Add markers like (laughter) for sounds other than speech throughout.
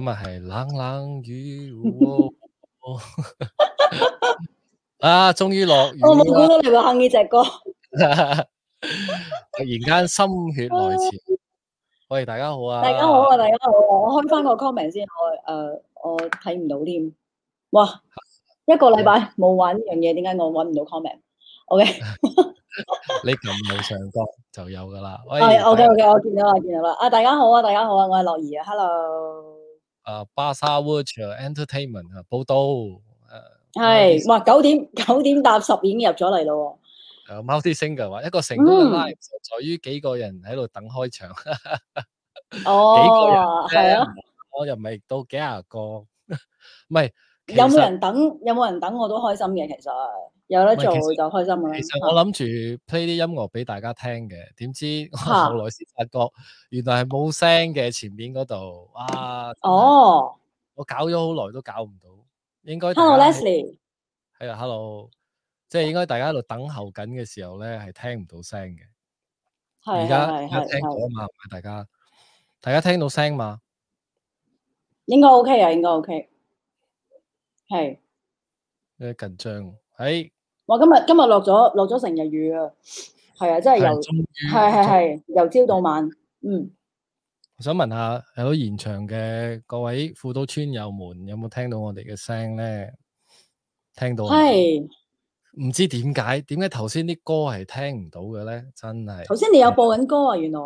今日係冷冷雨，啊！終於落雨。我冇估到你會哼呢隻歌哈哈。突然間心血來潮，喂，大家好啊！大家好啊！大家好啊！我開翻個 comment 先，我誒、呃，我睇唔到添。哇，一個禮拜冇玩呢樣嘢，點解我搵唔到 comment？OK， (laughs) 你撳到上角就有噶啦。喂 OK，OK，我見到啦，見到啦。啊，大家好啊，大家好啊，我係樂怡啊，Hello。啊，巴薩 watch 啊，entertainment 啊、uh,，報道誒，係哇，九點九點搭十已經入咗嚟咯，誒、uh,，multi singer 話一個成功嘅 live 就在於幾個人喺度等開場，哦， (laughs) 幾個人係、oh, 呢啊，我又唔係到幾廿個，唔 (laughs) 係，有冇人等有冇人等我都開心嘅，其實。有得做就開心啦。其實我諗住 play 啲音樂俾大家聽嘅，點知後來先發覺原來係冇聲嘅前面嗰度。哇！哦，我搞咗好耐都搞唔到，應該。Hello Leslie，係啊，Hello，即係應該大家喺度等候緊嘅時候咧，係聽唔到聲嘅。而家而家聽到啊嘛，大家大家聽到聲嘛？應該 OK 啊，應該 OK，係。有啲緊張，哎。我今日今日落咗落咗成日雨啊，係啊，真係由係係係由朝到晚，嗯。我想問下喺現場嘅各位富都村友們，有冇聽到我哋嘅聲咧？聽到係，唔是知點解？點解頭先啲歌係聽唔到嘅咧？真係頭先你有播緊歌啊？原來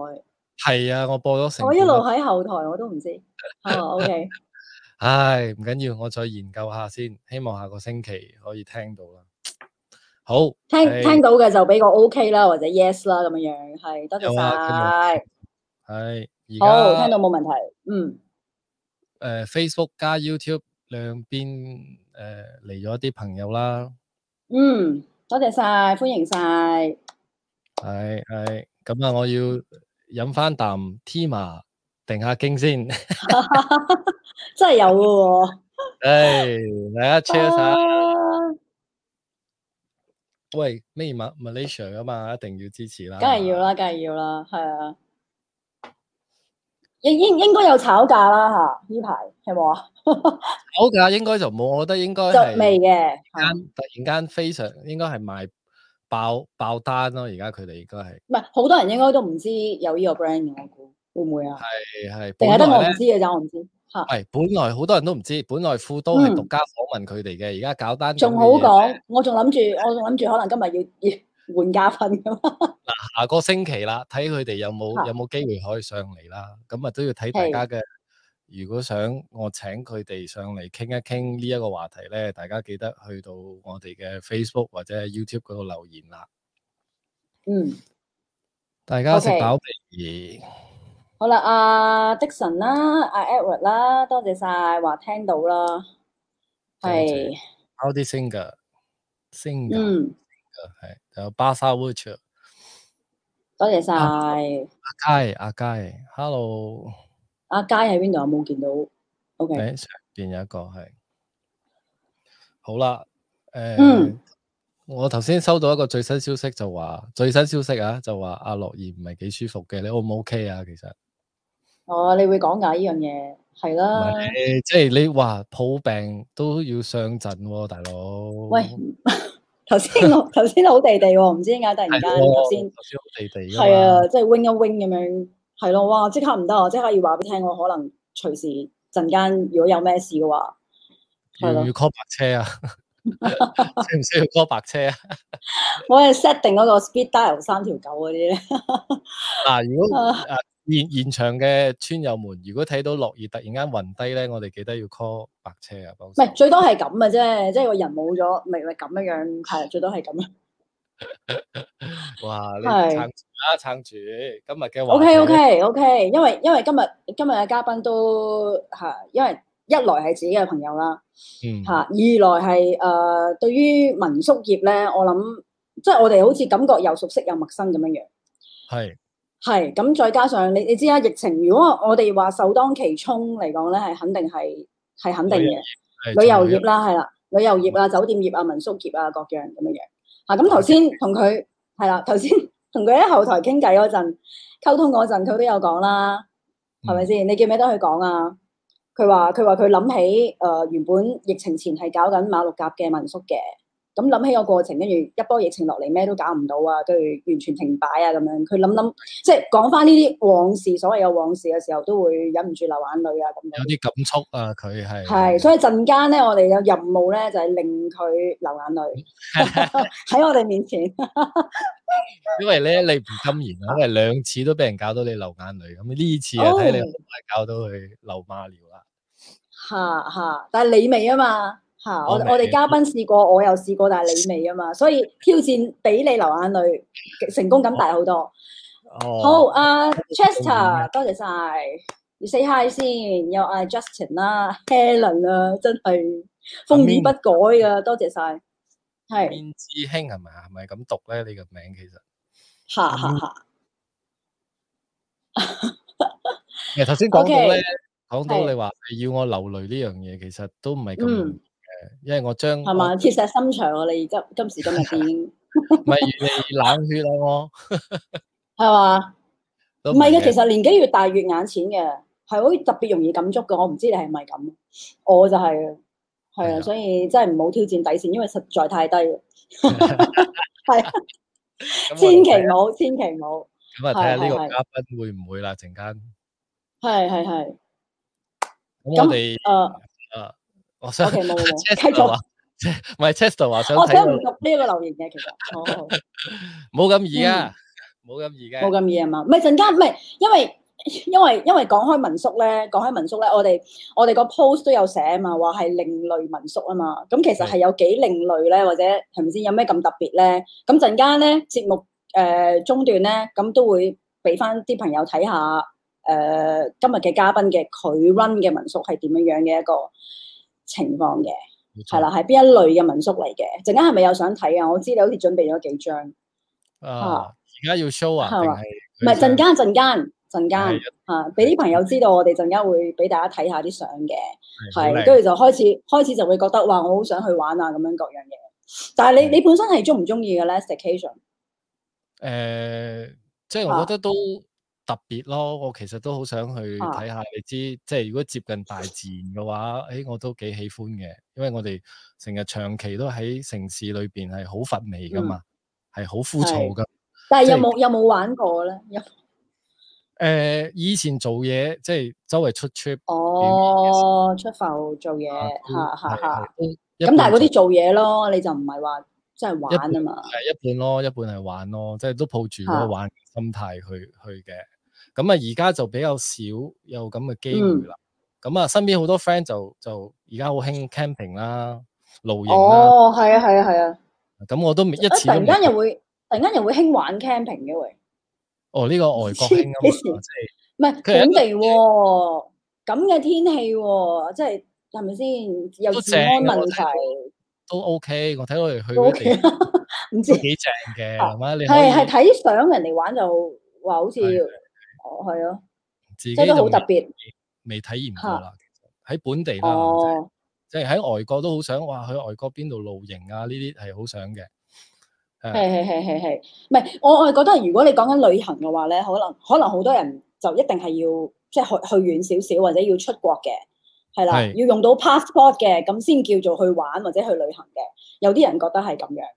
係啊，我播咗成我一路喺後台，我都唔知 (laughs) 啊。OK，唉，唔緊要，我再研究下先，希望下個星期可以聽到啦。好聽聽到嘅就俾個 OK 啦，或者 Yes 啦咁樣樣，係多謝晒，係好聽到冇問題，嗯，誒 Facebook 加 YouTube 兩邊誒嚟咗啲朋友啦，嗯，多謝晒，歡迎晒，係係咁啊，我要飲翻啖天麻定下驚先，真係有嘅喎，誒嚟阿 Cheers。喂，咩馬 Malaysia 啊嘛，一定要支持啦！梗係要啦，梗係要啦，係啊，應應應該有炒價啦吓，呢排 (laughs) 好有冇啊？炒價應該就冇，我覺得應該係未嘅。突然間非常應該係賣爆爆單咯，而家佢哋應該係唔係好多人應該都唔知有呢個 brand 我估會唔會啊？係係，淨係是得我唔知嘅咋，我唔知。係本來好多人都唔知，本來富都係獨家訪問佢哋嘅。而家、嗯、搞單仲好講，我仲諗住，我仲諗住可能今日要要換嘉賓咁。嗱，下個星期啦，睇佢哋有冇有冇機、啊、會可以上嚟啦，咁啊都要睇大家嘅。是如果想我請佢哋上嚟傾一傾呢一個話題咧，大家記得去到我哋嘅 Facebook 或者 YouTube 嗰度留言啦。嗯，大家食飽未？嗯 okay 好啦，阿、啊、Dixon 啦，阿、啊、Edward 啦，多謝晒，話聽到啦，係，All the singer，singer，嗯，係、啊啊啊啊，有巴薩 Virtual，多謝晒，阿佳，阿佳，Hello，阿佳喺邊度有冇見到，OK，上邊、欸、有一個係，好啦，誒、欸，嗯、我頭先收到一個最新消息就，就話最新消息啊，就話阿樂怡唔係幾舒服嘅，你 O 唔 OK 啊？其實。哦、啊，你會講噶呢樣嘢，係啦，即係你話抱、就是、病都要上陣喎，大佬。喂，頭先頭先好地地喎，唔知點解突然間頭先頭先好地地。係啊，即係 wing 一 wing 咁樣，係咯，哇，即刻唔得啊，即刻要話俾你聽，可能隨時陣間如果有咩事嘅話，係咯要，了要 call 白車啊？即係需唔需要 call 白車啊？ (laughs) 我係 set 定嗰個 speed dial 三條狗嗰啲咧。嗱、 (laughs) 啊，如果 (laughs) (laughs) 現現場嘅村友們，如果睇到落雨突然間暈低咧，我哋記得要 call 白車啊！唔係最多係咁嘅啫，即係個人冇咗，咪咪咁樣樣，係最多係咁啊！哇是，撐住啦，撐住！今日嘅話，OK OK OK，因為因為今日今日嘅嘉賓都吓，因為一來係自己嘅朋友啦，嗯吓，二來係誒、呃、對於民宿業咧，我諗即係我哋好似感覺又熟悉又陌生咁樣樣，係。係，咁再加上你你知啦、啊，疫情如果我哋話首當其衝嚟講咧，係肯定係係肯定嘅旅遊業啦，係啦，旅遊業啦、的酒店業啊、民宿業啊各樣咁樣樣。嚇、啊，咁頭先同佢係啦，頭先同佢喺後台傾偈嗰陣溝通嗰陣，佢都有講啦，係咪先？嗯、你記唔記得佢講啊？佢話佢話佢諗起誒、呃、原本疫情前係搞緊馬六甲嘅民宿嘅。咁諗起個過程，跟住一波疫情落嚟，咩都搞唔到啊，跟住完全停擺啊，咁樣佢諗諗，即係講翻呢啲往事，所謂有往事嘅時候，都會忍唔住流眼淚啊，咁樣有啲感觸啊，佢係係，所以陣間咧，我哋有任務咧就係令佢流眼淚喺 (laughs) (laughs) 我哋面前。 (laughs) 因為咧，你唔禁言，因為兩次都俾人搞到你流眼淚，咁呢次啊，睇，oh, (laughs) 你可唔可以搞到佢流馬尿啦？哈哈，但係你未啊嘛？吓！我我哋嘉賓試過，我又試過，但係你未啊嘛，所以挑戰俾你流眼淚，成功感大好多。好，阿 Chester，多謝晒，你 say hi 先。又阿 Justin 啦，Helen 啊，真係風雨不改啊，多謝晒。係。燕志興係咪啊？係咪咁讀咧？你個名其實哈哈哈。頭先講到咧，講到你話要我流淚呢樣嘢，其實都唔係咁。因為我將係嘛，鐵石心腸啊！你而家今時今日已經，咪你冷血咯？我係嘛，唔係嘅。其實年紀越大越眼淺嘅，係好特別容易感觸嘅。我唔知你係咪咁，我就係啊，係啊。所以真係唔好挑戰底線，因為實在太低啦。係，千祈唔好，千祈唔好。咁啊，睇下呢個嘉賓會唔會啦，陣間。係係係。咁我哋啊啊。我冇，繼續，唔係 Chester 話想，我想唔讀呢一個留言嘅，其實，冇咁、 (laughs) 哦、易啊，冇咁、嗯、易啊，冇咁易啊嘛，唔係陣間，唔係因為因為，因為，因，為因為講開民宿咧，講開民宿咧，我哋我哋個 post 都有寫啊嘛，話係另類民宿啊嘛，咁其實係有幾另類咧，或者係咪先有咩咁特別咧？咁陣間咧節目誒中段咧，咁、呃呃、都會俾翻啲朋友睇下誒今日嘅嘉賓嘅佢 run 嘅民宿係點樣樣嘅一個情況嘅，係啦錯，係邊一類嘅民宿嚟嘅？陣間係咪有想睇啊？我知你好似準備咗幾張，啊，而家、啊、要 show 啊？係嘛吧？唔係陣間，陣間，陣間吓，俾啲的、啊、朋友知道，我哋陣間會俾大家睇下啲相嘅，係，跟住就開始，開始就會覺得話我好想去玩啊，咁樣各樣嘢。但係你的你本身係中唔中意嘅咧？station？誒，即係我覺得都。特別咯，我其實都好想去睇下，你知即係如果接近大自然嘅話，誒我都幾喜歡嘅，因為我哋成日長期都喺城市裏邊係好乏味㗎嘛，係好枯燥㗎。但係有冇有冇玩過咧？誒，以前做嘢即係周圍出 trip 哦，出埠做嘢嚇嚇嚇。咁但係嗰啲做嘢咯，你就唔係話即係玩啊嘛？係一半咯，一半係玩咯，即係都抱住嗰個玩。心態去去嘅，咁啊而家就比較少有咁嘅機會啦。咁啊、嗯、身邊好多 friend 就就而家好興 camping 啦，露營哦，係啊，係啊，係啊。咁、嗯、我都一次都。突然間又會，突然間又會興玩 camping 嘅、啊、喂。哦，呢、呢個外國興啊嘛，即係唔係本地喎？咁嘅天氣喎、啊，即係係咪先？又治安問題。都 OK，我睇我哋去，唔知都幾正嘅，係咪？係係睇相人哋玩就話好似，係咯，自己都好特別，未體驗過啦。其實喺本地啦，即係喺外國都好想，哇！去外國邊度露營啊？呢啲係好想嘅。係係係係係，唔係我我係覺得，如果你講緊旅行嘅話咧，可能可能好多人就一定係要即係去去遠少少，或者要出國嘅。係啦，要用到 passport 嘅，咁先叫做去玩或者去旅行嘅。有啲人覺得係咁樣，的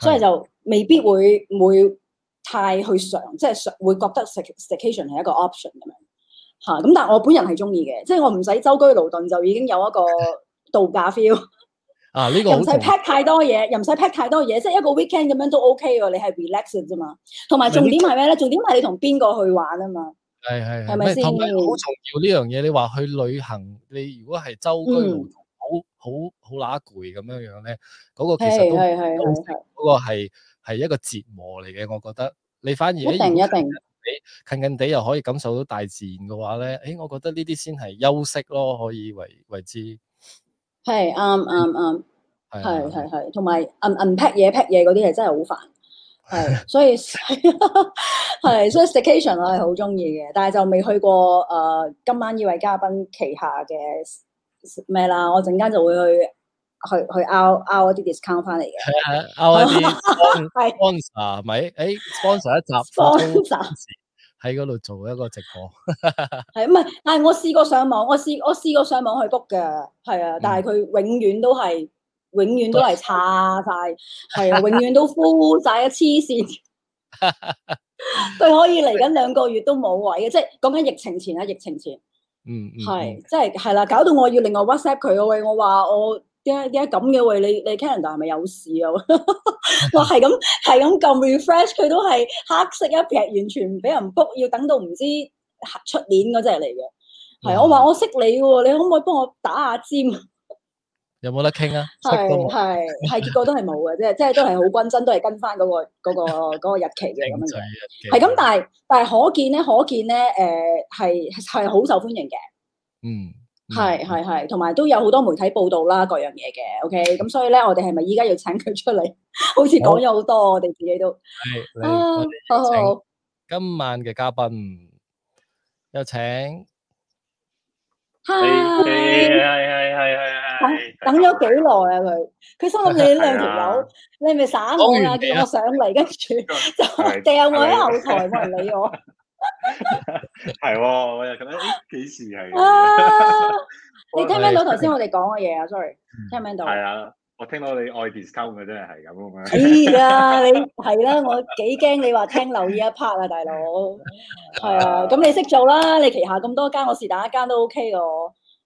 所以就未必會會太去想，即係想會覺得 staycation 係一個 option 咁樣吓。咁但係我本人係中意嘅，即係我唔使周居勞頓就已經有一個度假 feel。啊，呢個唔使 pack 太多嘢，又唔使 pack 太多嘢，即係一個 weekend 咁樣都 OK 喎。你係 relaxed 啫嘛。同埋重點係咩咧？重點係你同邊個去玩啊嘛。係係係咪先？同埋好重要呢樣嘢。你話去旅行，你如果係周居無同，好好好乸攰咁樣樣咧，嗰個其實都嗰個係係一個折磨嚟嘅。我覺得你反而一定一定近近地又可以感受到大自然嘅話咧，誒，我覺得呢啲先係休息咯，可以為為之。係啱啱啱，係係係，同埋摁摁劈嘢劈嘢嗰啲係真係好煩。係，所以係， (laughs) 所以 staycation 我係好中意嘅，但係就未去過誒、呃，今晚呢位嘉賓旗下嘅咩啦，我陣間就會去去去揾揾一啲 discount 翻嚟嘅，揾一啲係 sponsor 咪誒，sponsor 一集 sponsor 喺嗰度做一個直播，係唔係？但係我試過上網，我試我試過上網去 book 嘅，係啊，但係佢永遠都係。嗯永遠都係差晒，係啊！永遠都枯晒一黐線。佢 (laughs) 可以嚟緊兩個月都冇位嘅，即係講緊疫情前啊，疫情前，嗯，係、嗯，即係係啦，搞到我要另外 WhatsApp 佢啊！喂，我話我點解點解咁嘅？喂，你你 calendar 係咪有事啊？ (laughs) 我係咁係咁撳 refresh，佢都係黑色一片，完全唔俾人 book，要等到唔知出年嗰隻嚟嘅。係我話我識你喎，你可唔可以幫我打下尖？有冇得傾啊？係係係，結果都係冇嘅，即係即係都係好均真，都係跟翻嗰個嗰個嗰個日期嘅咁樣嘅。係咁，但係但係可見咧，可見咧，誒係係好受歡迎嘅。嗯，係係係，同埋都有好多媒體報道啦，各樣嘢嘅。OK，咁所以咧，我哋係咪依家要請佢出嚟？好似講咗好多，我哋自己都係，好好好。今晚嘅嘉賓，有請。係係係係啊！等咗幾耐啊佢，佢心諗你兩條友，你咪耍我啊？叫我上嚟，跟住就掟我喺後台，冇人理我。係我又覺得幾時係？你聽唔聽到頭先我哋講嘅嘢啊？Sorry，聽唔聽到？係啊，我聽到你愛 disco 嘅真係係咁嘅咩？啊，你係啦，我幾驚你話聽留意一 part 啊，大佬。係啊，咁你識做啦，你旗下咁多間，我是但一間都 OK 嘅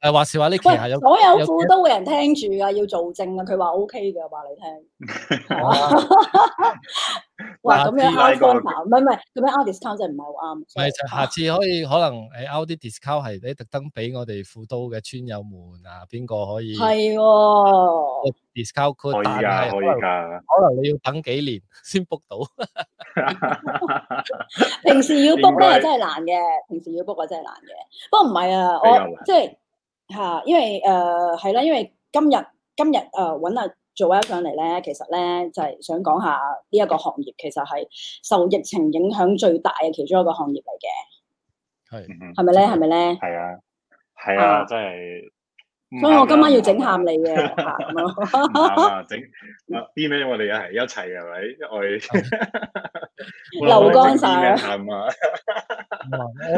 誒，話時話呢？其實有所有副都會人聽住噶，要做證啊，佢話 O K 嘅，話你聽。哇，咁樣 out discount，唔係唔係咁樣 out discount 真係唔係好啱。咪下次可以可能誒 out 啲 discount 係你特登俾我哋副都嘅村友們啊，邊個可以？係 discount 可以加，可以加。可能你要等幾年先 book 到。平時要 book 咧真係難嘅，平時要 book 啊真係難嘅。不過唔係啊，我即係。嚇，因為誒係啦，因為今日今日誒揾阿 Joel 上嚟咧，其實咧就係、是、想講下呢一個行業其實係受疫情影響最大嘅其中一個行業嚟嘅，係是，係咪咧？係咪咧？係吧啊，係啊，啊真係。所 (laughs) (laughs) 以我今晚要整喊你嘅，行整啊，啲 (laughs) 咩？我哋又係一齊係咪？外流乾晒啊！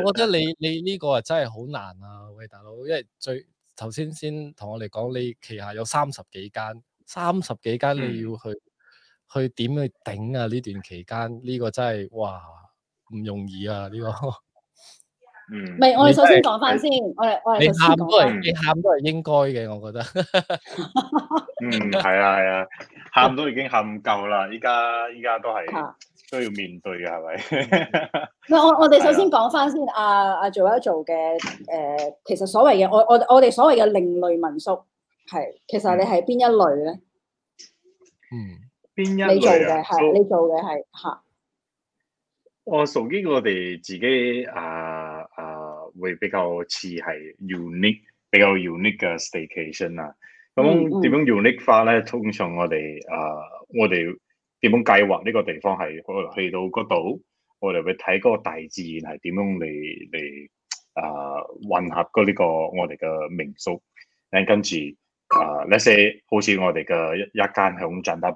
我覺得你你呢個啊真係好難啊，喂大佬，因為最頭先先同我哋講，你旗下有三十幾間，三十幾間你要去、嗯、去點去頂啊？呢段期間呢、這個真係哇唔容易啊呢、這個。嗯，唔係是，就是、我哋首先講翻先，我哋我哋你喊都係，喊都係應該嘅，我覺得。 (laughs) 嗯，係啊，係啊，喊都已經喊夠啦，依家依家都係、啊、都要面對嘅，係咪？唔、嗯、我我哋首先講翻先，阿阿、啊啊、做一做嘅，誒、呃，其實所謂嘅，我我我哋所謂嘅另類民宿，係其實你係邊一類咧？嗯，邊一你做嘅係，你做嘅係吓。以你做我屬於我哋自己啊。會比較似係 unique，比較 unique 嘅 station 啊。咁點樣 unique 化咧？嗯、通常我哋誒，uh, 我哋點樣計劃呢個地方係去到嗰度，我哋會睇嗰個大自然係點樣嚟嚟誒混合嗰、這、呢個、這個、我哋嘅民宿。咁跟住誒、uh,，let's say 好似我哋嘅一間響長白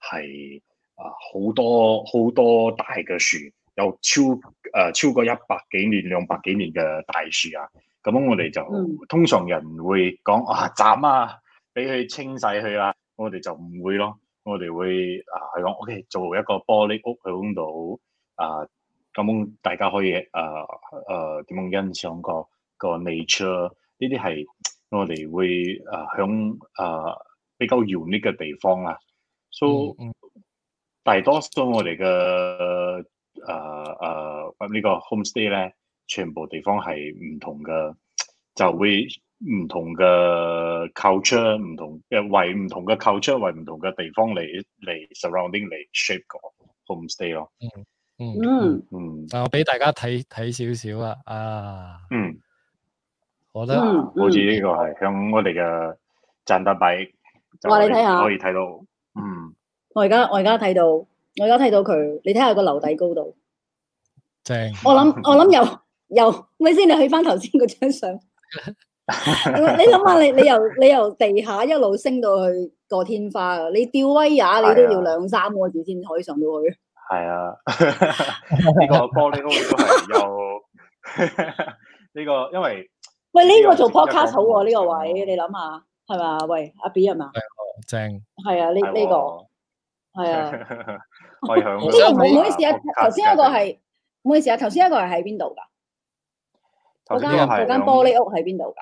係啊，好多好多大嘅樹。有超誒、呃、超過一百幾年、兩百幾年嘅大樹啊！咁我哋就、嗯、通常人會講啊斬啊，俾佢清洗佢啊，我哋就唔會咯。我哋會啊，係講 OK，做一個玻璃屋響度啊，咁大家可以誒誒點樣欣賞、嗰個、嗰個 nature 呢啲係我哋會誒響誒比較遠啲嘅地方啊。So 大多數我哋嘅誒誒，呢個 homestay 咧，全部地方係唔同嘅，就會唔同嘅 culture，唔同嘅為唔同嘅 culture 為唔同嘅地方嚟嚟 surrounding 嚟 shape 個 homestay 咯。嗯嗯嗯，但我俾大家睇睇少少啊啊。嗯，我覺得好似呢個係向我哋嘅讚達幣。我哋睇下可以睇到。嗯，我而家我而家睇到。我而家睇到佢，你睇下個樓底高度，正。我諗我諗又又，咪先你去翻頭先嗰張相，你諗下 (laughs) 你想想你，你由你由地下一路升到去個天花啊！你吊威也，你都要兩三個字先可以上到去。係、嗯嗯嗯這個、啊，呢個玻璃屋有，呢個，因為喂呢個做 podcast 好喎，呢個位你諗下係咪？喂，阿 B 係咪？正，係啊，呢呢個係啊。可以響，唔 (music) 好意思啊，頭先一個係，唔好意思啊，頭先一個係喺邊度噶？頭先嗰間玻璃屋喺邊度噶？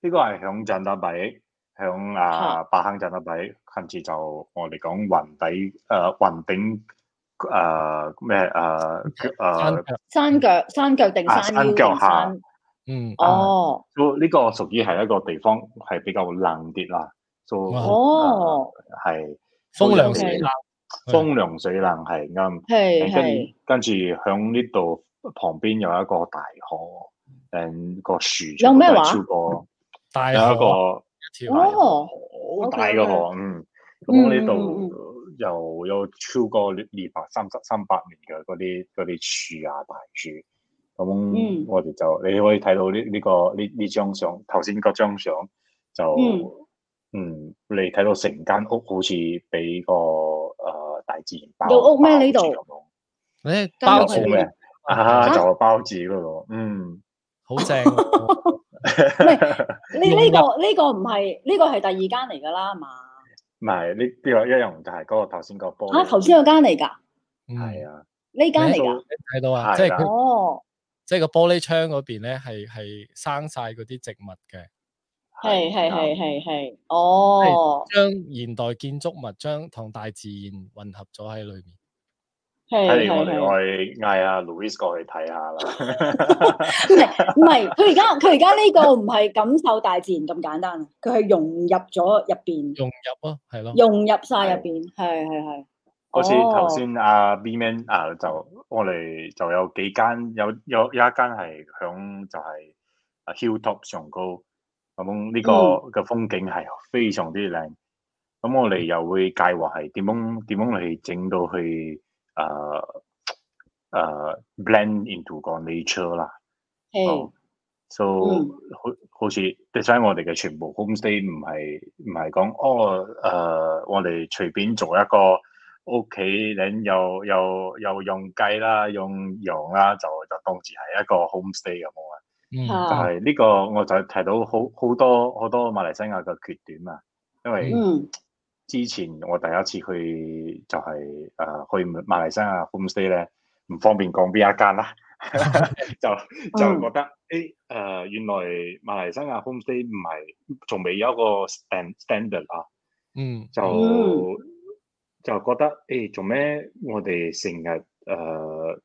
呢個係響震底，響啊八坑震底。近住就我哋講雲底誒雲頂誒咩誒誒山腳山腳定山腰定山、啊、山腳下？嗯、啊、哦，呢個屬於係一個地方係比較冷啲啦，都哦係風涼氣。風涼水冷係啱，係係、嗯，跟住響呢度旁邊有一個大河，誒、嗯、個樹有咩話？超過有一個好大嘅河 okay. 嗯，嗯，咁呢度又有超過二百、三十、三百年嘅嗰啲嗰啲樹啊大樹，咁我哋就、嗯、你可以睇到呢呢、呢個呢呢張相頭先嗰張相就。嗯嗯嗯，你睇到成間屋好似俾個誒大自然包住咁樣，誒包住咩啊？啊，就係包住咯，嗯，好正。呢呢個呢個唔係呢個係第二間嚟噶啦，係嘛？唔係呢呢個一樣就係嗰個頭先個玻璃啊，頭先個間嚟噶，係啊，呢間嚟噶，睇到啊，即係哦，即係個玻璃窗嗰邊咧，係係生晒嗰啲植物嘅。係係係係係，哦，將現代建築物將同大自然混合咗喺裏面。係 (noise) 我哋嗌阿 Louis 過去睇下啦。唔係唔係，佢而家佢而家呢個唔係感受大自然咁簡單，佢係融入咗入邊。融入啊，係咯，融入晒入邊，係係係。好似頭先阿 BMan 啊，就我哋就有幾間，有有有一間係響就係啊 Hilltop 上高。咁呢、嗯、個嘅風景係非常之靚，咁、嗯嗯嗯、我哋又會計劃係點樣點樣嚟整到去誒誒、uh, uh, blend into 個 nature 啦。好，so 好似即係我哋嘅全部 homestay 唔係唔係講哦，誒、uh, 我哋隨便做一個屋企，然又又又，又用雞啦，用羊啦，就就當住係一個 homestay 咁、嗯、啊～嗯，就係呢個我就提到好好多好多馬來西亞嘅缺點啊，因為之前我第一次去就係、是、誒、呃、去馬來西亞 homestay 咧，唔方便講邊一間啦， (laughs) 就就覺得誒誒、嗯欸呃、原來馬來西亞 homestay 唔係仲未有一個 stand standard 啊，嗯，就嗯就覺得誒做咩我哋成日誒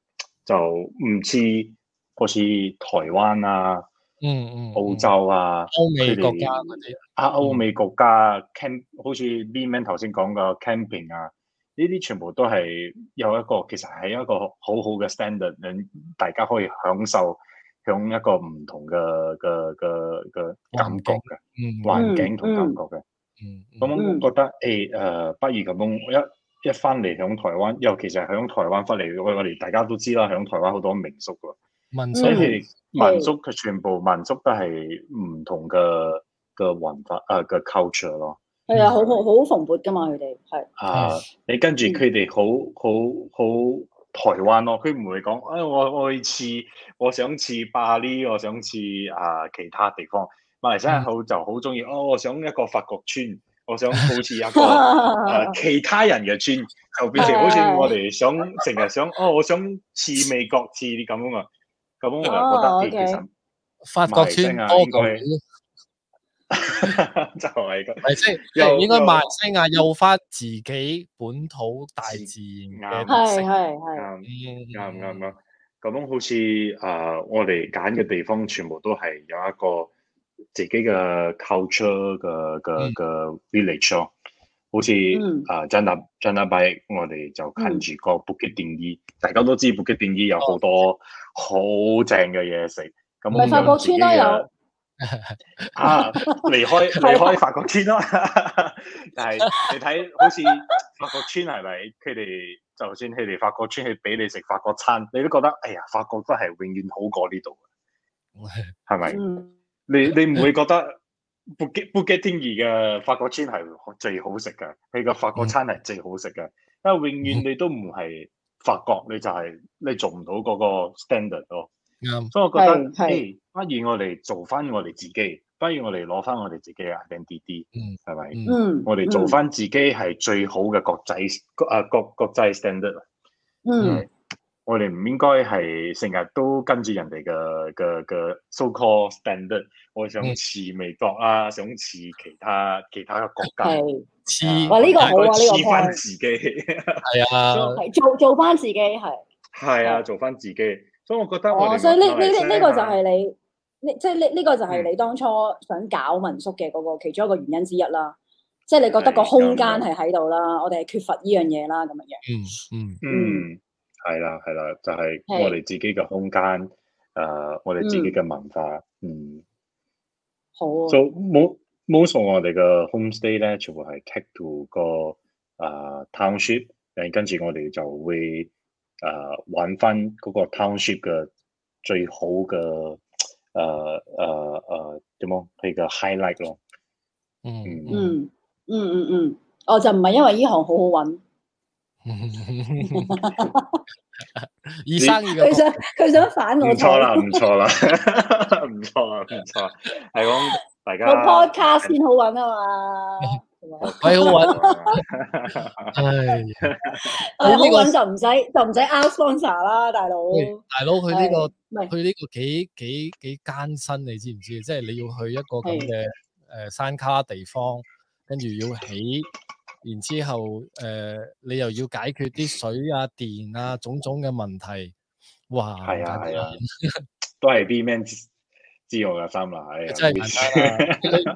就唔似。好似台灣啊，嗯，嗯澳洲啊，歐美國家啲啊，歐美國家啊 camp，好似 Bman 頭先講嘅 camping 啊，呢啲全部都係有一個其實係一個好好嘅 standard，令大家可以享受響一個唔同嘅嘅嘅嘅感覺嘅，環境同、嗯、感覺嘅。咁、嗯嗯、我覺得誒誒，不如咁樣我一一翻嚟響台灣，尤其是響台灣翻嚟，我我哋大家都知啦，響台灣好多民宿喎。所以民族佢全部民族都係唔同嘅嘅文化啊嘅 culture 咯，係啊，好好好蓬勃噶嘛，佢哋係啊，你跟住佢哋好好好台灣咯，佢唔會講，哎，我我愛似我想似巴黎，我想似啊其他地方，馬來西亞好就好中意，哦，我想一個法國村，我想好似一個、 (laughs) 呃、其他人嘅村，就變成好似我哋想成日 (laughs) 想，哦，我想似美國似啲咁啊～咁我又覺得其實法國村多過，就係個。係先又應該馬西亞啊，又 (laughs) 發 笑 halt ý (laughs) 自己本土大自然嘅特色，啱啱啱。咁樣好似誒，我哋揀嘅地方全部都係有一個自己嘅 culture 嘅嘅嘅 village 咯。好似音口、呃、啊，扎那扎那拜，我哋就近住個布吉丁依，大家都知布吉丁依有好多。Mm. 好正嘅嘢食，咁法國村都有 (laughs) 啊！離開離開法國村啦， (laughs) 但係你睇好似法國村係咪？佢哋就算佢哋法國村去俾你食法國餐，你都覺得哎呀，法國都係永遠好過呢度，係咪？ (laughs) 你你唔會覺得布吉布吉天兒嘅法國村係最好食㗎，佢個法國餐係最好食㗎，因為永遠你都唔係。發覺你就係、是、你做唔到嗰個 standard 咯，Yeah. 所以我覺得，誒，不如我哋做翻我哋自己，不如我哋攞翻我哋自己嘅 identity，係咪、mm？嗯、hmm.，我哋做翻自己係最好嘅國際，誒國國際 standard、mm hmm. 嗯。我哋唔應該係成日都跟住人哋嘅嘅嘅 so called standard。我想似美國啊，想似其他其他嘅國家，似是，啊、哇呢、這個好啊呢個 (laughs) 啊，做翻自己係啊，做做翻自己係，係啊做翻自己。所以我覺得我哦，所以呢呢呢個就係你，呢即係呢呢個就係你當初想搞民宿嘅嗰個其中一個原因之一啦。即、就、係、是、你覺得個空間係喺度啦，的我哋係缺乏呢樣嘢啦，咁樣樣。嗯嗯嗯。係啦，係啦，就係、是、我哋自己嘅空間，誒是、呃，我哋自己嘅文化，嗯，嗯好、啊，就冇冇送我哋嘅 homestay 咧，全部係 take to 個誒、uh, township，誒，跟住我哋就會誒、呃、玩翻嗰個 township 嘅最好嘅誒誒誒，點、呃、講？佢、呃、嘅、呃、highlight 咯，嗯嗯嗯嗯嗯，哦，就唔係因為呢行好好搵。醫 (laughs) 生佢想佢想反我，唔錯啦，唔錯啦，唔錯啦，唔錯。係講大家。Pod 個 podcast 先好揾啊嘛，佢好揾。哎呀，佢呢就唔使就唔使 ask sponsor 啦，大佬、哎。大佬，佢呢、這個佢呢、哎、個幾幾幾艱辛，你知唔知？即係的你要去一個咁嘅誒山卡地方，跟住要起。然之後，誒你又要解決啲水啊、電啊種種嘅問題，哇！係啊，都係啲咩知我嘅心啦，真係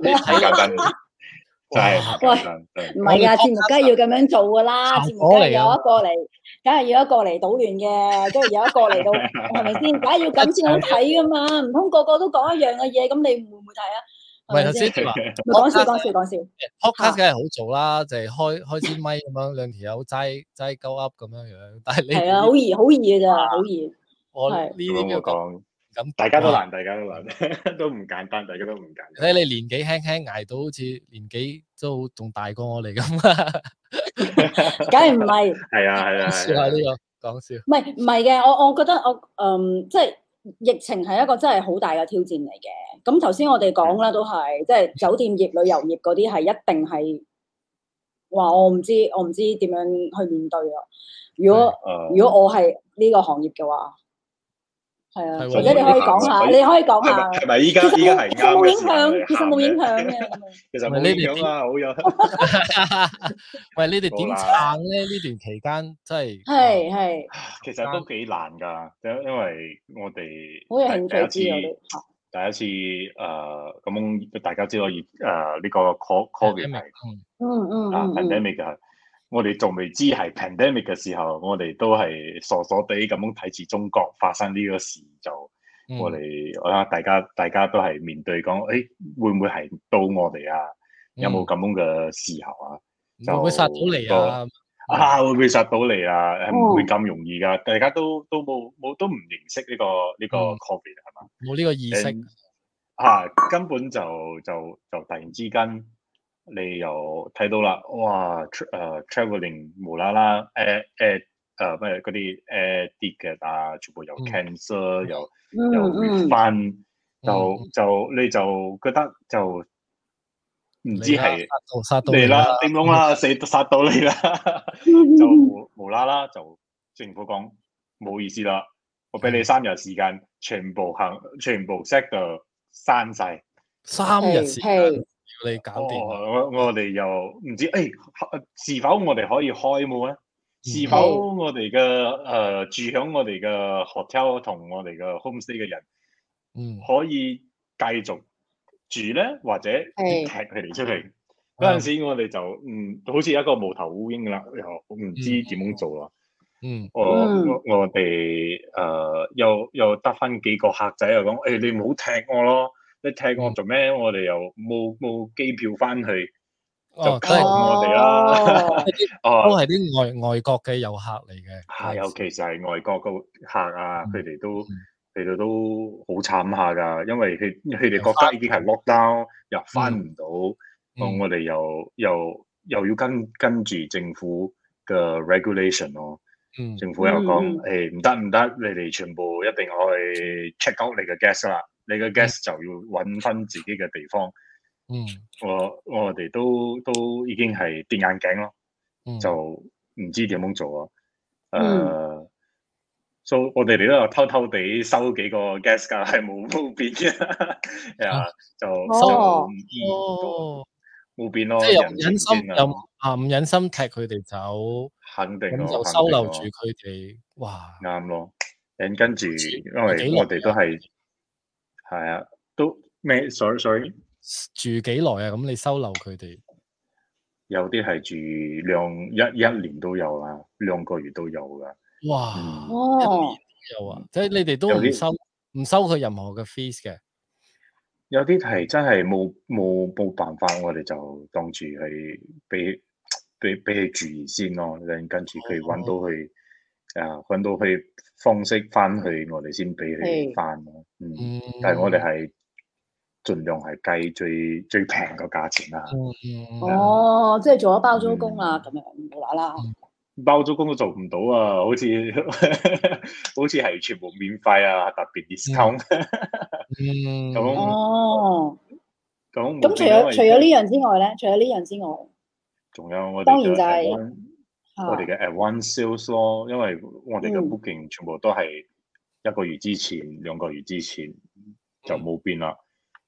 睇假真，真係。喂，唔係啊，節目梗係要咁樣做嘅啦，節目梗係有一個嚟，梗係有一個嚟搗亂嘅，都係有一個嚟到，係咪先？梗係要咁先好睇嘅嘛，唔通個個都講一樣嘅嘢，咁你會唔會睇啊？唔係頭先話講笑講笑講笑 talk 卡梗係好做啦，就係開開支咪咁樣，兩條友齋齋鳩噏咁樣樣，但係你係啊，好易好易㗎咋，好易。我呢啲點講？咁大家都難，大家都難，都唔簡單，大家都唔簡單。睇你年紀輕輕捱到好似年紀都仲大過我嚟咁梗係唔係？係啊係啊！笑呢個講笑。唔係唔係嘅，我我覺得我嗯即係。疫情係一個真係好大嘅挑戰嚟嘅，咁頭先我哋講啦，都係即係酒店業、旅遊業嗰啲係一定係話我唔知，我唔知點樣去面對咯。如果如果我係呢個行業嘅話。係啊，或者你可以講下，你可以講下，係咪依家依家係冇影響，其實冇影響嘅。其實冇影響啊，好有。喂，你哋點撐咧？呢段期間真係係係，其實都幾難噶，因因為我哋好有興趣，第一你。第一次誒咁大家知道熱誒呢個 covid 係，嗯嗯啊，睇咩我哋仲未知係 pandemic 嘅時候，我哋都係傻傻地咁樣睇住中國發生呢個事，就我哋、嗯、我睇下大家，大家都係面對講，誒、哎、會唔會係到我哋啊？有冇咁樣嘅時候啊？會唔會殺到你啊？啊、嗯、會唔會殺到你啊？唔會咁容易噶，大家都都冇冇都唔認識呢、這個呢、這個 COVID 係嘛？冇呢吧個意識嚇、啊，根本就就就突然之間。你又睇到啦，哇！誒 tra、uh,，traveling 無啦啦，誒誒誒，咩嗰啲誒跌嘅啊，全部有 cancer，又又翻，就就你就覺得就唔知係殺到你啦，頂窿啦，死殺到你啦，嗯、死都殺到你 (laughs) 就無啦啦就政府講唔好意思啦，我俾你三日時間，全部行，全部 set 到刪晒。三日時你搞掂、哦。我我哋又唔知，誒、哎，是、啊、否我哋可以開門？是、mm hmm. 否我哋嘅誒住響我哋嘅 hotel 同我哋嘅 home stay 嘅人、mm，嗯、hmm.，可以繼續住咧，或者踢佢哋出嚟。嗰陣、mm hmm. 時我哋就嗯，好似一個無頭烏蠅啦，又唔知點樣做啦。嗯、mm hmm. 哦，我我哋誒、呃、又又得翻幾個客仔又講，誒、哎，你唔好踢我咯。聽我做咩？我哋又冇冇機票翻去，就靠我哋啦。都係啲外外國嘅遊客嚟嘅，係尤其是係外國個客啊，佢哋都去到都好慘下噶，因為佢佢哋國家已經係 lockdown 啦，又翻唔到，我我哋又又又要跟跟住政府嘅 regulation 咯。政府又講誒唔得唔得，你哋全部一定要去 check out 你嘅 guest 啦。你個 guest 就要揾翻自己嘅地方，嗯，我我哋都都已經係跌眼鏡咯，就唔知點樣做啊，誒，所以我哋嚟到偷偷地收幾個 guest 噶，係冇冇變嘅，係啊，就收唔知冇變咯，即係唔忍心又啊唔忍心踢佢哋走，肯定咯，收留住佢哋，哇，啱咯，跟跟住，因為我哋都係。係啊，都咩？水水住幾耐啊？咁你收留佢哋，有啲係住兩一一年都有啦，兩個月都有噶。哇！一年都有啊，有啊哇有啊即係你哋都唔收唔些收佢任何嘅 fee 嘅。有啲係真係冇冇冇辦法，我哋就當住係俾俾俾佢住先咯，啊，你跟住佢揾到佢。哦啊！揾到佢方式翻去，我哋先俾佢翻，但係我哋係盡量係計最最平個價錢啦。哦，即係做咗包租公啦，咁樣冇啦啦。包租公都做唔到啊！好似 (laughs) 好似係全部免費啊，特別 discount、嗯。咁 (laughs) 不哦，咁咁除咗除咗呢樣之外咧，除咗呢樣之外，仲有我當然就係。嗯我哋嘅 advance sales 咯、哦，因為我哋嘅 booking、嗯、全部都係一個月之前、兩個月之前就冇變啦。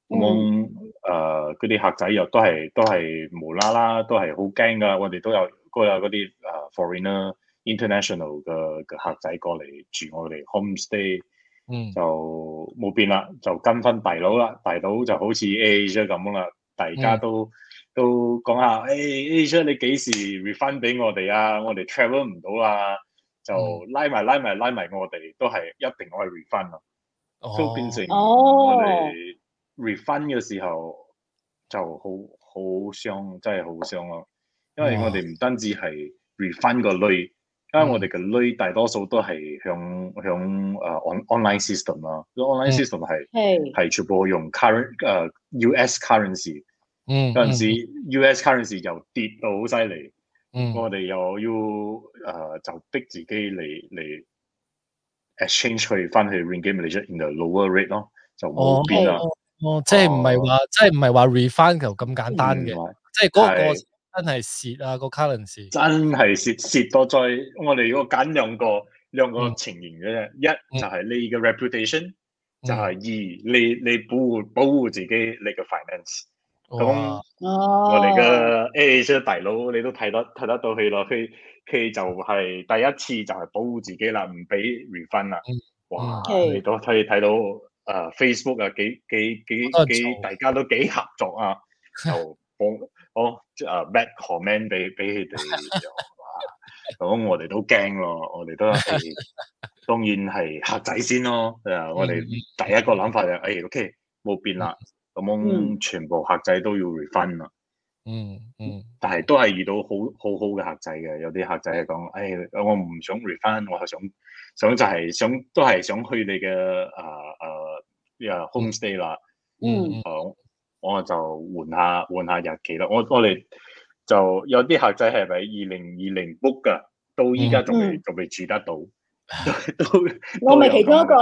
咁誒嗰啲客仔又都係都係無啦啦，都係好驚㗎。我哋都有都有嗰啲誒 foreigner、international 嘅嘅客仔過嚟住我哋 homestay、嗯、就冇變啦，就跟翻大佬啦，大佬就好似 Asia 咁啦，大家都、嗯。都講下，誒、哎、a 你幾時 refund 俾我哋啊？我哋 travel 唔到啊，就拉埋、嗯、拉埋拉埋我哋，都係一定可以 refund 咯。都、哦、變成我哋 refund 嘅時候就好好傷，真係好傷咯。因為我哋唔單止係 refund 個鐳，因為我哋嘅鐳大多數都係向向誒、呃、on, online system 啦、啊。呃、on, online system 係係全部用 current 誒 US currency。有陣、嗯嗯、時 U.S. currency 就跌到好犀利，嗯，我哋又要誒、呃、就逼自己嚟嚟 exchange 去翻去 r i n g g i manager in t h lower rate 咯，就冇變啦。哦，即係唔係話，啊、即係唔係話 ref 翻就咁簡單嘅，嗯、即係嗰個真係蝕啊個 currency，真係蝕蝕到再我哋如果揀兩個兩個情形嘅啫，嗯、一就係你嘅 reputation，就係、嗯、二你你保護保護自己你嘅 finance。咁，我哋嘅 A.J. 大佬，你都睇得睇得到佢咯？佢佢就係第一次就係保護自己啦，唔俾 refund 啦。哇，你都可以睇到，誒 Facebook 啊，幾幾幾幾，大家都幾合作啊，就幫，即係 back command 俾俾佢哋。咁我哋都驚咯，我哋都係當然係客仔先咯。誒，我哋第一個諗法就係，誒 O.K. 冇變啦。咁、嗯、全部客仔都要 refund 啦、嗯，嗯嗯，但係都係遇到好好好嘅客仔嘅，有啲客仔係講，誒，我唔想 refund，我係想想就係、係、想都係想去你嘅誒誒，呢、啊啊這個 homestay 啦，嗯，嗯我我就換下換下日期啦，我我哋就有啲客仔係喺二零二零 book 噶，到依家仲未仲未住得到。我咪其中一個，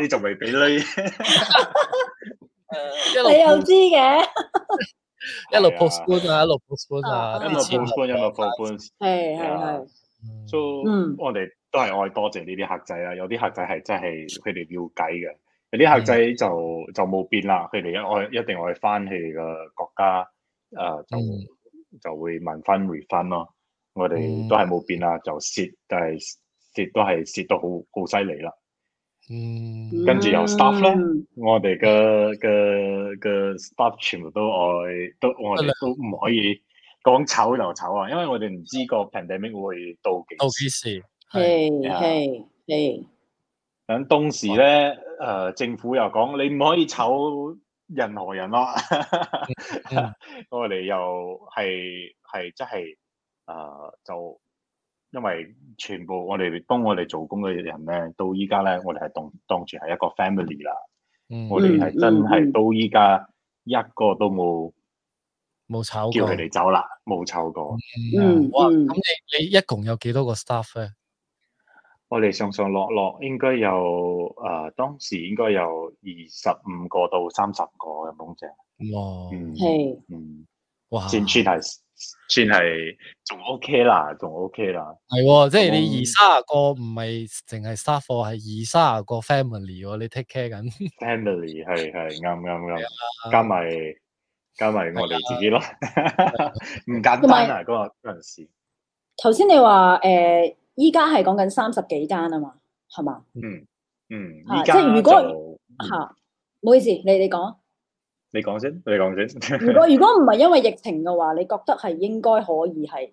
你就未俾女？你又知嘅，一路 postpone 啊，一路 postpone 啊，一路 postpone，一路 postpone，係係係，so，我哋都係愛多謝呢啲客仔啊。有啲客仔係真係佢哋要計嘅，有啲客仔就就冇變啦。佢哋愛一定愛翻去個國家，誒就就會問翻 refund 咯。我哋都係冇變啦，就蝕，但係蝕都係蝕到好好犀利啦。嗯，跟住又 staff 咧，我哋嘅嘅嘅 staff 全部都,愛都我都我哋都唔可以講丑又丑啊，因為我哋唔知個平地 n d 會到幾時。係係係，響當時咧，誒、呃，政府又講你唔可以丑任何人咯， (laughs) 的的我哋又係係即係。誒，uh, 就因為全部我哋幫我哋做工嘅人咧，到依家咧，我哋係當當住係一個 family 啦。嗯、我哋係真係到依家一個都冇冇炒，叫佢哋走啦，冇炒過。哇！咁、嗯、你你一共有幾多個 staff 咧？我哋上上落落應該有誒、呃，當時應該有二十五個到三十個咁樣啫。嗯、哇！係嗯，嗯嗯哇！算係仲 OK 啦，仲 OK 啦。係，即係你二卅個唔係淨係 staff 係二卅個 family，你 take care 緊。Family 係係啱啱啱，加埋加埋我哋自己咯，唔簡單啊！嗰陣時，頭先你話誒，依家係講緊三十幾間啊嘛，係嘛？嗯嗯，即係如果吓，唔好意思，你哋講。你講先，你講先。如果如果唔係因為疫情嘅話，你覺得係應該可以係，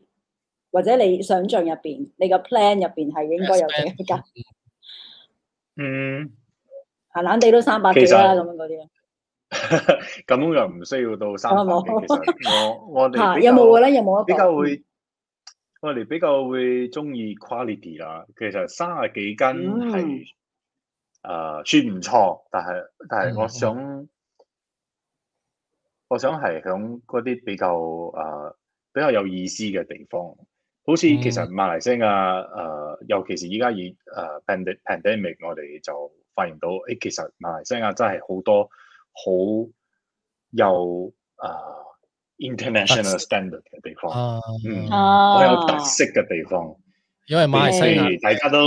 或者你想象入邊，你個 plan 入邊係應該有幾間？嗯，閒閒哋都三百幾啦，咁樣嗰啲。咁又唔需要到三百幾，其實我我哋比較會，我哋比較會鍾意 quality 啦。其實三十幾間係誒算唔錯，但係但係我想。我想係響嗰啲比較誒、呃、比較有意思嘅地方，好似其實馬來西亞誒、呃，尤其是依家以誒、呃、pandemic，我哋就發現到誒、欸，其實馬來西亞真係好多好有誒、呃、international standard 嘅地方，好有特色嘅地方，因為馬來西亞、嗯、大家都、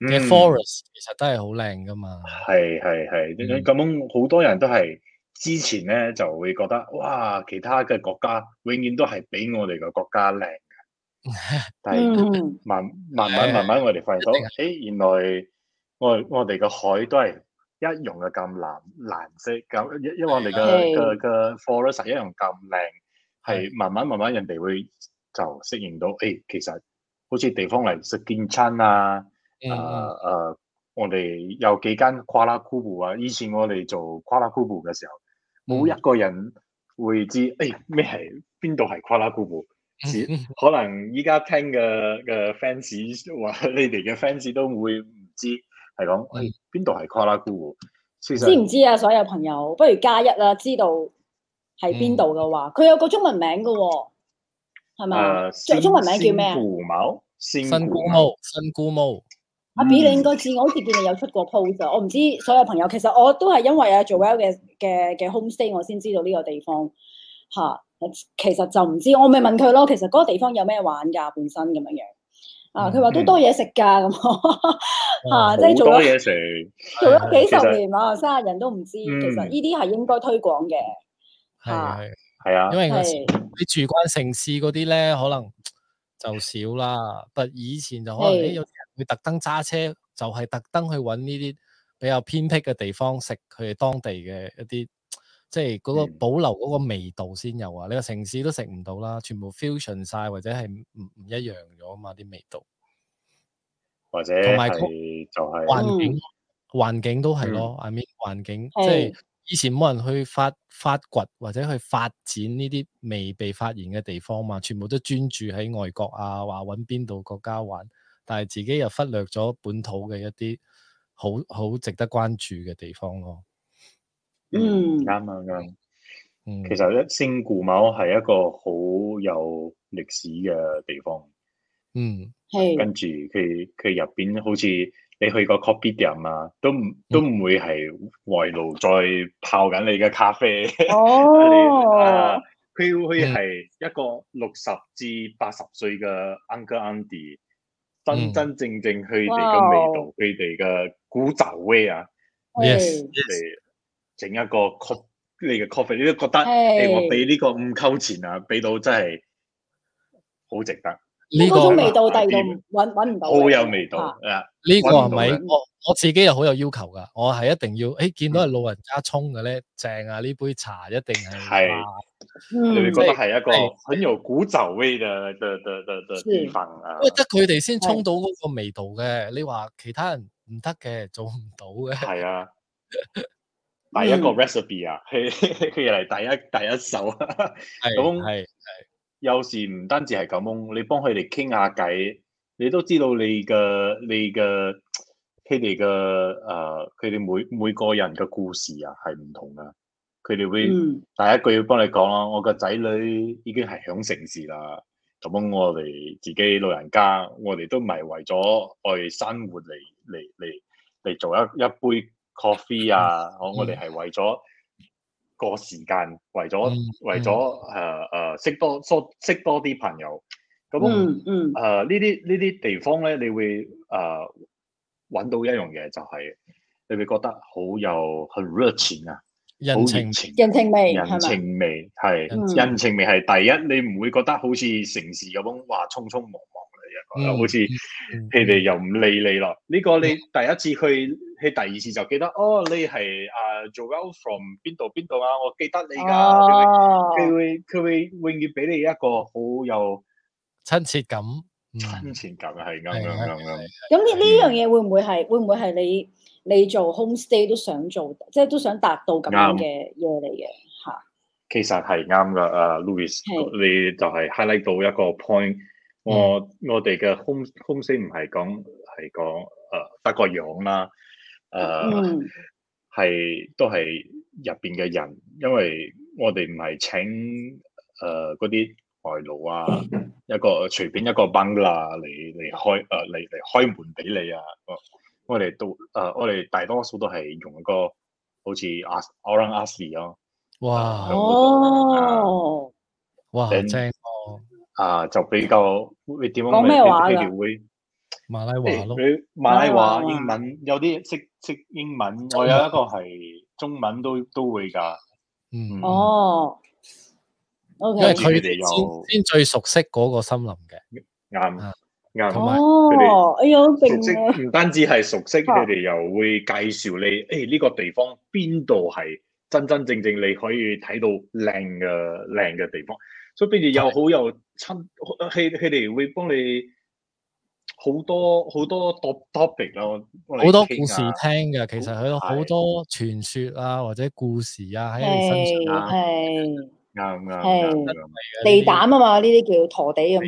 嗯、forest 其實都係好靚㗎嘛，係係係，咁、嗯、樣好多人都係。之前咧就會覺得哇，其他嘅國家永遠都係比我哋嘅國家靚嘅。但係、 (laughs) 嗯、慢慢慢慢慢我哋發現到，誒、嗯欸、原來我我哋嘅海都係一樣嘅咁藍藍色，咁、嗯、因為我哋嘅嘅嘅 forest 一樣咁靚，係、嗯、慢慢慢慢、慢人哋會就適應到，誒、欸、其實好似地方嚟食建餐啊，誒誒、嗯啊啊、我哋有幾間跨拉庫布、布啊，以前我哋做跨拉庫布嘅時候。冇一個人會知，誒咩係邊度係瓜拉古布？ (laughs) 可能依家聽嘅嘅 fans 話你哋嘅 fans 都會唔知，係講誒邊度係瓜拉古布？就是、知唔知啊？所有朋友，不如加一啦、啊，知道係邊度嘅話，佢、嗯、有個中文名嘅，係嘛？啊、最中文名叫咩啊？某？新古毛，新古毛，新古毛。阿 B，你應該知，我好似見你有出過 po 嘅，我唔知所有朋友，其實我都係因為阿 Joel 嘅嘅嘅 home stay 我先知道呢個地方嚇。其實就唔知我咪問佢咯。其實嗰個地方有咩玩㗎？本身咁樣樣啊，佢話都多嘢食㗎咁嚇，即係做多嘢食，做咗幾十年啊，三亞人都唔知。其實呢啲係應該推廣嘅嚇，係啊，因為你住慣城市嗰啲咧，可能就少啦。但以前就可能會特登揸車，就係、是、特登去搵呢啲比較偏僻嘅地方食佢哋當地嘅一啲，即係嗰個保留嗰個味道先有啊！嗯、你個城市都食唔到啦，全部 fusion 晒或者係唔唔一樣咗啊嘛，啲味道。或者同埋就係、是、環境，環、嗯、境都係咯。I mean 環境，即係以前冇人去發發掘或者去發展呢啲未被發現嘅地方嘛，全部都專注喺外國啊，話搵邊度國家玩。但係自己又忽略咗本土嘅一啲好好值得關注嘅地方咯。嗯，啱啊啱。嗯，其實一聖顧堡係一個好有歷史嘅地方。嗯，係、嗯。跟住佢佢入邊好似你去個 coffee 店啊，都唔都唔會係外勞再泡緊你嘅咖啡。哦。佢、 (laughs) 啊、會係一個六十至八十歲嘅 Uncle Andy。真真正正佢哋嘅味道，佢哋嘅古早味啊！整 Yes. 一個 coffee，你嘅咖啡，你都覺得俾 Hey.、欸、我俾呢個五嚿錢啊，俾到真係好值得。呢、這個、這個、嗎味道，第二個揾揾唔到。好有味道啊！呢、啊、個係咪我我自己又好有要求㗎？我係一定要，誒、哎、見到係老人家沖嘅咧，正啊！呢杯茶一定係。的你哋 (noise) 覺得係一個很有古早味嘅的的的的地方啊，因為得佢哋先沖到嗰個味道嘅，你話其他人唔得嘅，做唔到嘅。係啊 (laughs) 第，第一個 recipe 啊，佢佢入嚟第一第一手啊。咁係係，有時唔單止係咁，你幫佢哋傾下偈，你都知道你嘅你嘅佢哋嘅誒，佢哋、呃、每每個人嘅故事啊係唔同嘅。佢哋會第一句要幫你講咯，嗯、我個仔女已經係喺城市啦，咁樣我哋自己老人家，我哋都唔係為咗愛生活嚟嚟嚟嚟做一一杯 coffee 啊、嗯、啊！我我哋係為咗過時間，為咗、嗯、為咗誒誒識多疏識多啲朋友。咁誒呢啲呢啲地方咧，你會誒揾、啊、到一樣嘢，就係、是、你會覺得好有去 rich 啊！人情情，人情味，係咪？人情味人情味，係人情味係第一，你唔會覺得好似城市咁，話，匆匆忙忙嚟嘅，好似佢哋又唔理你咯。呢個你第一次去，去第二次就記得，哦，你係啊，做 out from 邊度邊度啊，我記得你噶，佢會佢會永遠俾你一個好有親切感、親切感係咁樣咁樣。咁呢呢樣嘢會唔會係？會唔會係你？你做 homestay 都想做，即係都想達到咁樣嘅嘢嚟嘅，吓。其實係啱噶，阿、啊、Louis，是你就係 highlight 到一個 point 我。嗯、我我哋嘅 homestay 唔係講係講誒得個樣啦，誒、呃、係、呃嗯、都係入邊嘅人，因為我哋唔係請誒嗰啲外勞啊，嗯、一個隨便一個 bank 啦嚟嚟開誒嚟嚟開門俾你啊。呃我哋都，誒，我哋大多數都係用一個好似 Orang Asli 咯。哇！哦，哇，正啊！啊，就比較你點樣講咩話？馬來話咯，馬來話英文有啲識識英文，我有一個係中文都都會㗎。嗯。哦。因為佢哋先最熟悉嗰個森林嘅，啱。哦，哎好正啊！唔單止係熟悉，佢哋、哎、呦又會介紹你，誒呢、啊哎這個地方邊度係真真正正你可以睇到靚嘅靚嘅地方，所以跟住又好有親，佢佢哋會幫你好多好對多 top topic 咯，好多，多故事聽嘅，其實佢有好多傳說啊或者故事啊喺你身上啦。啱啱，地膽啊嘛，呢啲叫陀地咁，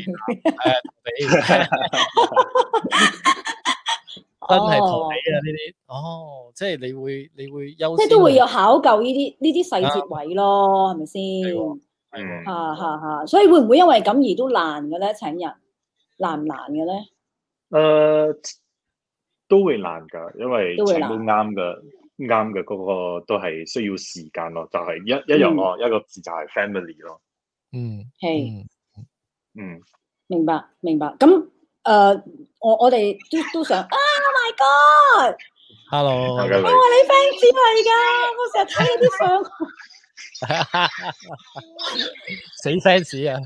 真係陀地啊呢啲，哦，即係你會你會優，即係都會有考究呢啲呢啲細節位咯，係咪先？係，係，係，係，所以會唔會因為咁而都難嘅咧？請人難唔難嘅咧？誒，都會難噶，因為錢都啱噶。啱嘅，嗰個都係需要時間咯，就係一一樣咯，一個字就係 family 咯。嗯，係，嗯，明白明白。咁、嗯、誒、呃，我我哋都都想。啊，My God！Hello，我話、哦、你 fans 係噶，我成日睇你啲相。死 fans 啊！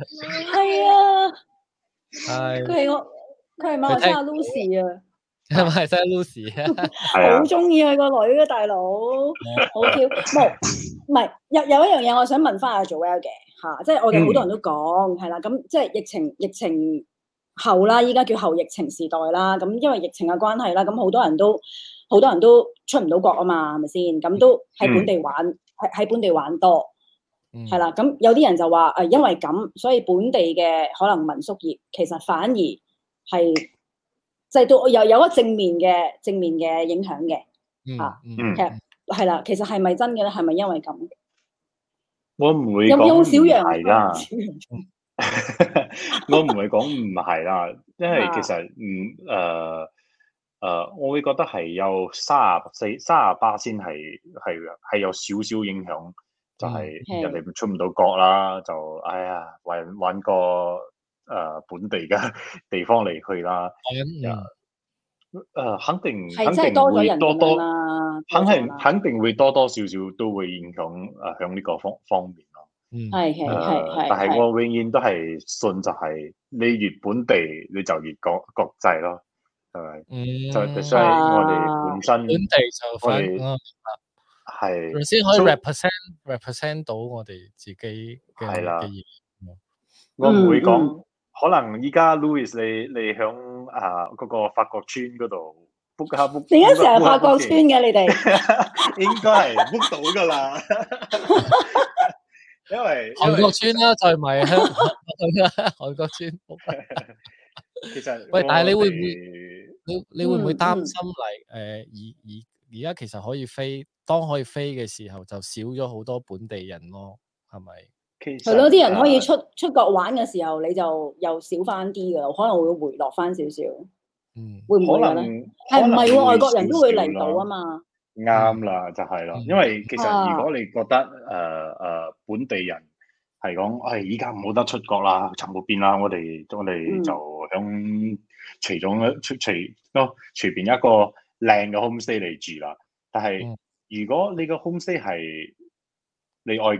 係 Hi. 啊，佢係我，佢係咪我識阿 Lucy 啊？係咪真係 Lucy？好中意佢個女嘅，啊、大佬好 Q，唔係有有，有一樣嘢我想問翻下 Joelle 嘅吓，即係我哋好多人都講係啦，咁、嗯、即係疫情疫情後啦，依家叫後疫情時代啦，咁因為疫情嘅關係啦，咁好多人都好多人都出唔到國啊嘛，係咪先？咁都喺本地玩，喺喺本地玩多，係啦。咁、嗯、有啲人就話誒、呃，因為咁，所以本地嘅可能民宿業其實反而係。就係到又有一正面嘅正面嘅影響嘅，啊、嗯嗯，其實係啦，其實係咪真嘅咧？係咪因為咁？我唔會，咁樣？係啦，我唔會講唔係啦，因為其實唔誒誒，我會覺得係有三十四、三十八先係係係有少少影響，嗯，就係人哋出唔到國啦，就哎呀，搵搵個。誒，本地嘅地方嚟去啦，誒，誒，肯定，係真係多肯係肯定會多多少少都會影響誒，響呢個方方面咯，嗯，係，但係我永遠都係信就係你越本地，你就越講國際咯，係咪？嗯，就所以我哋本身本地就我哋係先可以 represent，represent 到我哋自己嘅嘢。我唔會講。可能依家 Louis 你你響啊嗰、嗰個法國村嗰度 book 下 book，點解成日法國村嘅你哋們？ (laughs) 應該 book 到噶啦， (laughs) 因為韓國村啦、啊，就係咪香韓國村。 (laughs) (laughs) 其實喂，但係你會唔會你、嗯、你會唔會擔心嚟？誒、嗯，而而而家其實可以飛，當可以飛嘅時候，就少咗好多本地人咯，係咪？係咯，啲人可以出出國玩嘅時候，你就又少翻啲噶，可能會回落翻少少。嗯，會唔可能咧？係唔係外國人都會嚟到啊嘛？啱啦，就係咯，因為其實如果你覺得誒誒本地人係講，誒而家唔好得出國啦，全部變啦，我哋我哋就響隨咗隨咯隨便一個靚嘅 home stay 嚟住啦。但係如果你個 home stay 係你外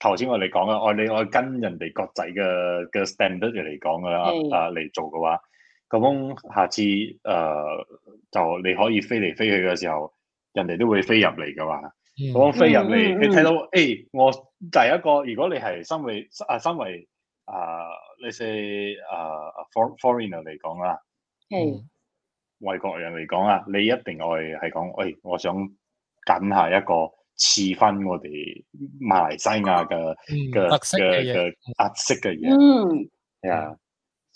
頭先我哋講嘅，我你我跟人哋國際嘅嘅 standard 嚟講噶啦，Hey. 啊嚟做嘅話，咁下次誒、呃，就你可以飛嚟飛去嘅時候，人哋都會飛入嚟噶嘛。咁、mm. 飛入嚟，mm, mm, mm, mm. 你睇到誒、哎，我第一個，如果你係身為啊身為啊、呃，你是誒、呃、for, foreigner 嚟講啊，係外 Hey.、嗯、國人嚟講啊，你一定愛係講，誒、哎，我想揀下一個。似返我哋馬來西亞嘅嘅嘅嘅特色嘅嘢，係啊、嗯，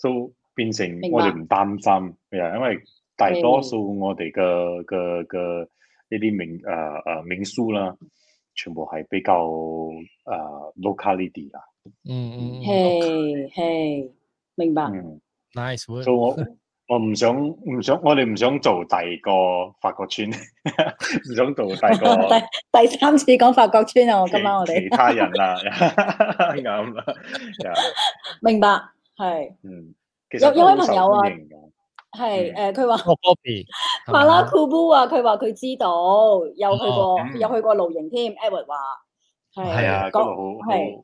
都、yeah. so, 變成我哋唔擔心，係啊白，yeah, 因為大多數我哋嘅嘅嘅呢啲名誒誒民宿啦，全部係比較誒、呃、locality 啦、嗯，嗯嗯 h Hey, okay. e、hey, 明白、嗯，nice work 我唔想唔想，我哋唔想做第二個法國村，唔想做第二個。第第三次講法國村啊！我今晚我哋其他人啦，咁啊，明白，係嗯，其實有位朋友啊，係誒，佢話。Bobby。帕拉庫布話：佢話佢知道有去過，有去過露營添。Edward 話：係係啊，嗰度係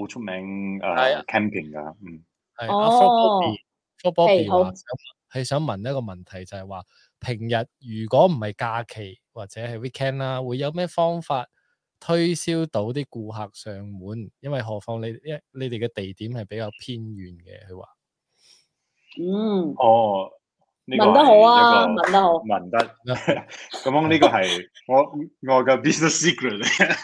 好出名誒 camping 㗎，嗯，係阿 Bobby，Bobby 啊。係想問一個問題，就係話平日如果唔係假期或者係 weekend 啦，會有咩方法推銷到啲顧客上門？因為何況你一你哋嘅地點係比較偏遠嘅。佢話，嗯，哦，這個，問得好啊，問得好，問得咁樣呢個係我我嘅 business secret。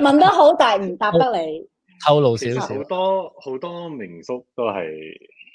問得好，但係唔答得你。透露少少，好多好多民宿都係。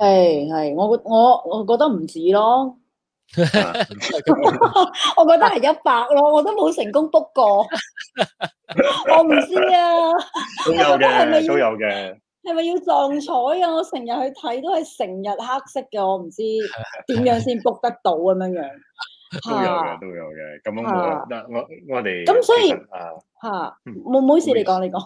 係係，我我我覺得唔止咯，我覺得係一百咯，我都冇成功 book 過，我唔知啊。都有嘅，都有嘅。係咪要撞彩啊？我成日去睇都係成日黑色嘅，我唔知點樣先 book 得到咁樣樣。都有嘅，都有嘅。咁樣我嗱我我哋咁所以啊嚇，冇唔好意思，你講你講，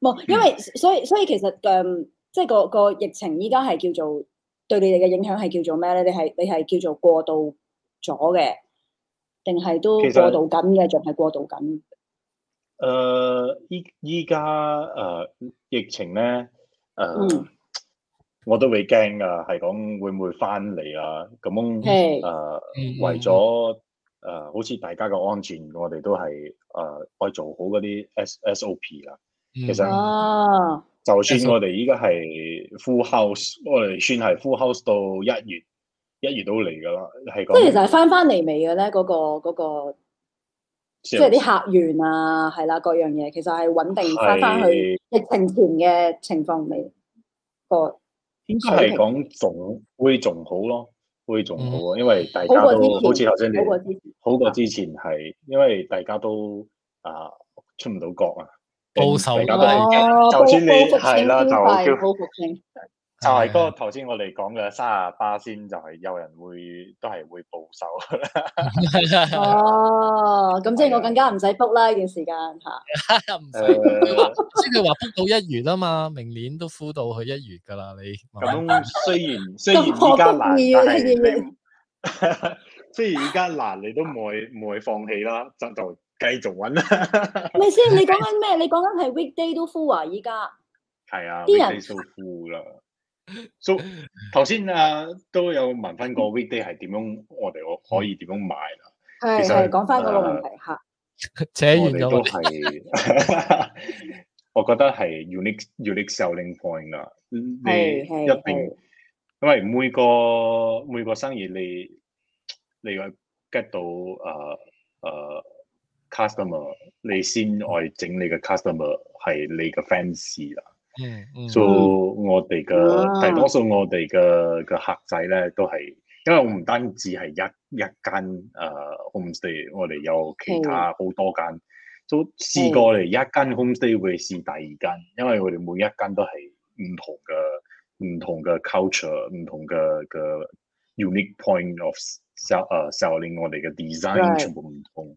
冇，因為所以所以其實誒。即係個，個疫情，依家係叫做對你哋嘅影響係叫做咩咧？你係你係叫做過渡咗嘅，定係都過渡緊嘅，仲係實過渡緊。誒、呃，依依家誒疫情咧誒，呃嗯、我都會驚㗎，係講會唔會翻嚟啊？咁樣誒是、呃，為咗誒、呃，好似大家嘅安全，我哋都係誒，我、呃、做好嗰啲 S O、SO、P 啦。嗯、其實，哦、嗯。啊就算我哋依家係 full house，我哋算係 full house 到一月，一月都嚟噶啦，係。即係其實係翻翻嚟未嘅咧？嗰個嗰個，嗰個、嗎即係啲客源啊，係啦、啊，各樣嘢，其實係穩定翻翻是去疫情前嘅情況未。個應該係講仲會仲好咯，會仲好啊，因為大家都、嗯、好似頭先你，好過之前係，因為大家都啊出唔到國啊。報仇啦！哦，就算你係啦，就叫報復性，就係嗰個頭先我哋講嘅三十八先，就係有人會都係會報仇。哦，咁即係我更加唔使 book 啦呢段時間吓。唔使，即係話 book 到一月啊嘛，明年都 book 到去一月噶啦你。咁雖然雖然而家難，但係雖然而家難，你都唔會唔會放棄啦，就。繼續揾啦，咪 (laughs) 先，你講緊咩？你講緊係 weekday 都 full 啊，依家係啊，啲人都 full 富啦，So 頭先啊都有問翻個 weekday 係點樣，嗯、我哋可可以點樣買啦？其實係講翻嗰個問題吓，啊、扯遠咗啦，係我， (laughs) (laughs) 我覺得係 unique unique selling point 啦、啊，你一定因為每個每個生意你你個 get 到誒誒。啊啊啊 customer，你先愛整你嘅 customer 係你嘅 fans 啦。嗯，所以我哋嘅大多數我哋嘅嘅客仔咧都係，因為我唔單止係一一間誒 homestay，我哋有其他好多間都試過，嚟一間 homestay 會試第二間，因為我哋每一間都係唔同嘅唔同嘅 culture、唔同嘅嘅 unique point of sell 誒 selling 我哋嘅 design 全部唔同。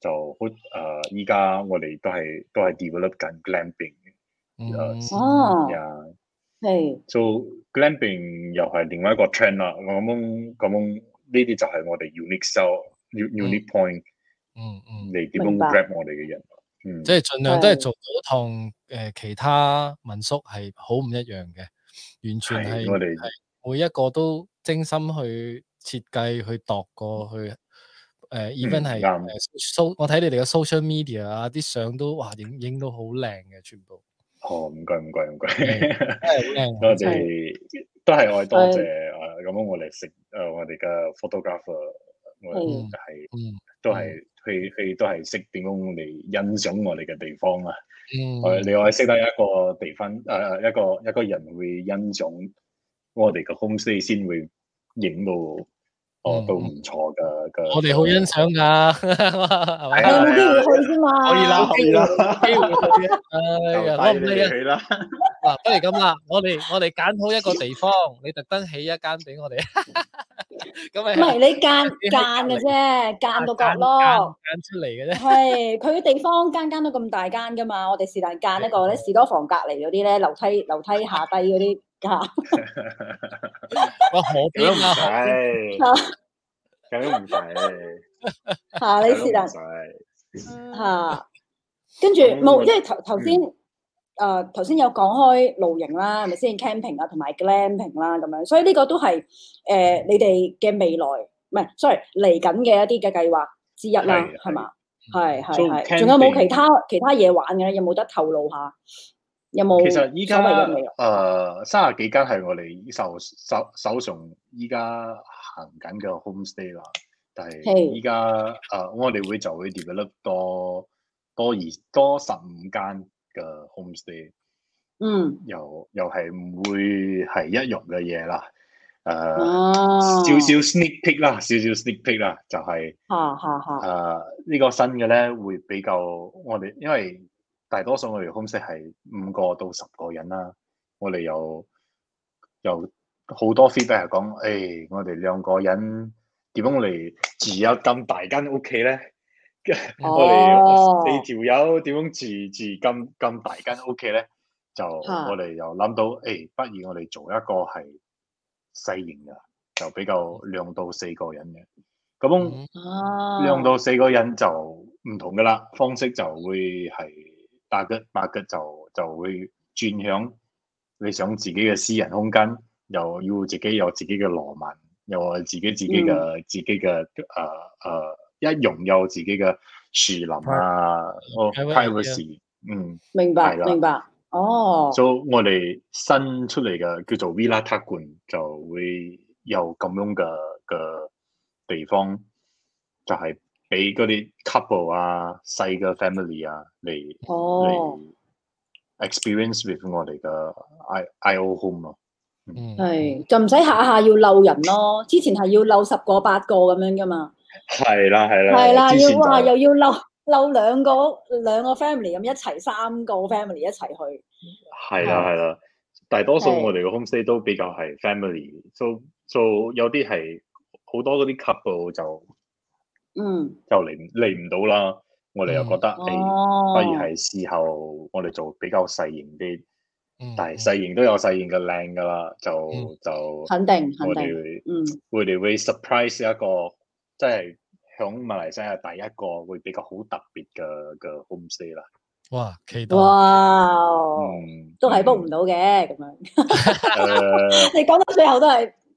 就好誒，依、呃、家我哋都係都係 develop 緊 glamping 嘅 gl、嗯，係做 glamping 又係另外一個 trend 啦。咁咁呢啲就係我哋 unique sell，unique point 嗯。嗯嗯，嚟點樣 grab 白我哋嘅人？嗯、即係盡量都係做到同誒其他民宿係好唔一樣嘅，完全係我哋係每一個都精心去設計去度過去。誒，even 係，so 我睇你哋嘅 social media 啊，啲相都哇影影到好靚嘅，全部。哦，唔該唔該唔該，多謝，都係我哋多謝。咁我哋食，誒我哋嘅 photographer，我哋係都係去去都係識點樣嚟欣賞我哋嘅地方啊。我哋我識得一個地方，誒一個一個人會欣賞我哋嘅 home stay 先會影到。都唔錯㗎，我哋好欣賞㗎，係咪啊？有冇機會去先嘛，可以啦，可以啦，哎呀，我唔理啦。嗱，不如咁啦，我哋我哋揀好一個地方，你特登起一間俾我哋，咁咪唔係你間間嘅啫，間到角咯，間出嚟嘅啫。係，佢嘅地方間間都咁大間㗎嘛，我哋是但間一個咧，士多房隔離嗰啲咧，樓梯樓梯下低嗰啲。吓， (laughs) (laughs) 哇！ (laughs) (laughs) 啊、我邊唔使，咁樣唔使，吓，你是但，吓、嗯，跟住冇，因為頭頭先，誒，頭先有講開露營啦，係咪先？camping 啊，同埋 glamping 啦，咁樣，所以呢個都係誒、呃，你哋嘅未來，唔係，sorry，嚟緊嘅一啲嘅計劃之一啦，係嘛是？係係係，仲有冇其他其他嘢玩嘅咧？有冇得透露下？有冇？其實依家誒，卅幾間係我哋受受首從依家行緊嘅 homestay 啦，但係依家誒，我哋會就會 develop 多多二多十五間嘅 homestay。嗯、mm.。又又係唔會係一樣嘅嘢啦。誒、呃 oh.，少少 sneak peek 啦，少少 sneak peek 啦，就係、是。哦哦哦。誒，呢個新嘅咧會比較我哋，因為。大多數我哋方式係五個到十個人啦。我哋又有好多 feedback 係講、哎，我哋兩個人點樣嚟住有咁大間屋企咧？Oh. (laughs) 我哋四條友點樣住住咁咁大間屋企咧？就我哋又諗到，誒 Huh.、哎，不如我哋做一個係細型嘅，就比較兩到四個人嘅。咁兩到四個人就唔同㗎喇，oh. 方式就會係。白菊，白菊就就會轉向你想自己嘅私人空間，又要自己有自己嘅羅文，又自己自己嘅、嗯、自己嘅誒誒，一擁有自己嘅樹林啊，啊哦，個樹、啊，嗯，明白，了明白，哦，就、so, 我哋新出嚟嘅叫做 Villa 塔冠，就會有咁樣嘅嘅地方，就係、是。俾嗰啲 couple 啊、細嘅 family 啊嚟嚟、oh, experience with 我哋嘅 I I O home 咯、啊，係就唔使下下要漏人咯、啊，之前係要漏十個八個咁樣噶嘛，係啦係啦，係啦要哇、就是哦呃、又要漏溜兩個兩個 family 咁一齊三個 family 一齊去，係啦係啦，大多數我哋嘅 home stay 都比較係 family，做都、so, so、有啲係好多嗰啲 couple 就。嗯，就嚟嚟唔到啦，我哋又覺得，不如係事後我哋做比較細型啲，但係細型都有細型嘅靚噶啦，就就肯定肯定，佢哋會 surprise 一個，即係響馬來西亞第一個會比較好特別嘅嘅 homestay 啦。哇，期待哇，都係 book 唔到嘅咁樣，你講到最後都係。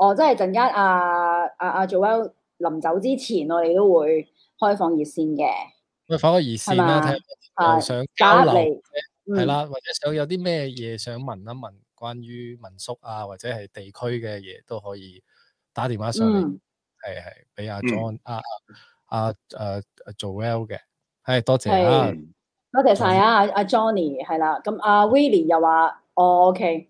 哦，即係陣間阿阿阿 Joel 臨走之前，我哋都會開放熱線、哎、熱線嘅、啊。喂，開放熱線啦，睇想交流，係、啊嗯、啦，或者想有啲咩嘢想問一問，關於民宿啊，或者係地區嘅嘢都可以打電話上嚟。係係、嗯，俾阿 John 阿阿阿阿 Joel 嘅，係、啊嗯啊啊啊、多謝啊，多謝晒啊，阿、啊啊啊啊、Johnny 係啦，咁阿 Willie 又話 OK。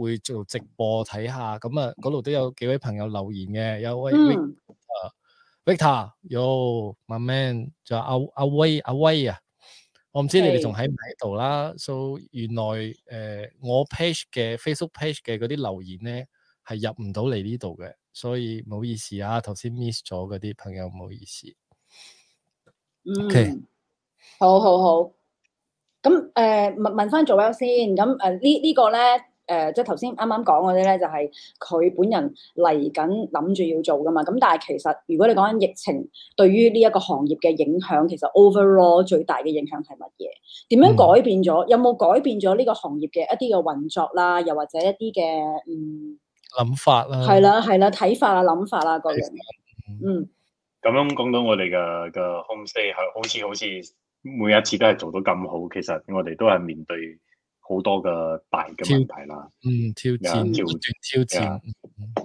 會做直播睇下，咁啊嗰度都有幾位朋友留言嘅，有位 Victor、嗯、Victor，有 my man，仲有阿阿威阿威啊，我唔知你哋仲喺唔喺度啦。Okay. So，原來誒、呃、我 page 嘅 Facebook page 嘅嗰啲留言咧係入唔到嚟呢度嘅，所以唔好意思啊，頭先 miss 咗嗰啲朋友，唔好意思。OK、嗯、好好好。咁誒、呃、問問翻 Joel 先，咁誒、呃這個、呢呢個咧？誒、呃，即係頭先啱啱講嗰啲咧，就係佢本人嚟緊諗住要做㗎嘛。咁但係其實，如果你講緊疫情對於呢一個行業嘅影響，嗯、其實 overall 最大嘅影響係乜嘢？點樣改變咗？有冇改變咗呢個行業嘅一啲嘅運作啦？又或者一啲嘅嗯諗法啦？係啦，係啦，睇法啊，諗、啊啊、法啊，嗰樣、啊。嗯，咁樣講到我哋嘅嘅 home stay，好似好似每一次都係做到咁好。其實我哋都係面對。好多嘅大嘅問題啦，嗯，挑戰，挑戰，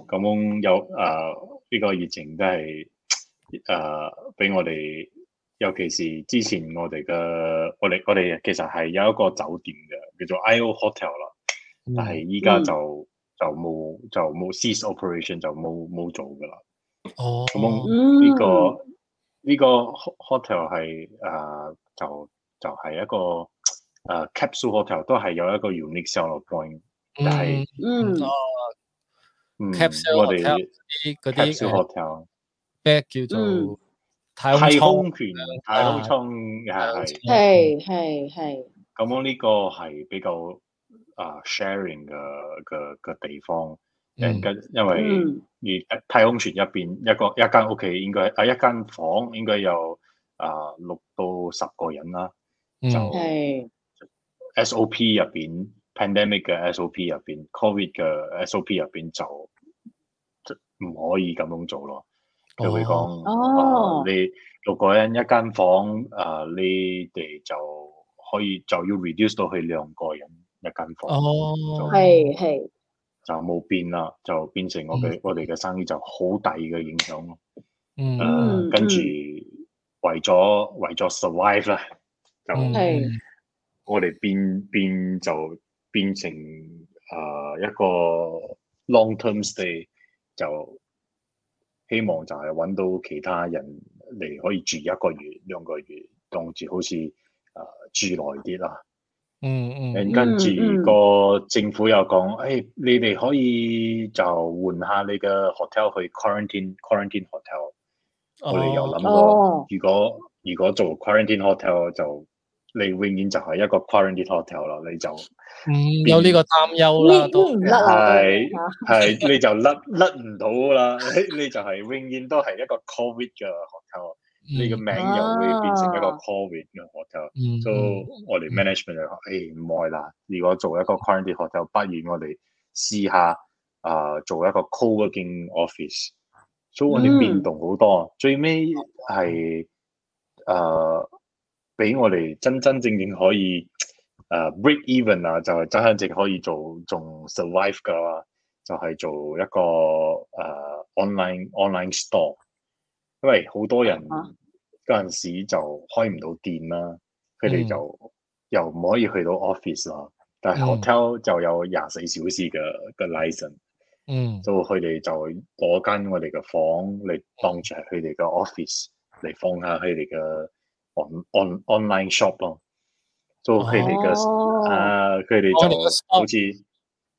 咁有誒呢、呃這個疫情都係誒俾我哋，尤其是之前我哋嘅我哋我哋其實係有一個酒店嘅，叫做 I.O. Hotel 啦，但係依家就就冇就冇 cease operation 就冇冇做噶啦。哦，咁呢、這個呢、這個 hotel 係誒、呃、就就係、是、一個。誒，capsule hotel 都係有一個 unique selling point，但係，嗯，我哋啲 capsule hotel，誒叫太空船，太空艙，係係係。咁我呢個係比較啊 sharing 嘅嘅嘅地方，誒，跟因為，嗯，太空船入邊一個一間屋企應該啊一間房應該有啊六到十個人啦，就。SOP 入邊，pandemic 嘅 SOP 入邊，Covid 嘅 SOP 入邊就唔可以咁樣做咯。佢、oh. 會講、oh. 呃，你六個人一間房，誒、呃，你哋就可以就要 reduce 到去兩個人一間房。係係，就冇變啦，就變成我嘅、mm. 我哋嘅生意就好大嘅影響咯。嗯、呃，mm. 跟住為咗為咗 survive 啦，就係。Mm. Mm. 我哋變變就變成啊、呃、一個 long-term stay，就希望就係揾到其他人嚟可以住一個月兩個月，當住、呃、住好似啊住耐啲啦。嗯 And 着嗯。跟住個政府又講，誒、哎、你哋可以就換下你嘅 hotel 去 quarantine、uh, quarantine hotel。我哋又諗過、哦如，如果如果做 quarantine hotel 就。你永遠就係一個 quarantine hotel 咯，你就唔、嗯、有呢、這個擔憂啦，都唔係係你就甩甩唔到啦，你就係永遠都係一個 covid 嘅 hotel，你個名又會變成一個 covid 嘅 hotel。所以我哋 management 誒唔愛啦、嗯欸，如果做一個 quarantine hotel，不如我哋試下啊、呃、做一個 co-working office，所以我哋變動好多。嗯嗯、最尾係誒。呃呃俾我哋真真正正可以，誒、uh, break even 啊，就係真真正可以做，仲 survive 噶，就係、是、做一個誒、uh, online online store。因為好多人嗰陣時就開唔到店啦，佢哋、啊、就又唔可以去到 office 啦，嗯、但係 hotel 就有廿四小時嘅嘅 license，嗯，的 license, 嗯就佢哋就攞間我哋嘅房嚟當住係佢哋嘅 office，嚟放下佢哋嘅。on on online shop 咯，都佢哋嘅，誒，佢哋就好似，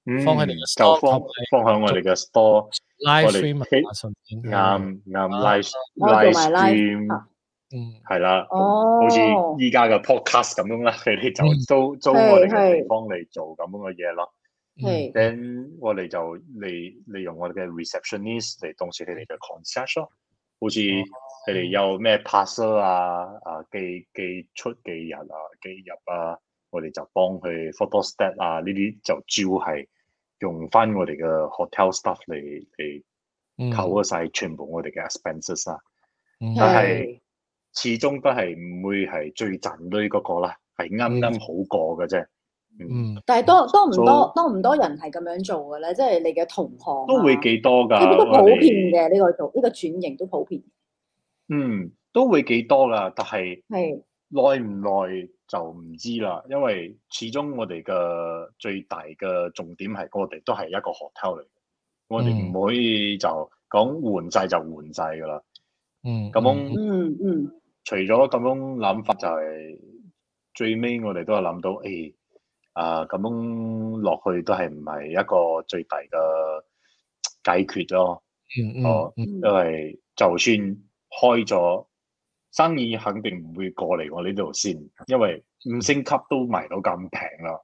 嗯，就放放喺我哋嘅 store，我哋啱啱 live stream，嗯，係啦，好似依家嘅 podcast 咁樣啦，佢哋就租租我哋嘅地方嚟做咁樣嘅嘢咯，係，我哋就利利用我哋嘅 receptionist 嚟同佢哋嘅 contact 咯，好似。佢哋、嗯、有咩 p a s 攝啊、啊寄記出記日啊、記入啊，我哋就幫佢 photo step 啊，呢啲就主要係用翻我哋嘅 hotel stuff 嚟嚟扣晒全部我哋嘅 expenses 啊，但係始終都係唔會係最賺嗰啲、那個啦，係啱啱好過嘅啫。嗯，嗯但係多多唔多多唔多人係咁樣做嘅咧，即係你嘅同行、啊、都會幾多噶，都普遍嘅呢個度呢個轉型都普遍。嗯，都會幾多噶，但係耐唔耐就唔知啦，的因為始終我哋嘅最大嘅重點係，我哋都係一個 hotel 嚟，嗯、我哋唔可以就講換掣就換掣噶啦、嗯。嗯，咁、嗯、樣，嗯嗯，除咗咁樣諗法、就是，就係最尾我哋都係諗到，誒、欸，啊，咁樣落去都係唔係一個最大嘅解決咯。嗯，嗯因為就算。開咗生意肯定唔會過嚟我呢度先，因為五星級都賣到咁平啦。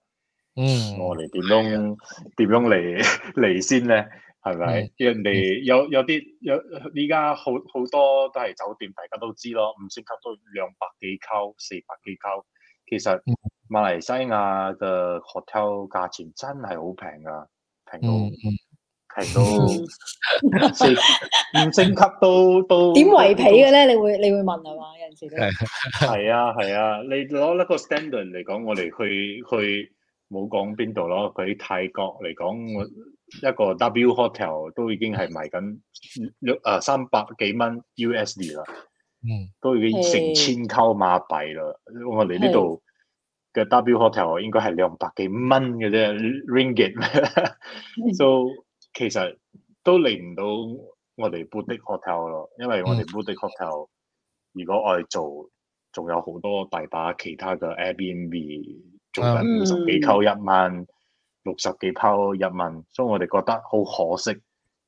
嗯，我哋點樣點的樣嚟嚟先咧？係咪？人哋的有有啲有依家好好多都係酒店，大家都知咯。五星級都兩百幾溝、四百幾溝。其實馬來西亞嘅 hotel 價錢真係好平啊，平到～係都唔升級都都點圍皮嘅咧？你會你會問係嘛？有陣時都係 (laughs) (laughs) 啊係啊！你攞一個 standard 嚟講，我哋去去冇講邊度咯。佢喺泰國嚟講，我 (music) 一個 W hotel 都已經係賣緊六啊三百幾蚊 USD 啦，嗯， (music) 都已經成千溝馬幣啦。我哋呢度嘅 W hotel 應該係兩百幾蚊嘅啫 Ringgit 其實都嚟唔到我哋 boutique hotel 咯，因為我哋 boutique hotel、嗯、如果我哋做，仲有好多大把其他嘅 Airbnb 仲有五十幾溝一萬、六十幾泡一萬，所以我哋覺得好可惜。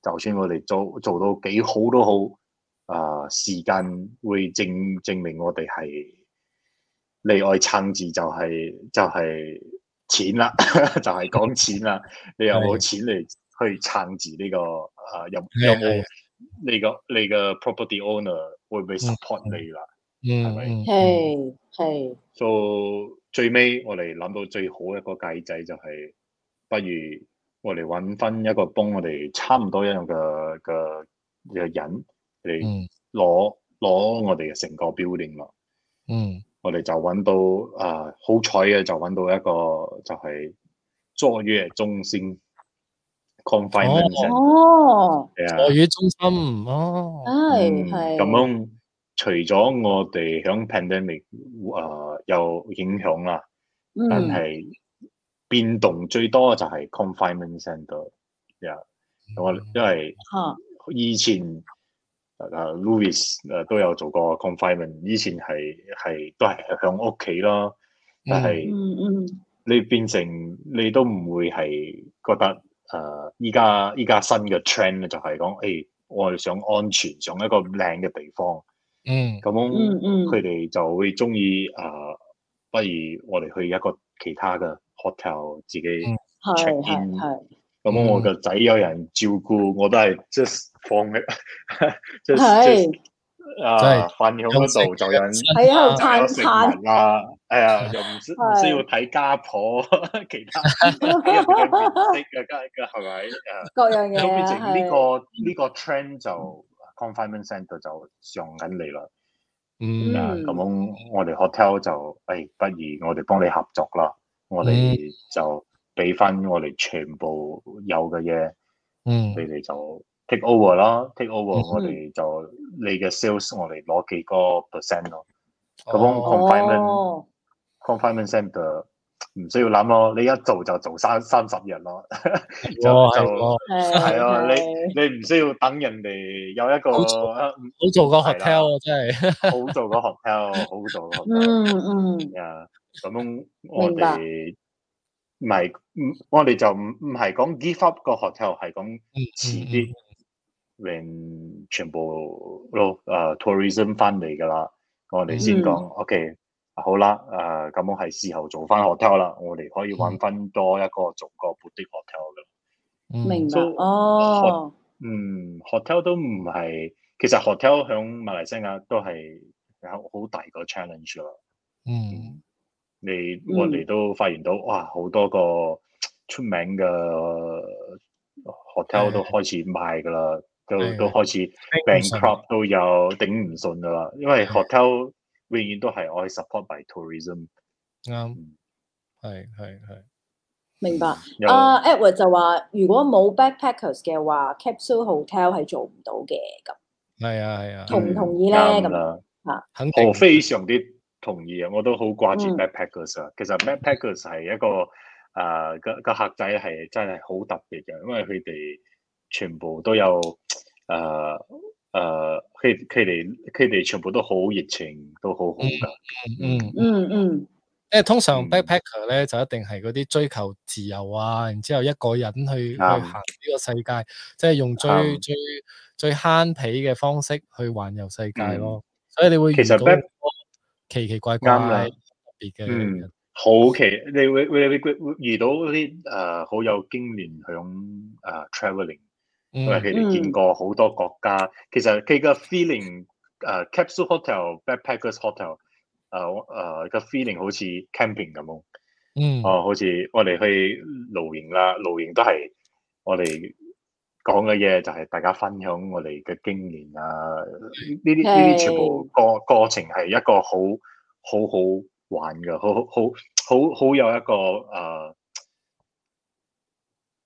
就算我哋做做到幾好都好，啊、呃、時間會證證明我哋係例外撐住就係就係錢啦，就係、是、講錢啦， (laughs) 你有冇錢嚟？去撐住呢、這個誒，又又冇呢個呢個 property owner 會唔會 support 你啦？嗯，係係。所以最尾我哋諗到最好一個計仔就係、是，不如我哋揾翻一個幫我哋差唔多一樣嘅嘅嘅人嚟攞攞我哋嘅成個 building 咯。嗯，我哋、嗯、就揾到誒好彩嘅就揾到一個就係卓越中心。confinement 哦，係啊，外語中心哦，係係咁樣。除咗我哋響 pandemic 誒有影響啦，但係變動最多嘅就係 confinement centre，mm。呀，我因為以前誒，mm hmm. Louis 誒都有做過 confinement，以前係係都係響屋企咯，但係，mm hmm. 你變成你都唔會係覺得。誒，依家依家新嘅 trend 咧就係講，誒，我哋想安全，上一個靚嘅地方，嗯，咁佢哋就會中意，誒，不如我哋去一個其他嘅 hotel，自己 check in，咁我個仔有人照顧，我都係即係放喺，係，啊，瞓響嗰度就有人喺度餐餐係啊，又唔需唔需要睇家婆其他嘅面色啊，家嘅係咪？各樣嘢都變成呢個呢個 trend 就 confinement center 就上緊你啦。嗯，咁我哋 hotel 就誒，不如我哋幫你合作啦。我哋就俾翻我哋全部有嘅嘢，嗯，你哋就 take over 咯。take over，我哋就你嘅 sales 我哋攞幾個 percent 咯，咁樣 confinement Confinement Centre 唔需要諗咯，你一做就做三三十日咯，就就係啊！你你唔需要等人哋有一個，好做個 hotel 真係好做個 hotel，好做。嗯嗯。啊，咁我哋唔係我哋就唔唔係講 give up 個 hotel，係講遲啲 when 全部咯 tourism 翻嚟噶啦，我哋先講 OK。好啦，誒、呃，咁我係事後做翻 hotel 啦，我哋可以揾翻多一個做個 budget hotel 噶。明白、嗯，so, 哦。Hot, 嗯，hotel 都唔係，其實 hotel 響馬來西亞都係有好大個 challenge 咯。嗯。你我哋都發現到，哇，好多個出名嘅 hotel 都開始賣噶啦，嗯、都、嗯、都開始 bankrupt、嗯、都，都始、嗯、有頂唔順噶啦，因為 hotel。永遠都係我係 support by tourism。啱、嗯，係係係，明白。啊、嗯 uh, Edward 就、嗯、話：如果冇 backpackers 嘅話，capsule hotel 係做唔到嘅。咁係啊係啊，啊啊啊同唔同意咧？咁啊，肯定我非常之同意啊！我都好掛住 backpackers 啊。嗯、其實 backpackers 係一個啊，個、呃、個客仔係真係好特別嘅，因為佢哋全部都有誒。呃誒，佢哋佢哋全部都好熱情，都好好噶。嗯嗯嗯，因為通常 backpacker 咧就一定係嗰啲追求自由啊，然之後一個人去，嗯、去行呢個世界，即，就，係，是，用最，嗯、最最慳皮嘅方式去環遊世界咯。 (music) 所以你會其實奇奇怪怪特別嘅，好奇你會會會遇到嗰啲誒好有經驗響誒 traveling 因為佢哋見過好多國家，其實佢嘅 feeling，誒、uh, Capsule Hotel, Back hotel uh, uh、Backpackers Hotel，誒誒個 feeling 好似 camping 咁咯，嗯，哦，好似我哋去露營啦，露營都係我哋講嘅嘢，就係大家分享我哋嘅經驗啊，呢啲呢啲全部過過程係一個好好好玩嘅，好好好好好有一個誒。Uh,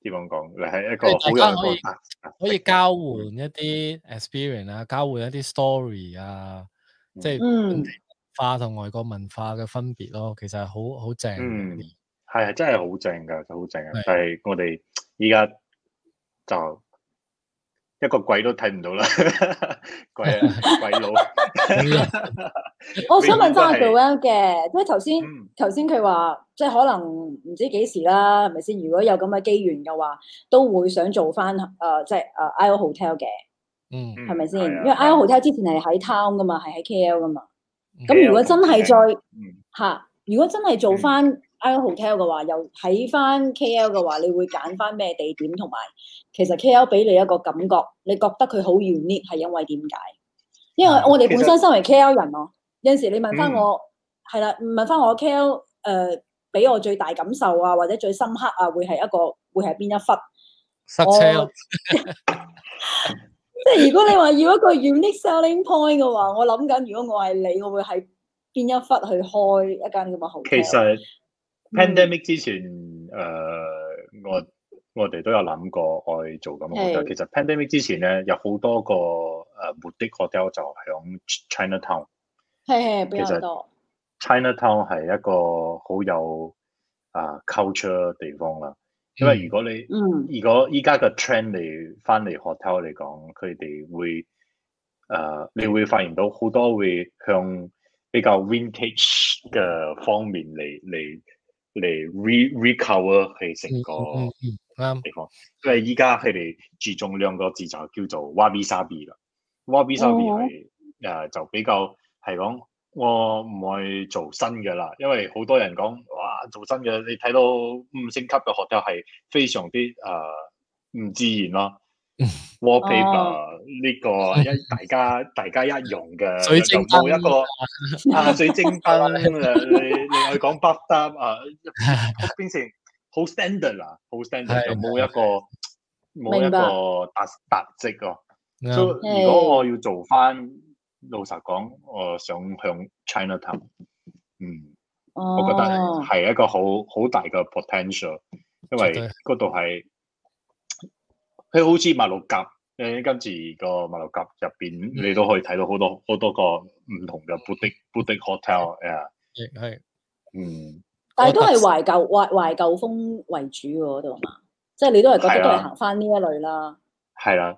點樣講？你係一個好有特色，可以，啊、可以交換一啲 experience 啊，交換一啲 story 啊，即係文化同外國文化嘅分別咯。其實係好好正。嗯，係啊，真係好正㗎，就好正啊！的但係我哋依家就一個鬼都睇唔到啦， (laughs) 鬼啊，鬼佬！ (laughs) (laughs) 白我想問翻阿 Joanne 嘅，即係頭先頭先佢話即係可能唔知幾時啦，係咪先？如果有咁嘅機緣嘅話，都會想做翻誒、呃，即係誒 I.O. Hotel 嘅，嗯，係咪先？因為 I.O. Hotel 之前係喺 Town 噶嘛，係喺 K.L. 噶嘛。咁、嗯、如果真係再吓，嗯、如果真係做翻 I.O. Hotel 嘅話，又喺翻 K.L. 嘅話，你會揀翻咩地點？同埋其實 K.L. 俾你一個感覺，你覺得佢好 unique 係因為點解？因為我哋本身身為 k l 人咯，嗯、有陣時你問翻我係啦、嗯，唔問翻我 k l 誒、呃，俾我最大感受啊，或者最深刻啊，會係一個會係邊一忽？塞車。我 (laughs) (laughs) 即係如果你話要一個 unique selling point 嘅話，我諗緊，如果我係你，我會喺邊一忽去開一間咁嘅好。其實 pandemic 之前誒，我我哋都有諗過去做咁樣，但係其實 pandemic 之前咧有好多個。誒、啊、目的地我就喺 China Town，係，其實 (music) China Town 係一個好有啊 culture 地方啦，因為如果你嗯，嗯如果依家個 trend 嚟翻嚟 hotel 嚟講，佢哋會誒、呃，你會發現到好多會向比較 vintage 嘅方面嚟嚟嚟 re recover 佢成個地方，嗯嗯嗯嗯、因為依家佢哋注重兩個字就叫做 wabi sabi 啦。Wallpaper 係誒就比較係講，我唔會做新嘅啦，因為好多人講哇做新嘅，你睇到五星級嘅學質係非常啲誒唔自然咯。Wallpaper 呢、哦這個一大家大家一用嘅， (laughs) 就冇一個啊水晶燈、 (laughs) 啊、你去講北搭啊，變成好 standard 啦，好 standard 就冇一個冇一個特特色咯。So, Yeah. 如果我要做翻，老實講，我想向 China Town，嗯，oh. 我覺得係一個好好大嘅 potential，因為嗰度係，佢好似馬六甲。誒，跟住個馬六甲入邊，你都可以睇到好多好多個唔同嘅 Boutique Boutique Hotel，誒，係，嗯，但係都係懷舊懷懷舊風為主嗰度嘛，即係、就是、你都係覺得都係行翻呢一類啦，係啦。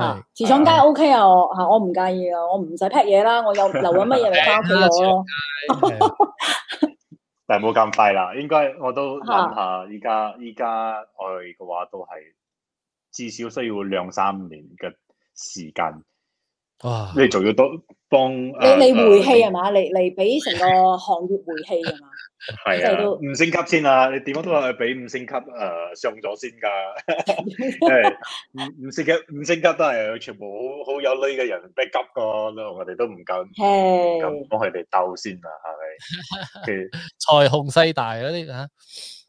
啊！自闖街 OK 啊，啊我吓我唔介意啊，我唔使劈嘢啦，我又留緊乜嘢嚟翻屋企攞咯。 (laughs) (laughs) 但係冇咁快啦，應該我都諗下，依家依家我嘅話都係至少需要兩三年嘅時間。哇、啊！你做咗多？幫幫你嚟回氣係嘛，你嚟俾成個行業回氣係嘛，即 (laughs) 啊，都五星級先啊。你點樣都係俾五星級誒、呃、上咗先噶，唔 (laughs) 唔 (laughs) (laughs) 星級五星級都係全部好好有類嘅人，咩急個，我哋都唔敢，咁幫佢哋斗先啊。係咪？財雄勢大嗰啲啊。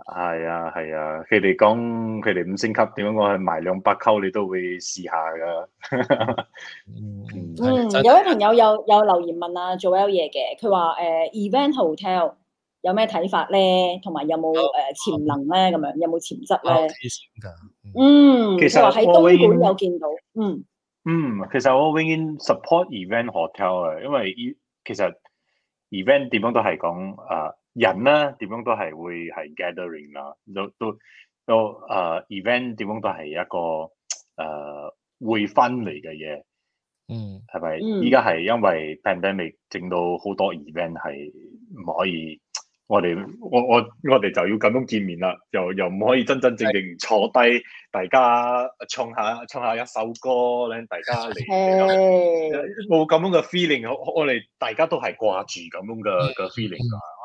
係啊係啊，佢哋講佢哋五星級點樣，我係賣兩百扣，你都會試下噶。 (laughs) 嗯，有位朋友有有留言問啊，做 L 嘢嘅，佢話誒 event hotel 有咩睇法咧，同埋有冇誒潛能咧，咁樣有冇潛質咧？們嗯,嗯，其實我喺東莞有見到，嗯嗯，其實我永遠 support event hotel 啊，因為要其實 event 點樣都係講啊。呃人咧點樣都係會係 gathering 啦，啊，都都都誒、呃、event 點樣都係一個誒、呃、會分嚟嘅嘢。嗯，係咪？依家係因為 pandemic 整到好多 event 係唔可以，我哋我我我哋就要咁樣見面啦，又又唔可以真真正正坐低，是的 大家唱下唱下一首歌咧，大家嚟冇咁樣嘅 feeling，我哋大家都係掛住咁樣嘅嘅 feeling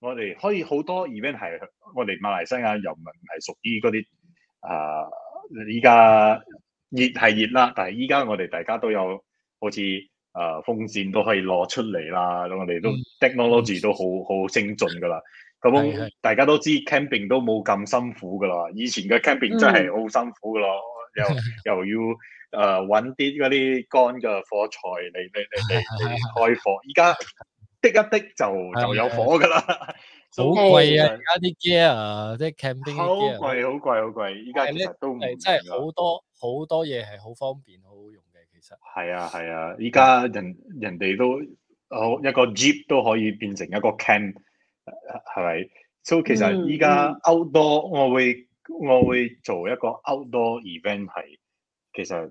我哋可以好多 event 係，我哋馬來西亞人民係屬於嗰啲啊，依、呃、家熱係熱啦，但係依家我哋大家都有好似啊、呃、風扇都可以攞出嚟啦，咁我哋都 technology、嗯、都好好精進噶啦。咁大家都知 camping、嗯、都冇咁辛苦噶啦，以前嘅 camping 真係好辛苦噶咯，嗯、又的又要啊揾啲嗰啲乾嘅火柴嚟嚟嚟嚟開火。依家。滴一滴就的就有火噶啦，好貴啊！而家啲 gear，即係 camping 好貴，好貴，好貴。依家都即係好多好多嘢係好方便，好好用嘅。其實係啊係啊，依家人人哋都好一個 jeep 都可以變成一個 camp，係咪？so，嗯，其實依家 outdoor 我會我會做一個 outdoor event 係，其實誒、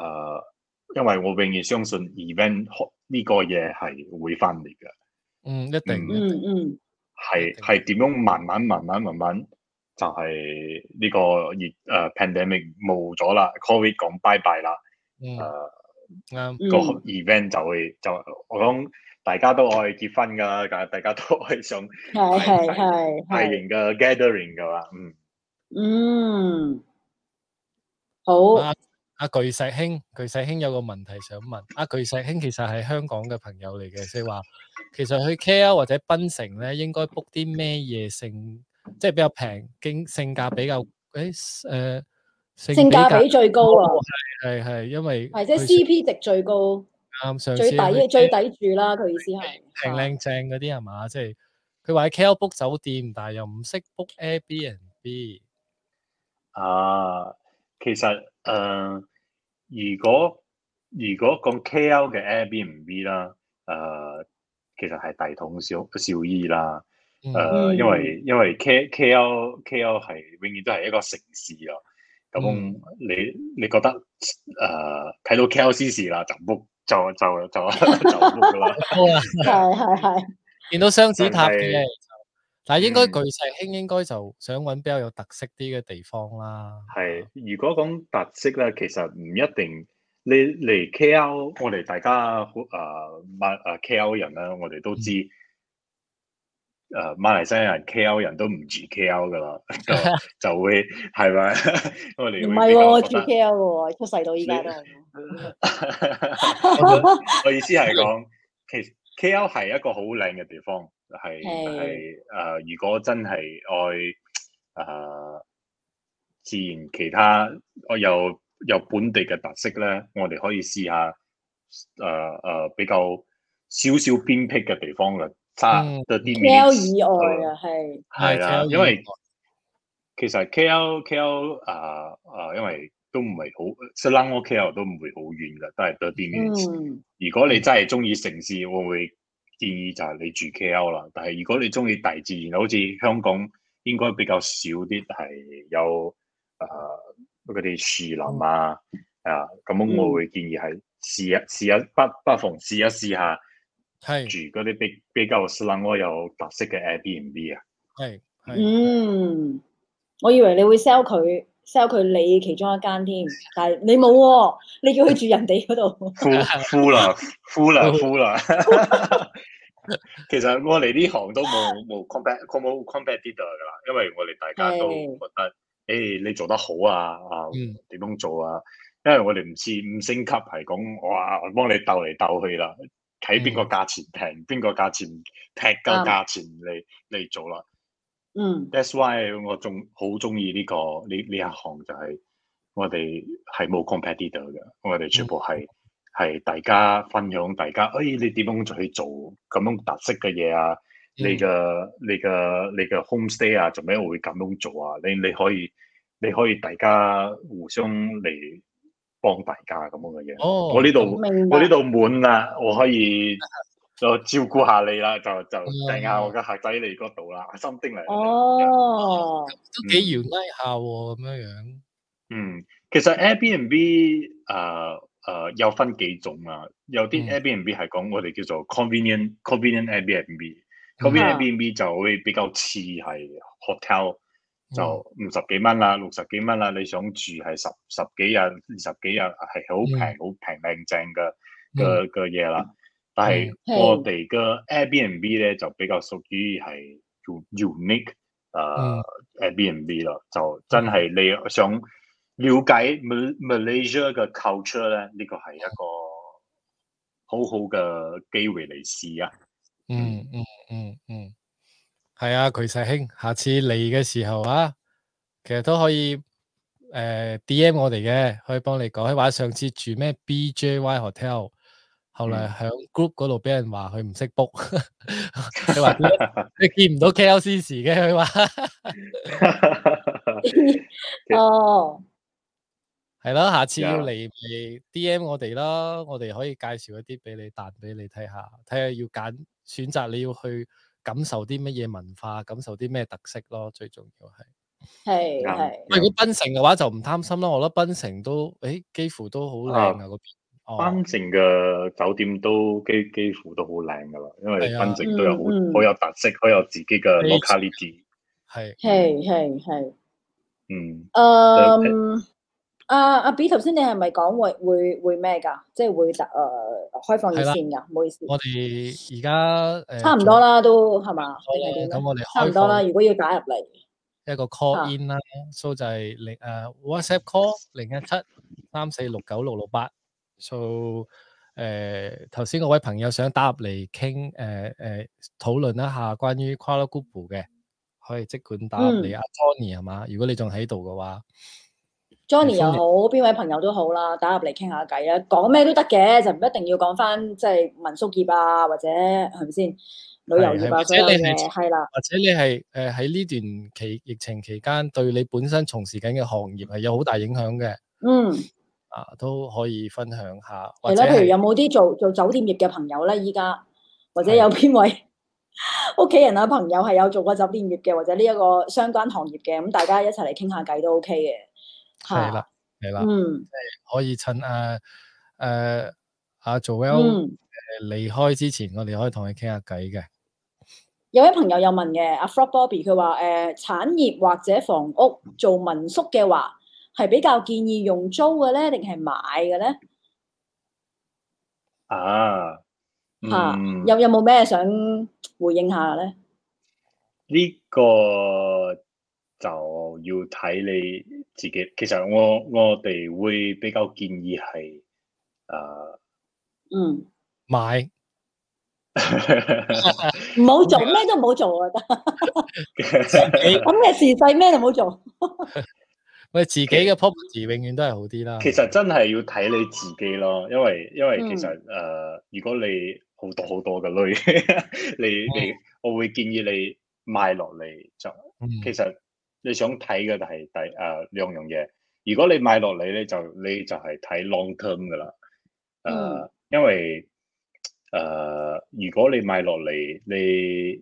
呃，因為我永遠相信 event。呢個嘢係會分裂嘅，嗯，一定，嗯嗯，係係點樣慢慢慢慢慢慢，就係呢個疫，誒 pandemic 冇咗啦，covid 講拜拜啦，誒個 event 就會就我諗大家都愛結婚噶，但係大家都愛想係係係大型嘅 gathering 噶嘛，嗯嗯，好。阿巨石兄，巨石兄有個問題想問。阿巨石兄其實係香港嘅朋友嚟嘅，即係話，其實去 KL 或者檳城咧，應該 book 啲咩嘢性，即係比較平經，性價比比較誒誒，性價比最高咯，係係係，因為係即係 CP 值最高，啱，上次最抵最抵住啦，佢意思係平靚正嗰啲係嘛？即係佢話喺 KL book 酒店，但係又唔識 book Airbnb。啊，其實誒。如果如果講 KL 嘅 air b 唔 b 啦，誒其實係大同小小異啦，誒、呃嗯、因為因為 K KL KL 係永遠都係一個城市啊，咁、嗯嗯、你你覺得誒睇、呃、到 KL 失事啦，就冇就就就冇噶啦，係係係，見 (laughs) (laughs) 到雙子塔嘅。但係應該巨石兄應該就想搵比較有特色啲嘅地方啦。係、嗯，如果講特色咧，其實唔一定。你嚟 KL，我哋大家好誒馬誒 KL 人啦，我哋都知誒、嗯呃、馬來西亞人 KL 人都唔住 KL 噶啦，就就會係咪？我哋唔係喎，住 KL 嘅，出世到依家都係。 (laughs) (laughs) 我意思係講，其實 KL 係一個好靚嘅地方。係係誒，如果真係愛誒、呃、自然其他，我有有本地嘅特色咧，我哋可以試下誒誒、呃呃，比較少少偏僻嘅地方嘅差多啲面，係、嗯、30 minutes、K L 以外啊，因為其實 K L K L 啊、呃、啊、呃，因為都唔係好，雖然我 K L 都唔會好遠噶，都係嗰啲如果你真係中意城市，會唔會。建議就係你住 K.O. 啦，但係如果你中意大自然，好似香港應該比較少啲係有誒嗰啲樹林啊，嗯、啊咁我會建議係試一試一,一，不不妨試一試下是住嗰啲比比較靚喎又特色嘅 Airbnb 啊。係嗯，我以為你會 sell 佢 sell 佢你其中一間添，但係你冇喎、啊，你叫佢住人哋嗰度。呼呼啦呼啦呼啦。呼 (laughs) (laughs) 其實我嚟呢行都冇冇 compete，冇 compete 到噶啦，因為我哋大家都覺得，誒是、欸，你做得好啊，嗯、啊，點樣做啊？因為我哋唔似五星級係講，哇，我幫你鬥嚟鬥去啦，睇邊個價錢平，邊個價錢劈夠價錢嚟嚟，嗯、做啦。嗯，that's why 我仲好中意呢個呢呢一行就係、是、我哋係冇 compete 到噶，我哋全部係。嗯係大家分享，大家，哎，你點樣去做咁樣特色嘅嘢啊？嗯、你嘅你嘅你嘅 home stay 啊，做咩我會咁樣做啊？你你可以你可以大家互相嚟幫大家咁樣嘅嘢。哦、我呢度我呢度滿啦，我可以就照顧下你啦，就就訂下我嘅客仔你嗰度啦，心丁嚟。哦，嗯、都幾愉快下喎、啊，咁樣樣。嗯，其實 Airbnb 啊、呃、～誒、呃、有分幾種啊，有啲 Airbnb 係講我哋叫做 convenient、嗯、convenient Airbnb，convenient Airbnb 就會比較似係 hotel，就五十幾蚊啦，六十幾蚊啦，你想住係十十幾日，二十幾日係好平、好平靚正嘅嘅嘅嘢啦。但係我哋嘅 Airbnb 咧就比較屬於係 unique 誒、呃嗯、Airbnb 啦，就真係你想。了解 Malaysia 嘅 culture 咧，呢個係一個好好嘅機會嚟試啊！嗯嗯嗯嗯，係啊，佢細兄，下次嚟嘅時候啊，其實都可以誒、呃、DM 我哋嘅，可以幫你講。佢話上次住咩 BJY Hotel，後來響 group 嗰度俾人話佢唔識 book，你話你見唔到 KLCC 嘅，佢話哦。係啦，下次要嚟咪 D.M 我哋啦，我哋可以介紹一啲俾你，彈俾你睇下，睇下要揀選擇你要去感受啲乜嘢文化，感受啲咩特色咯。最重要係係係。喂，hey, yeah. 如果檳城嘅話就唔貪心啦，我覺得檳城都誒、欸、幾乎都好靚嘅。嗰邊。哦、yeah.，檳、oh. 城嘅酒店都基幾乎都好靚噶啦，因為檳城都有好好、yeah. 有特色，好、um, 嗯、有自己嘅 locality 係係係係。嗯。誒。阿阿 B，頭先你係咪講會會會咩噶？即係會誒、呃、開放熱線噶，唔文好意思。我哋而家誒差唔多啦，都係嘛？咁我哋開放啦。如果要打入嚟，一個 call in 啦，數就係誒 WhatsApp call 零一七三四六九六六八。數誒頭先嗰位朋友想打入嚟傾誒誒討論一下關於跨 google 嘅，可以即管打入嚟。阿、uh, Tony 係嘛、mm？如果你仲喺度嘅話。Johnny 又好，邊年位朋友都好啦，打入嚟傾下偈啊。講咩都得嘅，就唔一定要講翻即係民宿業啊，或者係咪先？旅遊業係係、啊，是是或者你係啦，是是或者你係誒喺呢段期疫情期間，對你本身從事緊嘅行業係有好大影響嘅。嗯，啊都可以分享下。或者譬如有冇啲做做酒店業嘅朋友咧？依家或者有邊位屋企的 (laughs) 人啊，朋友係有做過酒店業嘅，或者呢一個相關行業嘅，咁大家一齊嚟傾下偈都 OK 嘅。係啦，係啦、啊，即、嗯、可以趁阿阿阿 Joel 誒離開之前，我哋可以同佢傾下偈嘅。有位朋友有問嘅，阿、啊、Frog Bobby 佢話誒產業或者房屋做民宿嘅話，係比較建議用租嘅咧，定係買嘅咧？啊，嚇、嗯啊，有有冇咩想回應下咧？呢、這個。就要睇你自己。其實我我哋會比較建議係誒，uh, 嗯，買唔 (laughs) (laughs) 好做，咩都唔好做啊！咁嘅時勢，咩都唔好做。喂，自己嘅 pop 字永遠都係好啲啦。其實真係要睇你自己咯，因為因為其實誒，uh, 如果你好多好多嘅類， (laughs) 你你我會建議你賣落嚟就，嗯、其實。你想睇嘅就係第誒兩樣嘢。如果你買落嚟咧，就你就係睇 long term 嘅啦。誒、uh,，mm. 因為誒，uh, 如果你買落嚟，你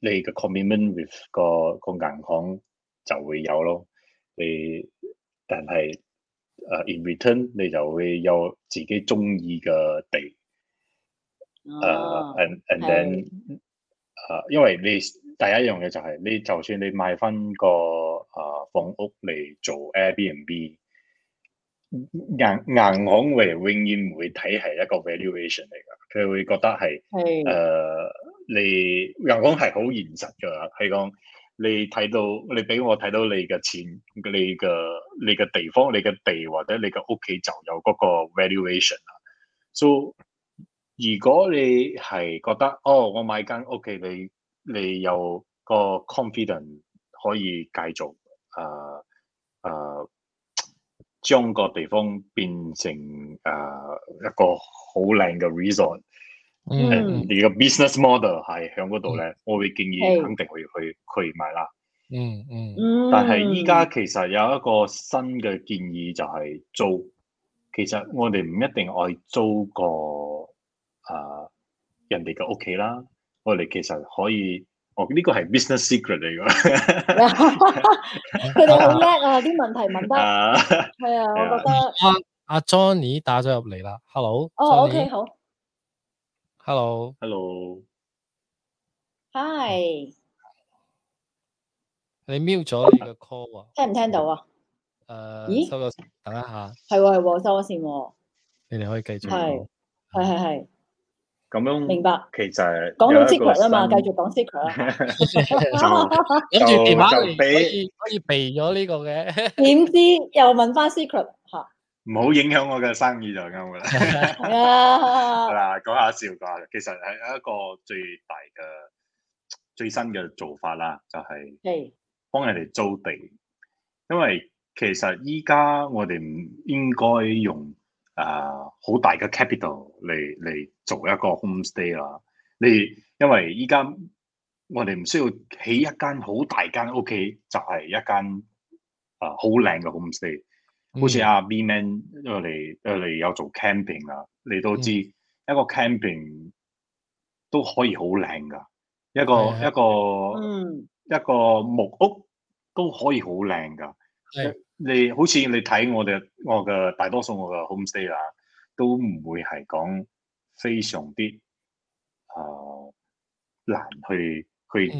你嘅 commitment with 個個銀行就會有咯。你但係誒、uh,，in return 你就會有自己鍾意嘅地。誒、uh, oh,，and and hey. then 誒、uh,，因為你。第一樣嘢就係你，就算你買翻個啊房屋嚟做 Airbnb，銀銀行佢永遠唔會睇係一個 valuation 嚟㗎。佢會覺得係誒，你銀行係好現實㗎。係講你睇到你俾我睇到你嘅錢、你嘅你嘅地方、你嘅地或者你嘅屋企就有嗰個 valuation 啦。So，如果你係覺得哦，我買間屋企你。你有個 confidence 可以繼續誒誒將個地方變成誒、呃、一個好靚嘅 resort，你個 business model 係響嗰度咧，嗯、我會建議肯定去去、嗯、去買啦、嗯。嗯嗯，但係依家其實有一個新嘅建議就係租，其實我哋唔一定愛租個誒、呃、人哋嘅屋企啦。我哋其實可以，哦呢個係 business secret 嚟噶，佢哋好叻啊！啲問題問得，係啊，我覺得阿 Johnny 打咗入嚟啦，Hello，哦，OK，好，Hello，Hello，Hi，你瞄咗呢個 call 啊？聽唔聽到啊？誒，咦，等一下，係喎係喎，收咗綫喎，你哋可以繼續，係，係係係。咁樣，明白，其實講到 secret 啊嘛，繼續講 secret，就就避可以避咗呢個嘅，點知又問翻 secret 吓，唔好影響我嘅生意就咁噶啦。係啊，講下笑，講其實係一個最大嘅最新嘅做法啦，就係、係、幫人哋租地， (laughs) 因為其實依家我哋唔應該用。誒，好、uh, 大嘅 capital 嚟嚟做一個 homestay 啦。你因為依家我哋唔需要起一間好大間屋企，就係、是、一間誒好、啊、靚嘅 homestay。好似阿、啊嗯、B Man，我哋我哋有做 camping 啊、嗯，你都知一個 camping 都可以好靚噶。嗯、一個的一個、嗯、一個木屋都可以好靚噶。係。你好似你睇我哋我嘅大多數我嘅 homestay 啊，都唔會係講非常啲啊、呃、難去去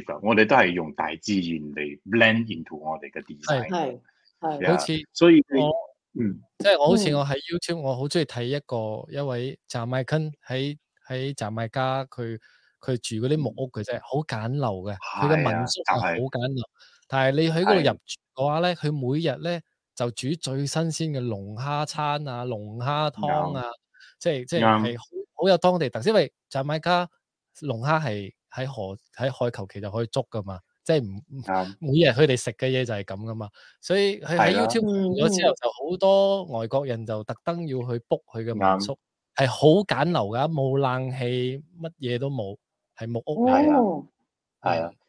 處分。嗯、我哋都係用大自然嚟 blend into 我哋嘅 design。係好似所以我，我嗯，即係我好似我喺 YouTube，我好中意睇一個一位宅 Michael 喺喺宅買家，佢佢住嗰啲木屋佢真係，好簡陋嘅，佢嘅民宿係好簡陋。但係你喺嗰度入住嘅話咧，佢的每日咧就煮最新鮮嘅龍蝦餐啊、龍蝦湯啊，的即係即係係好有當地特色，因為在買家龍蝦係喺河喺海求其就可以捉噶嘛，即係唔每日佢哋食嘅嘢就係咁噶嘛，所以喺 YouTube 咗之後就好多外國人就特登要去 book 佢嘅民宿，係好的簡陋噶，冇冷氣，乜嘢都冇，係木屋，係啊的，係啊的。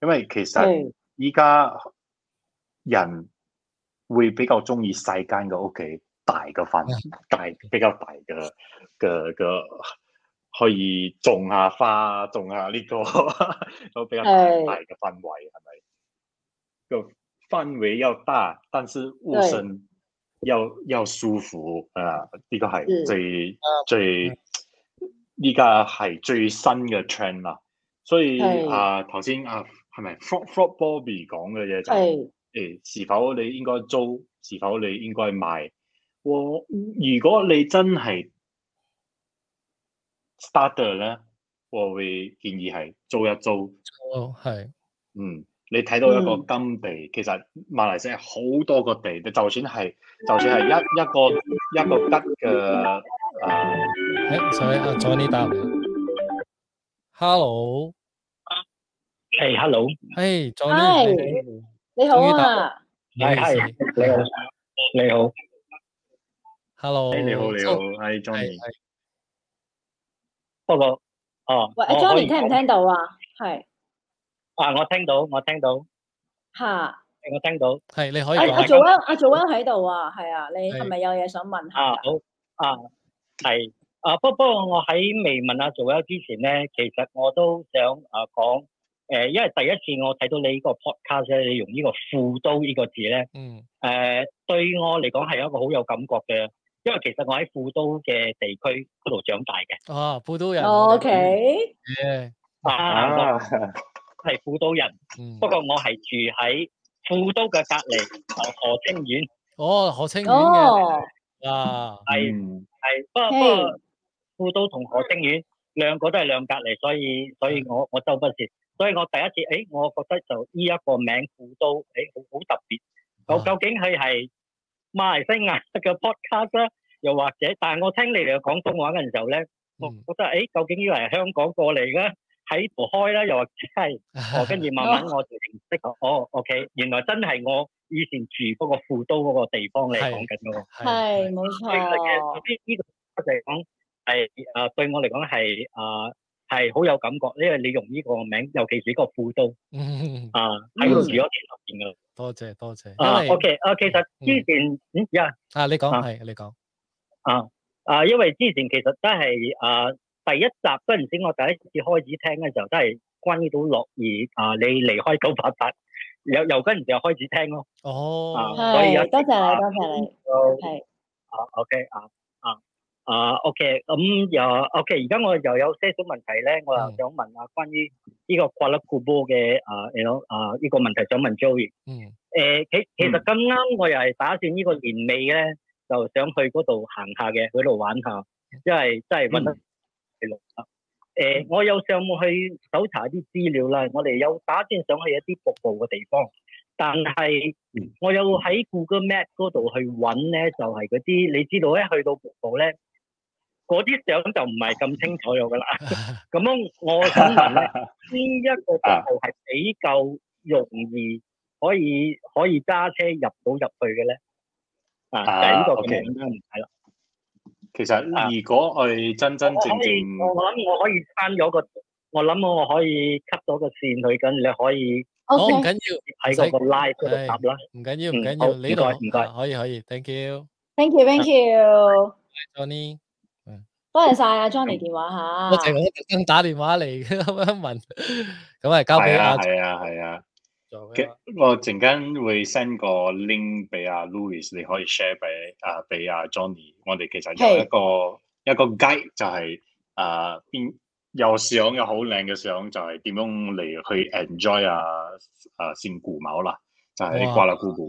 因為其實依家人會比較中意細間嘅屋企，大嘅範圍大比較大嘅嘅嘅，可以種下、啊、花，種下、啊、呢、這個呵呵，都比較大嘅範圍係咪？個對範圍又大，但是護身又又對舒服啊，呢個係最是最依家係最新嘅 trend 啦。所以對啊，頭先啊。係咪 f r Bobby 講嘅嘢就係、是、誒，是、哎欸、否你應該租，是否你應該賣？我如果你真係 starter 咧，我會建議係租一租。哦，係。嗯，你睇到一個金地，嗯、其實馬來西亞好多個地，就算係就算係一一個、嗯、一個吉嘅誒，誒，sorry 阿 Johnny 打唔到 Hello。誒，hello，誒，Johnny，你好啊，係係你好，你好，hello，你好了，係 Johnny，不過，哦，Johnny 聽唔聽到啊？係，啊，我聽到，我聽到，吓，我聽到，係你可以，阿 Joan，阿 Joan 喺度啊，係啊，你係咪有嘢想問？啊好，啊係，啊不過不過我喺未問阿 Joan 之前咧，其實我都想啊講。誒，因為第一次我睇到你呢個 podcast 咧，你用呢個富都呢個字咧，嗯、呃，誒對我嚟講係一個好有感覺嘅，因為其實我喺富都嘅地區嗰度長大嘅，哦、啊，富都人，O K，誒，係富都人，不過我係住喺富都嘅隔離何清苑，哦，何清苑嘅，啊，係係，不過不過富都同何清苑兩個都係兩隔離，所以，所以，所以所以我我周不時。所以我第一次，誒、哎，我覺得就呢一個名富都，誒，好、哎、好特別。就究竟佢係馬來西亞嘅 podcast 咧，又或者，但係我聽你哋講廣東話嘅時候咧，我覺得誒、哎，究竟以為係香港過嚟嘅，喺度開啦，又或者係，我跟住慢慢我就認識咗。 (laughs) 哦，OK，原來真係我以前住嗰個富都嗰個地方嚟是講緊嘅喎，係冇錯。其實呢呢個地方係誒對我嚟講係誒。係好有感覺，因為你用呢個名，尤其是呢個副刀 (laughs) 啊，喺度住咗前頭噶，多謝多謝。啊，OK，啊，其實之前嗯呀、yeah, 啊啊，啊，你講係你講啊啊，因為之前其實都係啊第一集嗰陣時我第一次開始聽嘅時候，都係關於到樂兒啊，你離開九八八，又又跟住又開始聽咯。哦，係、啊是。多謝你，多謝你，係、啊。啊，OK，啊。啊、uh，OK，咁、um, 又、yeah, OK。而家我又有些少問題咧，mm. 我又想問下關於呢個 Guadeloupe 嘅啊，你講啊呢個問題想問 Joey。嗯。誒，其其實咁啱我又係打算呢個年尾咧，就想去嗰度行下嘅，去度玩下。因、就、為、是、真係揾到。誒、mm. 呃，我有上去搜查啲資料啦。我哋有打算想去一啲瀑布嘅地方，但係我有喺 Google Map 嗰度去揾咧，就係嗰啲你知道咧，去到瀑布咧。嗰啲相就唔係咁清楚咗噶啦，咁樣我想問咧，邊一個道路係比較容易可以可以揸車入到入去嘅咧？啊，第二個咁樣係啦。其實如果係我真真正正，我我諗我可以刪咗個，我諗我可以 cut 咗個線佢咁，你可以好唔緊要喺嗰個 live 嗰度答啦。唔緊要，唔緊要，呢度唔該，可以可以，thank you，thank you，thank you，Tony。多謝晒阿 Johnny 電話吓、嗯，我淨係特登打電話嚟咁樣問，咁啊交俾啊。係啊係啊，啊我陣間會 send 個 link 俾阿 Louis，你可以 share 俾啊俾阿、呃、Johnny。我哋其實有一個是一個 guide 就係、是呃、啊邊有相有好靚嘅相，就係點樣嚟去 enjoy 啊啊仙姑貌啦，就係掛啦姑姑。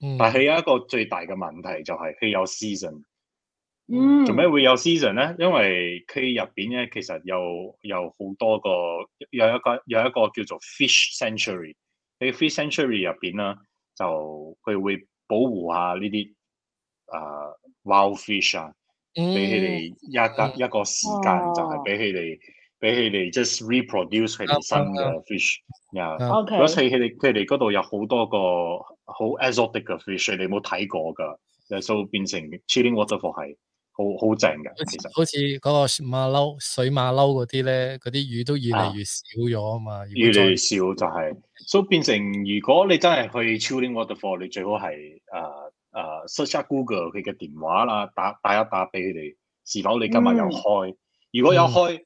嗯、但係有一個最大嘅問題就係佢有 season，做咩、嗯、會有 season 咧？因為佢入邊咧其實有有好多個有一個有一個叫做 fish century 喺 fish century 入邊啦，就佢會保護下呢啲誒 wild fish 啊，俾佢哋一得、嗯、一個時間，就係俾佢哋。嗯哦俾佢哋即係 reproduce 佢哋新嘅 fish，呀！如果佢佢哋佢哋嗰度有好多個好 exotic 嘅 fish，你冇睇過㗎，就、yeah, so, 變成 Chilling waterfall 係好好正嘅。其實好似嗰個馬騮水馬騮嗰啲咧，嗰啲魚都越嚟越少咗啊嘛！啊越嚟越少就係、是，所、so, 以變成如果你真係去 Chilling waterfall，你最好係誒誒 search 下 Google 佢嘅電話啦，打打一打俾佢哋，是否你今日有開？嗯、如果有開。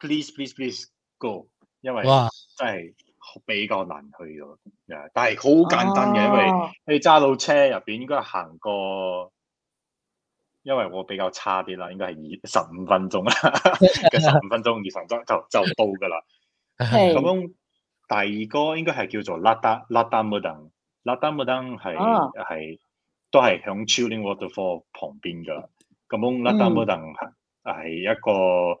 Please, please, please go！因為真係比較難去嘅，哇但係好簡單嘅，啊、因為你揸到車入邊應該行過，因為我比較差啲啦，應該係二十五分鐘啦，十五 (laughs) 分鐘二十分鐘就 (laughs) 就，就到嘅啦。咁是第二個應該係叫做拉丹拉丹木登，拉丹木登係係都係響 Chilling Waterfall 旁邊嘅。咁樣拉丹木登係一個。.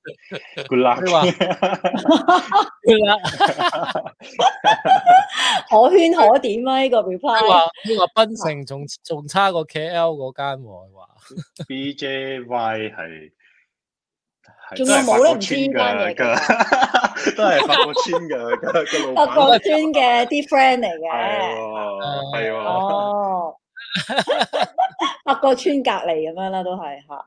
好啦，可圈可點、這個、啊！呢個 reply，話檳城仲仲差過 KL 嗰間喎，話 BJY 係仲有冇人村㗎？都係法國村㗎，法國村嘅啲 friend 嚟嘅，係哦，係哦，法國村隔籬咁樣啦，都係吓。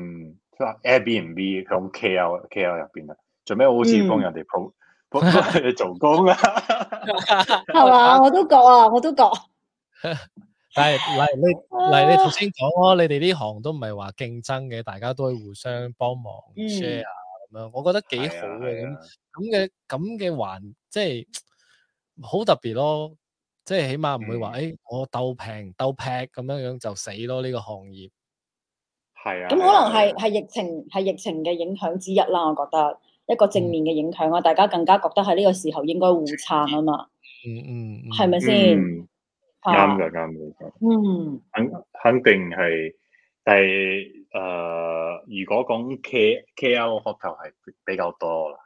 Airbnb 佢咁 care care 入邊啦，做咩好似幫人哋鋪鋪做工啊？係嘛？我都覺啊，我都覺。但係嚟你嚟你頭先講咯，你哋呢行都唔係話競爭嘅，大家都會互相幫忙 share 啊咁樣，我覺得幾好嘅咁咁嘅咁嘅環，即係好特別咯。即係起碼唔會話誒，我鬥平鬥劈咁樣樣就死咯呢個行業。係啊，咁可能係係疫情係疫情嘅影響之一啦，我覺得一個正面嘅影響啊，嗯、大家更加覺得喺呢個時候應該互撐啊嘛，嗯嗯，係咪先？啱嘅，啱嘅，啱嘅，嗯，肯肯定係但係誒，如果講 K K L 學球係比較多啦，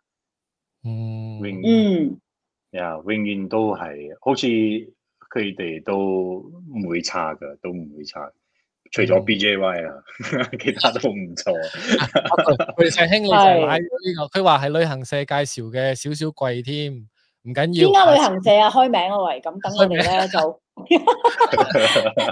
嗯，永遠嗯呀，yeah, 永遠都係好似佢哋都唔會差嘅，都唔會差。除咗 B J Y 啊，其他都唔錯。巨細兄，你就買咗呢個，佢話係旅行社介紹嘅，少少貴添，唔緊要。邊家旅行社啊？開名啊喂，咁等我哋咧就，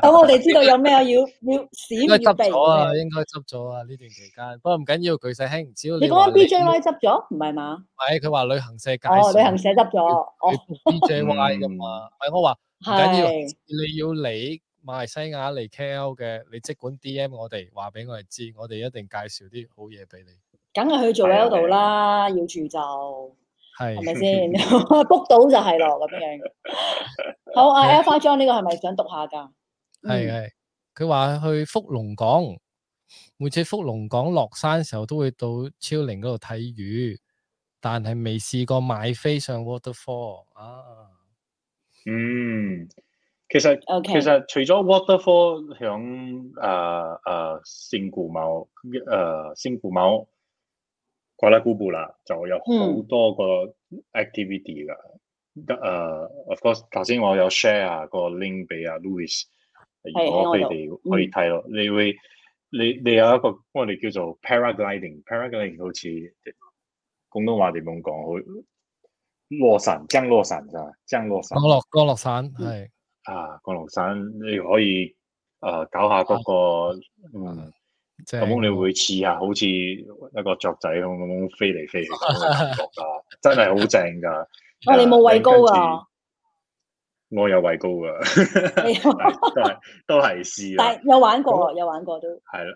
等我哋知道有咩要要閃要避。應該執咗啊，應該執咗啊，呢段期間。不過唔緊要，巨細兄，只要你。你講 B J Y 執咗？唔係嘛？唔係，佢話旅行社介紹。哦，旅行社執咗。哦，B J Y 噶嘛？唔係我話，唔緊要，你要嚟。馬來西亞嚟 KL 嘅，你即管 DM 我哋，話俾我哋知，我哋一定介紹啲好嘢俾你。梗係去做 L 度啦，的要住就係，係咪先 book 到就係咯，咁樣。好的啊 e l f John 呢個係咪想讀下噶？係係的，佢話、嗯、去福隆港，每次福隆港落山時候都會到 Chilling 嗰度睇魚，但係未試過買飛上 waterfall 啊。嗯。其實其實除咗 waterfall 響誒誒、呃、聖谷、啊、茂誒聖谷茂瓜拉古布啦，就、呃呃、有好多個 activity 噶。誒、嗯呃、，of course 頭先我有 share 個 link 俾阿 Louis，如果佢哋可以睇咯、嗯。你會你你有一個我哋叫做 paragliding，paragliding、嗯、par 好似廣東話點講？落傘降落傘咋降落傘降落降落傘係。啊，桂林山，你可以誒搞下嗰個，咁樣你會似下好似一個雀仔咁樣飛嚟飛去，真係好正噶！我你冇畏高噶，我有畏高噶，都係都試，但係有玩過，有玩過都係啦，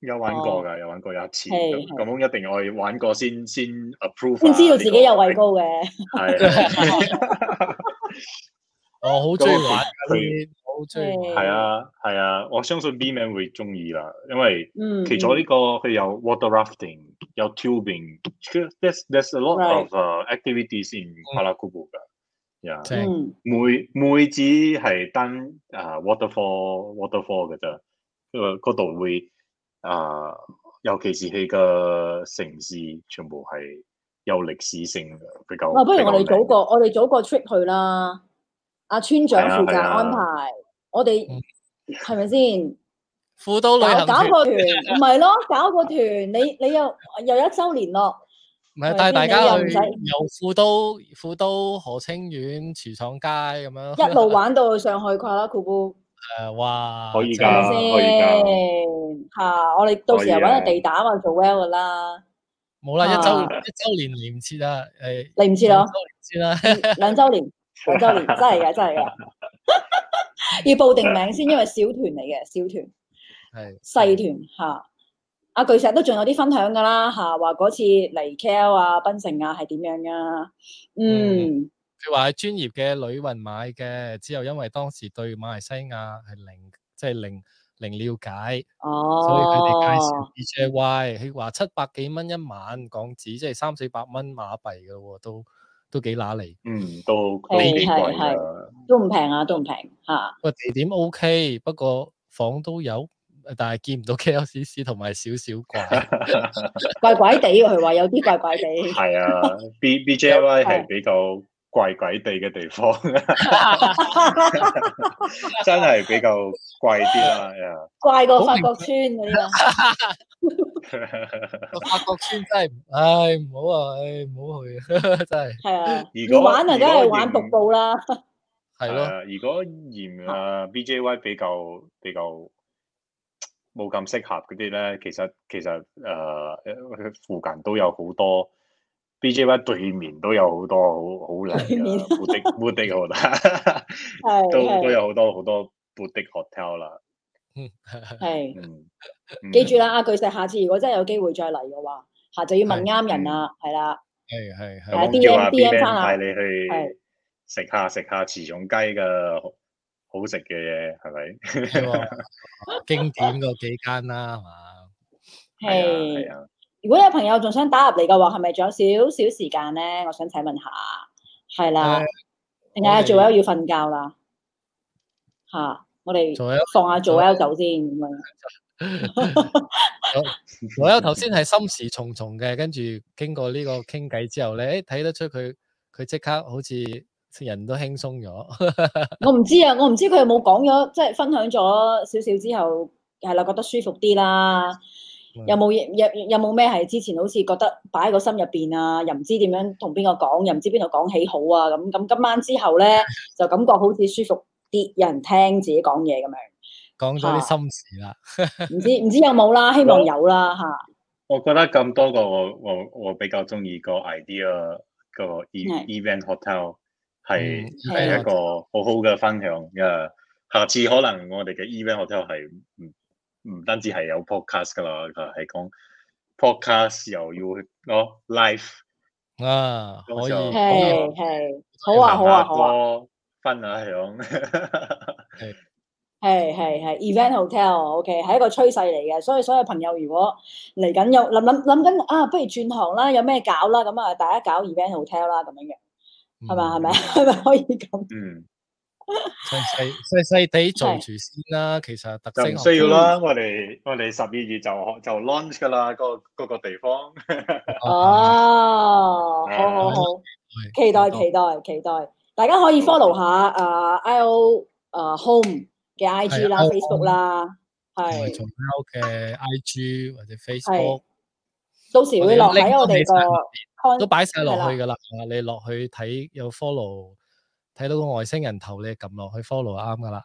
有玩過噶，有玩過一次咁，咁一定我要玩過先先 approve，先知道自己有畏高嘅。我好中意，哦、玩佢，好中意，係似、嗯、啊係啊！我相信 B man 會中意啦，因為，其中呢個佢有 water rafting，有 tubing，there's there's a lot of activities in 帕、嗯啊、拉庫布噶，呀、yeah, 嗯，每每次係單啊、uh, waterfall waterfall 噶咋，因為嗰度會啊、呃，尤其是佢嘅城市全部係有歷史性比較，啊，不如我哋早個我哋早個，個 trip 去啦。阿村長負責安排，我哋係咪先？富都旅行搞個團，唔係咯，搞個團，你你又又一周年咯，唔係帶大家去由富都富都何清苑、茨廠街咁樣，一路玩到上去克拉庫布。誒，哇，可以噶，係咪先？吓，我哋到時揾個地膽話做 well 噶啦，冇啦，一周年一周年連唔切啊，誒，年唔切咯，一周先啦，兩周年。過周年真係嘅，真係嘅，要報定名先，因為小團嚟嘅，小團係是細團吓。阿是、啊、巨石都仲有啲分享噶啦吓，話嗰次嚟 KL 啊、檳、啊、城啊係點樣噶、啊？嗯，佢話係專業嘅旅運買嘅，之後因為當時對馬來西亞係零，即、就、係、是、零零,零了解，哦、所以佢哋介紹 D J, J Y，佢話七百幾蚊一晚港紙，即、就、係、是、三四百蚊馬幣噶咯，都。都幾乸嚟，嗯，都幾貴啦，都唔平啊，都唔平吓。個地點 OK，不過房都有，但係見唔到 KLCC 同埋少少怪， (laughs) (laughs) 怪怪地佢話有啲怪怪地。係啊，B B J Y 係比較。怪鬼地嘅地方， (laughs) 真係比較怪啲啦。 (laughs) 怪過法國村呢個 (laughs) 法國村真係，唉、哎，唔好啊，唉，唔好去啊，真係。係啊，你果玩啊，梗係玩獨島啦。係咯，如果嫌啊 B J Y 比較比較冇咁適合嗰啲咧，其實其實誒、呃，附近都有好多。B J Y 對面都有好多好好靚嘅 Mooding 都都有好多好多 Mooding Hotel 啦。係，記住啦，阿巨石，下次如果真係有機會再嚟嘅話，下就要問啱人啦，係啦。係係係，D M D M 帶你去食下食下慈永雞嘅好食嘅嘢，係咪？經典幾間啦，係嘛？係係啊。有如果有朋友仲想打入嚟嘅話，係咪仲有少少時間咧？我想請問下，係啦，定係阿做友要瞓覺啦吓？我哋仲放下做友走先咁樣。做友頭先係心事重重嘅，跟住經過呢個傾偈之後咧，誒、哎、睇得出，佢佢即刻好似人都輕鬆咗。 (laughs) 我唔知啊，我唔知佢有冇講咗，即、就、係、是、分享咗少少之後係啦，覺得舒服啲啦。有冇嘢？有有冇咩係之前好似覺得擺喺個心入邊啊？又唔知點樣同邊個講，又唔知邊度講起好啊？咁咁今晚之後咧，就感覺好似舒服啲，有人聽自己講嘢咁樣，講咗啲心事啦。唔知唔知有冇啦？希望有啦吓。我覺得咁多個我我我比較中意個 idea 個 event hotel 係係一個好好嘅分享啊！下次可能我哋嘅 event hotel 係嗯。唔單止係有 podcast 噶啦，係講 podcast 又要咯 life 啊，可以係係好啊好啊好啊，分享係係係 event hotel，OK 係一個趨勢嚟嘅。所以所有朋友如果嚟緊有諗諗諗緊啊，不如轉行啦，有咩搞啦，咁啊大家搞 event hotel 啦，咁樣嘅係咪係咪係咪可以咁？細細細細地做住先啦，其實特唔需要啦。我哋我哋十二月就就 launch 噶啦，嗰嗰個地方。哦，好好好，期待期待期待，大家可以 follow 下啊，I O 啊 home 嘅 I G 啦，Facebook 啦，係。從 I O 嘅 I G 或者 Facebook，到時會落嚟。喺我哋個都擺晒落去噶啦，你落去睇有 follow。睇到個外星人頭，你撳落去 follow 啱噶啦。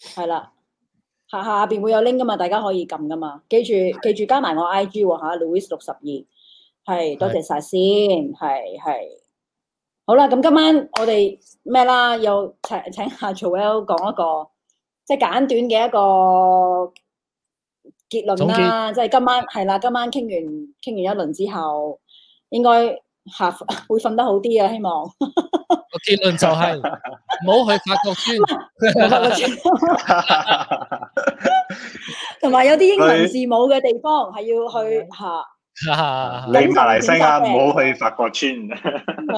係啦， (laughs) 下下邊會有 link 噶嘛，大家可以撳噶嘛。記住記住加埋我 IG 喎、啊，吓 Louis 六十二。係多謝晒先的，係係。好啦，咁今晚我哋咩啦？又請請下 Joel 講一個即係簡短嘅一個結論啦。即係之今晚係啦，今晚傾完傾完一輪之後，應該。吓，會瞓得好啲啊，希望。個 (laughs) 結論就係唔好去法國村，同 (laughs) 埋 (laughs) 有啲英文字母嘅地方係要去嚇。 (laughs) 去啊，你馬來西亞唔好去法國村，唔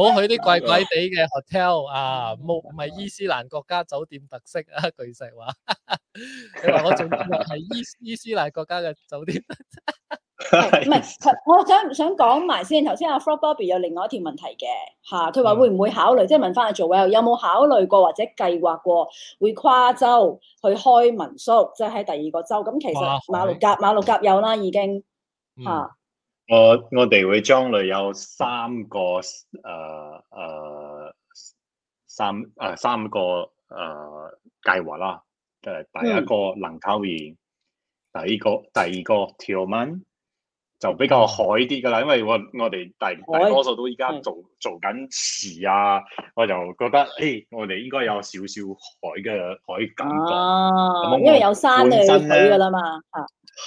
(laughs) 好 (laughs) (laughs) 去啲怪怪地嘅 hotel 啊！冇唔係、 (laughs) 啊、伊斯蘭國家酒店特色啊！句 (laughs) 實話， (laughs) 你話我仲以為係伊伊斯蘭國家嘅酒店。 (laughs) 唔係， (noise) 我想想講埋先。頭先阿 Flo Bobby 有另外一條問題嘅，吓，佢話會唔會考慮，即係、嗯、問翻阿 Joel 有冇考慮過或者計劃過會跨州去開民宿，即係喺第二個州。咁、嗯、其實馬六甲，馬六甲有啦，已經吓、嗯啊。我我哋會將來有三個誒誒、呃、三誒、呃、三個誒計劃啦。誒，第一個能夠完，第二個第二個條文。就比較海啲㗎啦，因為我我哋大，大大多數都依家做做緊事啊，的我就覺得誒，我哋應該有少少海嘅海感覺。啊、因為有山啊，有海㗎啦嘛。啊，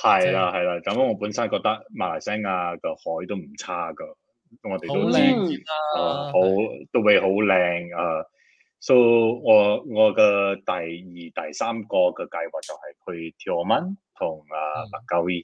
係啦係啦，咁的的我本身覺得馬來西亞嘅海都唔差㗎，我哋都知、啊啊，好、啊、都會好靚啊。So 我我嘅第二第三個嘅計劃就係去 Tioman 同啊 Malacca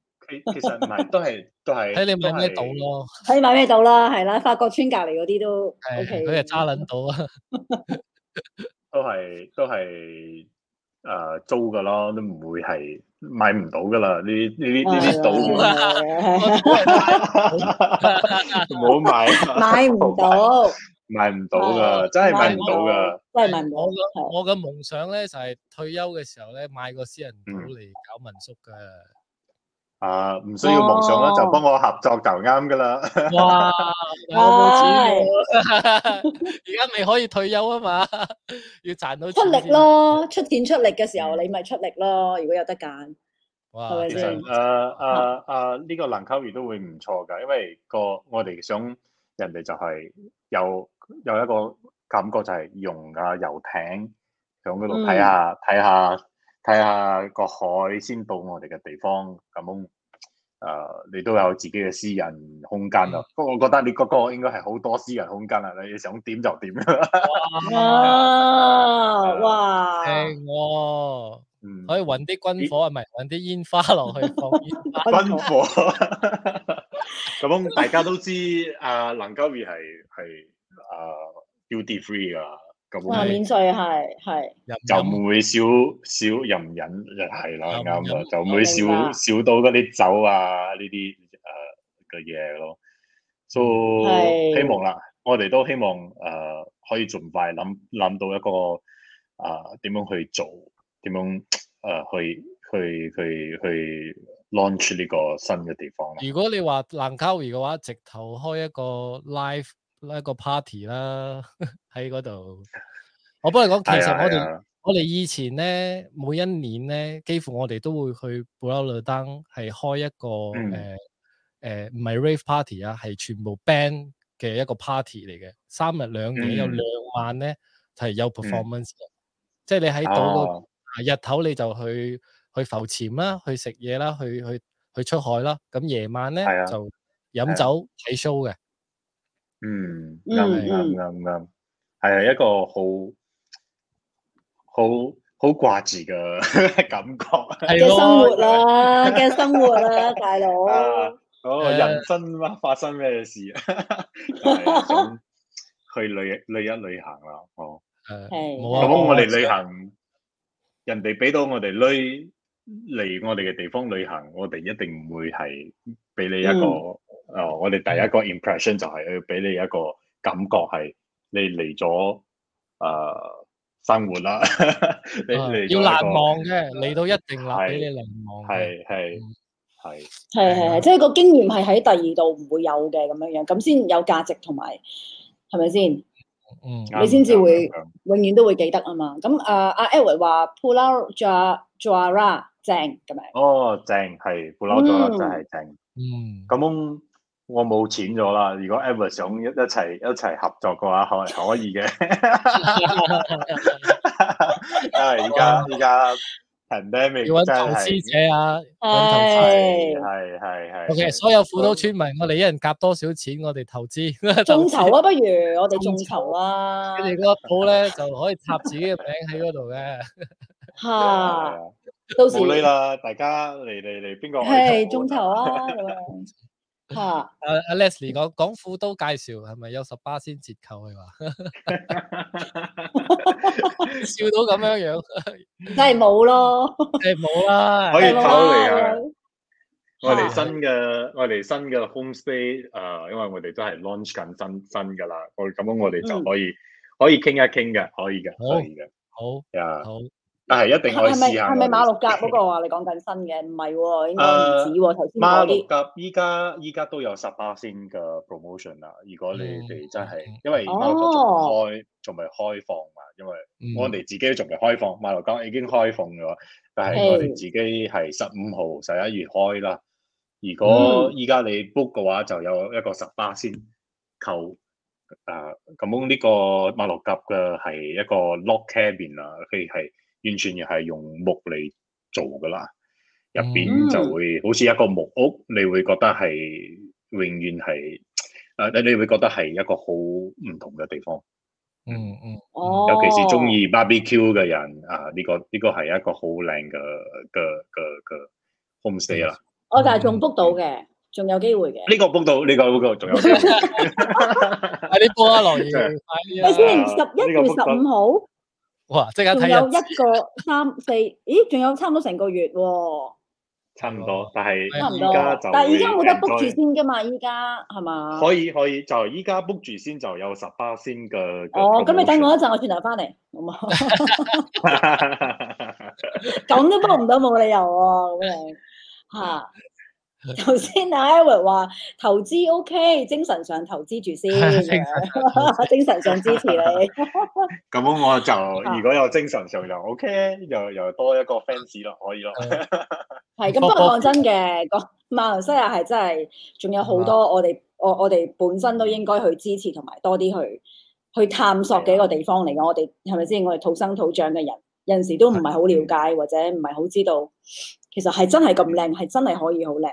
其實唔係，都係都係睇你買咩島咯，睇你買咩島啦，係啦，法國村隔籬嗰啲都 OK，佢係渣捻島啊，都係都係誒租噶咯，都唔會係買唔到噶啦，呢呢呢啲島，冇買，買唔到，買唔到噶，真係買唔到噶，真係買唔到。我嘅夢想咧就係退休嘅時候咧買個私人島嚟搞民宿噶。啊，唔、uh, 需要夢想啦，哇就幫我合作就啱噶啦。 (laughs) 哇，我冇錢，而家未可以退休啊嘛？ (laughs) 要賺到出力咯，嗯、出錢出力嘅時候，嗯、你咪出力咯。如果有得揀，哇，係咪先？誒誒誒，呢、uh, uh, uh, uh, 個蘭蔻亦都會唔錯噶，因為個我哋想人哋就係有有一個感覺就係用啊遊艇響嗰度睇下睇下。嗯睇下個海先到我哋嘅地方，咁誒、呃、你都有自己嘅私人空間啦。不過、嗯、我覺得你嗰個應該係好多私人空間啦，你想點就點哇。哇！哇嗯欸、可以揾啲軍火啊，係咪、欸？唔係，揾啲煙花落去放煙花。軍火。咁大家都知啊，林高爾係係啊 Duty Free 啊。啊，免稅，係係，哇就唔會少少任飲，就係啦，啱啦是， (laughs) 就唔會少少到嗰啲酒啊，呢啲誒嘅嘢咯。都、so, 希望啦，是我哋都希望誒、呃、可以盡快諗諗到一個啊點、呃、樣去做，點樣誒、呃、去去去去 launch 呢個新嘅地方。如果你話蘭卡威嘅話，直頭開一個 live 一個 party 啦，喺嗰度。我幫你講，其實我哋我哋以前咧，每一年咧，幾乎我哋都會去布拉魯登係開一個誒誒唔係 rave party 啊，係全部 band 嘅一個 party 嚟嘅。三日兩夜有兩晚咧就係有 performance，即係你喺度日頭你就去去浮潛啦，去食嘢啦，去去去出海啦。咁夜晚咧就飲酒睇 show 嘅。嗯，啱啱啱啱，係一個好好好掛住嘅感覺，嘅的 (laughs) 生活啦，嘅生活啦，大佬， (laughs) 啊，哦，人生乜發生咩事 (laughs) (laughs) 捋捋啊？去旅旅遊旅行啦，好、啊，咁我哋旅行，人哋俾到我哋累。嚟我哋嘅地方旅行，我哋一定唔會係俾你一個，誒，嗯 oh，我哋第一個 impression 就係要俾你一個感覺係你嚟咗誒生活啦， (laughs) 你嚟要難忘嘅，嚟到一定難，俾你難忘，係係係係係，即係個經驗係喺第二度唔會有嘅，咁樣樣，咁先有價值同埋，係咪先？嗯，你先至會永遠都會記得啊嘛。咁誒，阿 Edward 話 Pullar Jara。正，咁啊！哦，正係不嬲咗啦，真係正。嗯，咁我冇錢咗啦。如果 Ever 想一一齊一齊合作嘅話，可可以嘅。因為而家而家係咩未要揾投資者，者啊！揾投資者係係係。O.K.，所有富都村民，我哋一人夾多少錢？我哋投資眾籌啊！不如我哋眾籌啦。你哋個鋪咧就可以插自己嘅餅喺嗰度嘅。吓。 (laughs) (laughs) 到時你啦，大家嚟嚟嚟，邊個係眾籌啊？吓，阿 Leslie 講講富都介紹係咪有十八先折扣？你話笑到咁樣樣，真係冇咯，係冇啦，可以跑嚟啊！我哋新嘅、我哋新嘅 HomeStay，誒，因為我哋都係 launch 緊新新噶啦，我咁樣我哋就可以可以傾一傾嘅，可以嘅，可以嘅，好呀，好。啊，係一定可以試下，係咪馬六甲嗰、嗰個話 (laughs) 你講緊新嘅？唔係喎，應該唔止喎。頭先嗰啲、啊、馬六甲依家依家都有十巴仙嘅 promotion 啦。如果你哋真係，因為馬六甲仲未開、哦、開放嘛，因為我哋自己都仲未開放。馬六甲已經開放咗，但係我哋自己係十五號十一月開啦。如果依家你 book 嘅話，就有一個十巴仙扣。哦嗯、啊，咁呢個馬六甲嘅係一個 lock cabin 啊，佢係。完全又係用木嚟做噶啦入邊就會好似一個木屋，你會覺得係永遠係誒，你你會覺得係一個好唔同嘅地方。嗯嗯，尤其是中意 barbecue 嘅人啊，呢個呢個係一個好靚嘅嘅嘅嘅 homestay 啦。我但係仲 book 到嘅，仲有機會嘅。呢個 book 到，呢個呢個仲有機會。快啲 book 啊，羅燕。誒，十一月十五號。哇！即刻睇，有一個三四，咦？仲有差唔多成個月喎，啊，差唔多，但係而家就，但係而家冇得 book 住先噶嘛？依家係嘛？可以可以，就依家 book 住先就有十包先嘅哦。咁你等我一陣，我轉頭翻嚟好嘛？咁都 book 唔到，冇理由喎咁樣吓。 (laughs) (laughs) (laughs) 頭先阿 Edward 話投資 O K，精神上投資住先， (laughs) (laughs) 精神上支持你。咁 (laughs) 我就如果有精神上就 OK，又 O K，又又多一個 fans 咯，可以咯。係 (laughs) 咁，不過講真嘅，個 (laughs) 馬來西亞係真係仲有好多我哋 (laughs) 我我哋本身都應該去支持同埋多啲去去探索嘅一個地方嚟嘅。我哋係咪先？我哋土生土長嘅人，有陣時都唔係好了解的或者唔係好知道，其實係真係咁靚，係 (laughs) 真係可以好靚。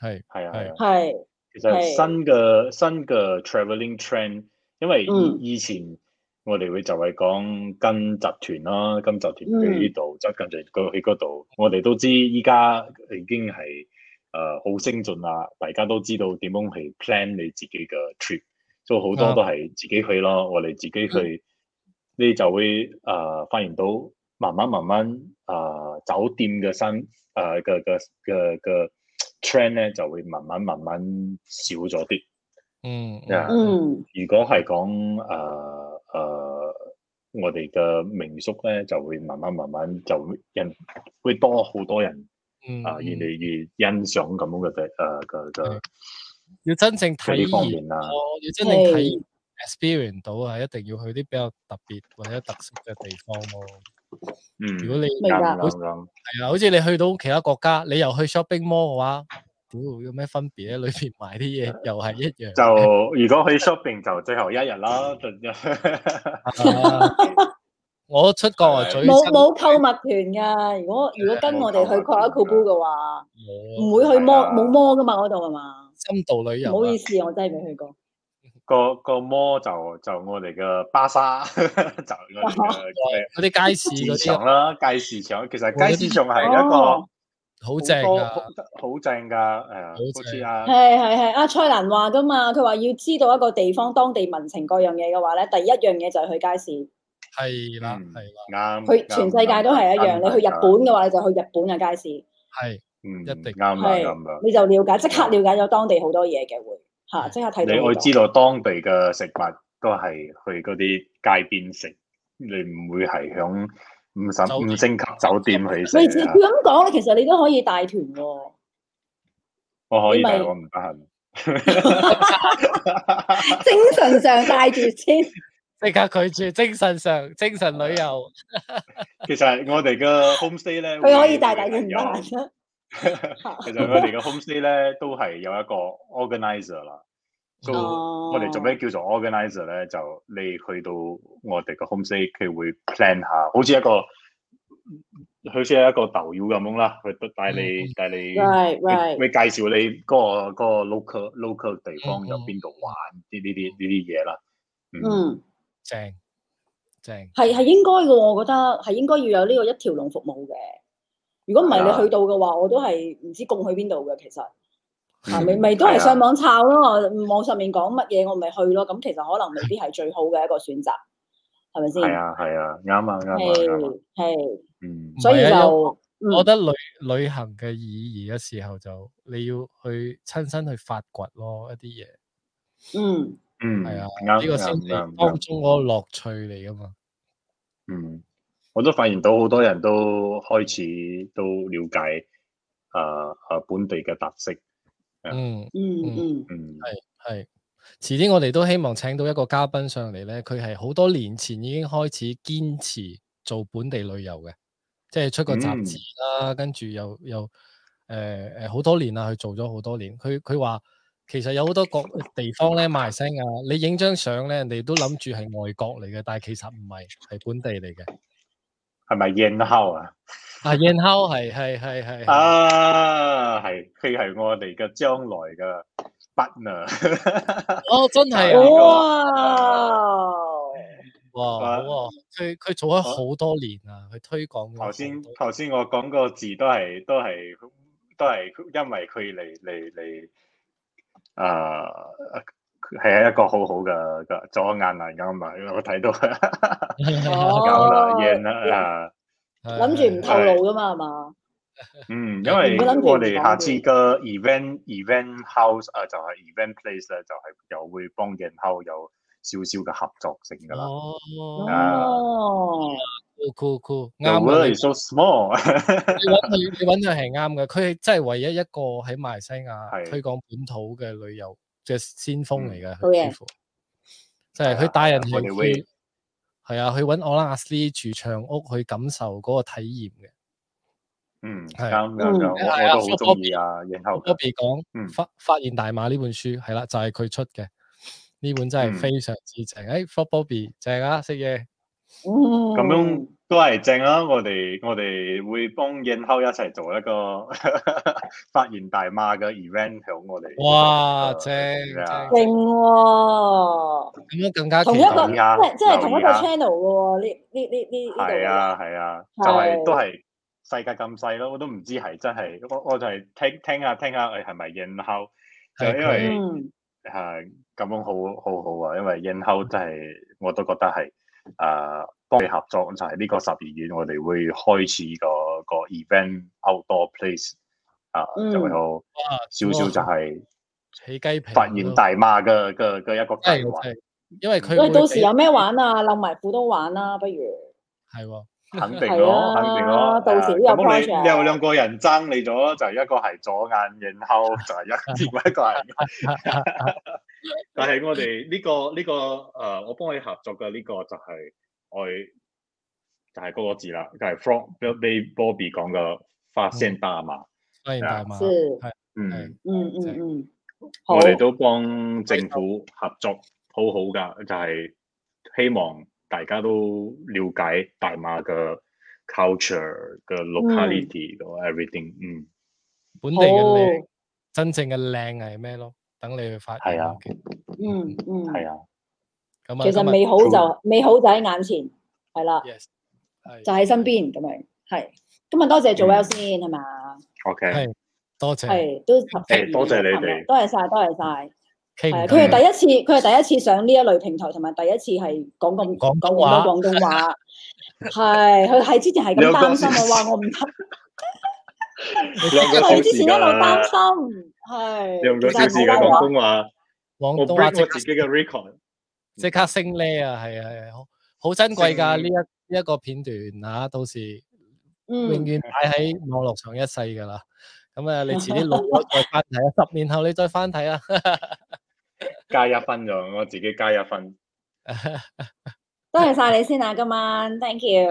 係係啊係，其實新嘅、的新嘅 traveling trend，因為以前我哋會就係講跟集團啦，跟、嗯、集團去呢度，就跟住佢去嗰度。我哋都知依家已經係誒好精進啦，大家都知道點樣去 plan 你自己嘅 trip，所以好多都係自己去咯。嗯、我哋自己去，你就會誒、呃、發現到慢慢慢慢誒酒、呃、店嘅新誒嘅嘅嘅嘅。呃 Trend 咧就會慢慢慢慢少咗啲，嗯，嗯，如果係講誒誒，我哋嘅民宿咧就會慢慢慢慢就人會多好多人，啊、嗯，越嚟越欣賞咁樣嘅嘅嘅嘅，要真正體驗、哦，要真正體驗 experience 到係一定要去啲比較特別或者特色嘅地方咯。嗯，如果你係啊，好似你去到其他國家，你又去 shopping mall 嘅話，唔有咩分別咧？裏邊買啲嘢又係一樣。就如果去 shopping 就最後一日啦，就一。我出國啊，冇冇購物團㗎。如果如果跟我哋去 c o c o b e 嘅話，唔會去摸冇摸㗎嘛？嗰度係嘛？深度旅遊。唔好意思，我真係未去過。個個摩就就我哋嘅巴沙，就啲街市市場啦，街市場其實街市仲係一個好正，好正噶，誒，好似啊。係係係阿蔡瀾話噶嘛，佢話要知道一個地方當地民情各樣嘢嘅話咧，第一樣嘢就係去街市，係啦係啦啱。佢全世界都係一樣，你去日本嘅話，你就去日本嘅街市，係，嗯，一定啱啦咁樣，你就了解，即刻了解咗當地好多嘢嘅會。吓，即刻睇到。你會知道當地嘅食物都係去嗰啲街邊食，你唔會係響五十五星級酒店去食。佢咁講咧，其實你都可以帶團喎。我可以帶我，為我唔得閒。精神上帶住，先，即刻拒絕，精神上精神旅遊。 (laughs) 其實我哋嘅 homestay 咧，佢可以大大型噶。會 (laughs) 其實我哋嘅 home stay 咧都係有一個 organizer 啦，哦、我做我哋做咩叫做 organizer 咧？就你去到我哋嘅 home stay，佢會 plan 下，好似一個好似一個導遊咁樣啦，佢帶你帶你，嗯、你、嗯、介紹你嗰、嗰個、嗰個 local local 地方有邊度玩呢？呢啲、呢啲嘢啦，嗯，正正係係應該嘅，我覺得係應該要有呢個一條龍服務嘅。如果唔係你去到嘅話，我都係唔知供去邊度嘅，其實吓咪咪都係上網抄咯，嗯、網上面講乜嘢我咪去咯，咁其實可能未必係最好嘅一個選擇，係咪先？係啊係啊，啱啊啱啊，係、啊，嗯、啊啊啊，所以就、啊、我覺得旅旅行嘅意義嘅時候就你要去親身去發掘咯一啲嘢，嗯嗯，係啊，呢、嗯、個先係當中嗰個樂趣嚟噶嘛嗯，嗯。嗯嗯嗯嗯嗯我都發現到好多人都開始都了解啊啊、呃、本地嘅特色。嗯嗯嗯嗯，係係、嗯。遲啲我哋都希望請到一個嘉賓上嚟咧，佢係好多年前已經開始堅持做本地旅遊嘅，即係出個雜誌啦，嗯、跟住又又誒誒好多年啦，佢做咗好多年。佢佢話其實有好多個地方咧，馬來西亞，你影張相咧，人哋都諗住係外國嚟嘅，但係其實唔係係本地嚟嘅。係咪燕烤啊？啊，燕烤係係係係啊，係佢係我哋嘅將來嘅筆啊！哦，真係哇哇，佢佢做咗好多年啦，佢推廣。頭先頭先我講個字都係都係都係因為佢嚟嚟嚟啊！係一個好好嘅左眼嚟噶嘛，因為我睇到哦。e 啊， (laughs) 諗住唔透露噶嘛係嘛？是吧嗯，因為我哋下次嘅 event event house (laughs) 啊，就係 event place 咧，就係、e、又會幫 event house 有少少嘅合作性噶啦、哦。哦，cool cool 啱 s,、uh, o、so、small (laughs) 你。你你揾佢係啱嘅，佢真係唯一一個喺馬來西亞推廣本土嘅旅遊。嘅先鋒嚟嘅，佢似乎即係佢帶人去，係啊，啊，去搵我啦。阿拉斯利住長屋，去感受嗰個體驗嘅。啊、嗯，係啊，我都好中意啊，然後、嗯。Bobby、嗯、講發發現大馬呢本書係啦、啊，就係、是、佢出嘅呢本真係非常之正。誒，Bobby、嗯欸、正啊，食嘢、嗯。嗯，咁樣。都係正啦！我哋我哋會幫應 hou 一齊做一個 (laughs) 發言大媽嘅 event 響我哋。哇，正、呃、正喎！咁樣更加同一個即係同一個 channel 嘅喎。呢呢呢呢係啊係啊，都係都係世界咁細咯，我都唔知係真係。我我就係聽聽下聽下，誒，係咪應 hou？就因為係咁、嗯、樣好好好啊，因為應 hou 真係我都覺得係。誒，幫佢、啊、合作就係、是、呢個十二月，我哋會開始個個 event outdoor place，啊，就為好少少就係起雞皮、發現大媽嘅嘅嘅一個計劃，嗯、的因為佢，喂，到時有咩玩啊？冧埋褲都玩啦、啊，不如係肯定咯，肯定咯。咁你有兩個人爭你咗，就一個係左眼然後，就係一另外一個係。但係我哋呢個呢個誒，我幫你合作嘅呢個就係我，就係嗰個字啦，就係 Frog。你 Bobby y b 講嘅發聲花嘛？花仙花嘛，嗯嗯嗯嗯，我哋都幫政府合作好好噶，就係希望。大家都了解大馬嘅 culture 嘅 locality 咯，everything，嗯，本地嘅靚，真正嘅靚係咩咯？等你去發現，係啊，嗯嗯，係啊，咁啊，其實美好就美好就喺眼前，係啦，Yes，就喺身邊咁樣，係，今日多謝做 well 先係嘛，OK，多謝，係都特多謝你哋，多謝晒，多謝晒。係，佢係第一次，佢係第一次上呢一類平台，同埋第一次係講咁講廣東話。係，佢係之前係咁擔心，話我唔得。你用咗好時間啦。你用咗好時廣東話。我 b r 自己嘅 recall，即刻升呢啊，係啊，好珍貴噶呢一呢一個片段啊，到時永遠擺喺網絡上一世噶啦。咁啊，你遲啲老咗再翻睇啊，十年後你再翻睇啊。加一分咗，我自己加一分。多謝晒你先啊，今晚 thank you，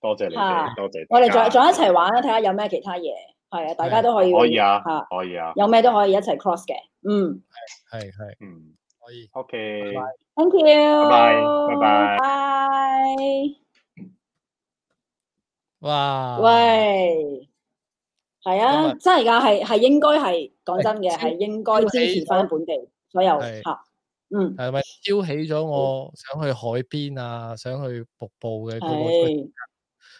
多謝你，多謝。我哋再再一齊玩啦，睇下有咩其他嘢。係啊，大家都可以，可以啊，吓可以啊，有咩都可以一齊 cross 嘅。嗯，係係，嗯，可以，ok，thank you，拜拜拜拜。哇，喂。係啊，真係噶，係係應該係講真嘅，係應該支持翻本地所有吓是、啊，嗯係咪挑起咗我想去海邊啊，想去瀑布嘅，是我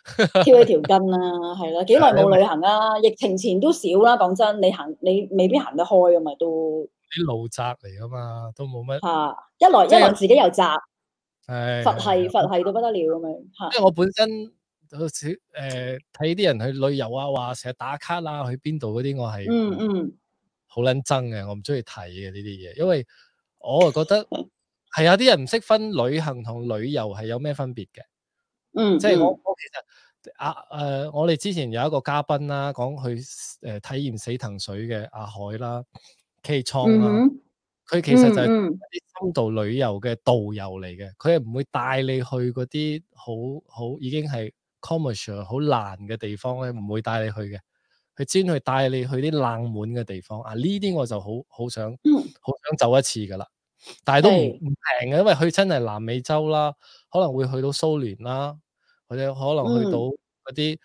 (laughs) 挑起條筋啦，係咯、啊，幾耐冇旅行啊？的疫情前都少啦、啊，講真，你行你未必行得開啊嘛，都啲路窄嚟噶嘛，都冇乜吓，一來、就是、一來自己又窄，係的佛系佛系到不得了咁樣吓，因為我本身。好似誒睇啲人去旅遊啊，話成日打卡啦、啊，去邊度嗰啲，我係嗯嗯好撚憎嘅，我唔中意睇嘅呢啲嘢，因為我啊覺得係有啲人唔識分旅行同旅遊係有咩分別嘅，嗯，即係我我其實阿誒、啊呃、我哋之前有一個嘉賓啦，講去誒、呃、體驗死藤水嘅阿海啦，K 倉啦，佢、嗯嗯、其實就係深度旅遊嘅導遊嚟嘅，佢係唔會帶你去嗰啲好好已經係。commercial 好難嘅地方咧，唔會帶你去嘅，佢專去帶你去啲冷門嘅地方啊！呢啲我就好好想好想走一次噶啦，但係都唔平嘅，是因為去真係南美洲啦，可能會去到蘇聯啦，或者可能去到嗰啲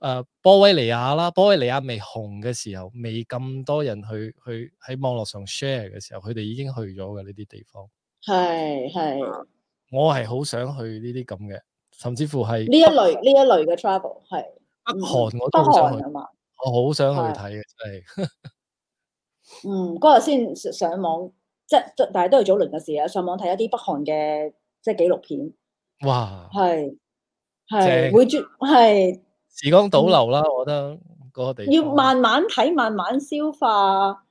誒波維尼亞啦，波維尼亞未紅嘅時候，未咁多人去去喺網絡上 share 嘅時候，佢哋已經去咗嘅呢啲地方。係係，我係好想去呢啲咁嘅。甚至乎係呢一類，呢一類嘅 travel 係北韓，我都北韓啊嘛，我好想去睇嘅真係。是 (laughs) 嗯，嗰日先上上網，即係但係都係早輪嘅事啦。上網睇一啲北韓嘅即係紀錄片。哇！係係正會絕係時光倒流啦，嗯、我覺得嗰個地要慢慢睇，慢慢消化。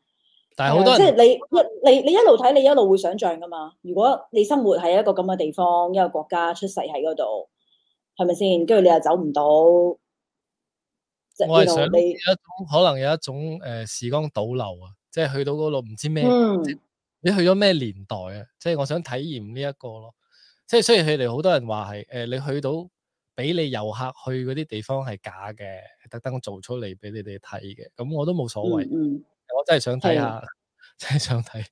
但係好多、嗯、即係你一你你一路睇，你一路會想象噶嘛。如果你生活喺一個咁嘅地方，一個國家出，出世喺嗰度。係咪先？跟住你又走唔到，即係我係想你有一種可能有一種誒、呃、時光倒流啊！即係去到嗰度唔知咩，嗯、你去咗咩年代啊？即係我想體驗呢一個咯。即係雖然佢哋好多人話係誒，你去到俾你遊客去嗰啲地方係假嘅，特登做出嚟俾你哋睇嘅。咁我都冇所謂，嗯嗯、我真係想睇下，嗯、 (laughs) 真係想睇。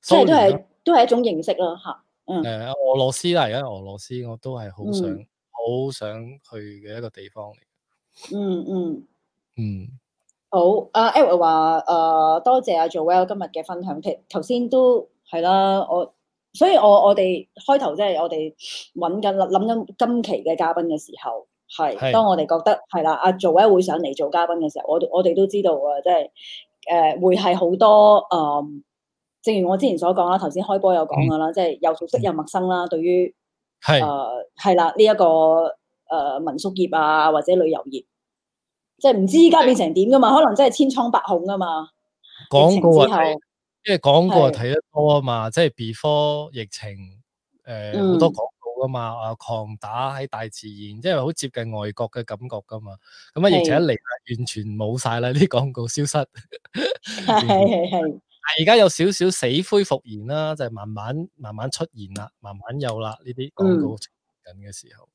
即係是 (laughs) 都係都係一種認識啦，嚇。誒，嗯、俄羅斯啦，而家俄羅斯我都係好想好、嗯、想去嘅一個地方嚟、嗯。嗯嗯嗯。好，阿、uh, Eric 話誒，uh, 多謝阿、啊、Joel 今日嘅分享。其實頭先都係啦、啊，我所以我，我我哋開頭即係我哋揾緊諗緊今期嘅嘉賓嘅時候，係是當我哋覺得係啦，阿、啊啊、Joel 會上嚟做嘉賓嘅時候，我我哋都知道啊，即係誒會係好多誒。嗯正如我之前所講啦，頭先開波有講噶啦，即係又熟悉又陌生啦。對於係誒係啦，呢一個誒民宿業啊或者旅遊業，即係唔知依家變成點噶嘛？可能真係千瘡百孔噶嘛。廣告啊，因為廣告係，睇得多啊嘛。即係 before 疫情誒好多廣告噶嘛，啊狂打喺大自然，即係好接近外國嘅感覺噶嘛。咁啊，疫情一嚟，完全冇晒啦，啲廣告消失。係係係。而家有少少死灰復燃啦，就係、是、慢慢慢慢出現啦，慢慢有啦呢啲廣告緊嘅時候。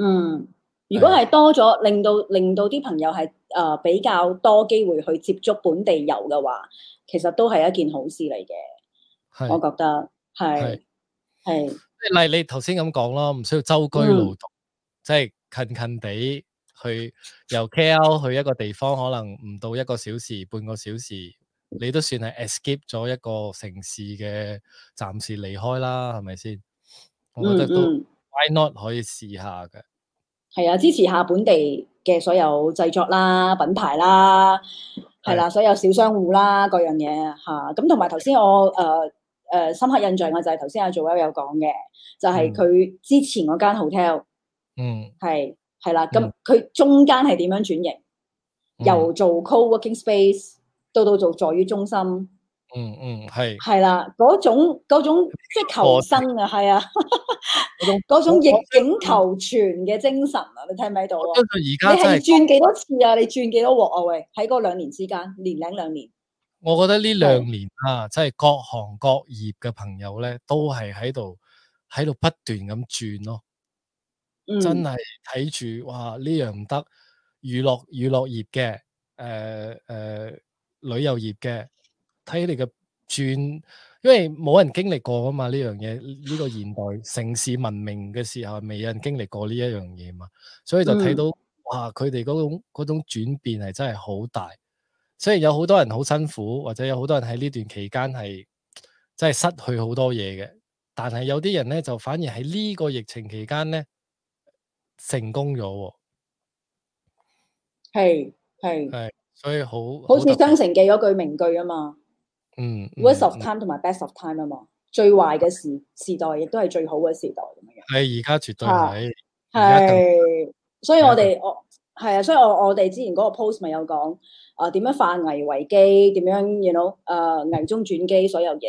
嗯，如果係多咗的，令到令到啲朋友係誒、呃、比較多機會去接觸本地遊嘅話，其實都係一件好事嚟嘅。的我覺得係係。即係例如你頭先咁講咯，唔需要舟車勞頓，即係、嗯、近近地去由 KL 去一個地方，可能唔到一個小時、半個小時。你都算係 escape 咗一個城市嘅，暫時離開啦，係咪先？嗯嗯、我覺得都 why not 可以試下嘅。係啊，支持下本地嘅所有製作啦、品牌啦，係啦、啊，啊、所有小商戶啦，各樣嘢吓。咁同埋頭先我誒誒、呃呃、深刻印象嘅就係頭先阿做友有講嘅，就係、是、佢之前嗰間 hotel，嗯，係係啦。咁佢中間係點樣轉型？又做 co-working space。嗯嗯嗯嗯嗯嗯嗯到到做助於中心，嗯嗯係係啦，嗰種種即係求生啊，係啊種，嗰種的 (laughs) 種逆境求存嘅精神啊，嗯、你睇唔睇到啊？而家你係轉幾多次啊？你轉幾多鑊啊？喂，喺嗰兩年之間，年零兩年，我覺得呢兩年啊，即係、嗯、各行各業嘅朋友咧，都係喺度喺度不斷咁轉咯，真係睇住哇！呢樣唔得，娛樂娛樂業嘅，誒、呃、誒。呃呃旅遊業嘅睇你嘅轉，因為冇人經歷過啊嘛，呢樣嘢，呢個現代城市文明嘅時候，未有人經歷過呢一樣嘢嘛，所以就睇到、嗯、哇佢哋嗰種嗰種轉變係真係好大，雖然有好多人好辛苦，或者有好多人喺呢段期間係真係失去好多嘢嘅，但係有啲人咧就反而喺呢個疫情期間咧成功咗，係係係。所以好好似《雙城記》嗰句名句啊嘛，嗯，Worst of time 同埋 best of time 啊嘛，最壞嘅時時代亦都係最好嘅時代咁樣，係而家絕對係，係，所以我哋我係啊，所以我我哋之前嗰個 post 咪有講啊，點樣化危為機，點樣，you know，誒，危中轉機，所有嘢，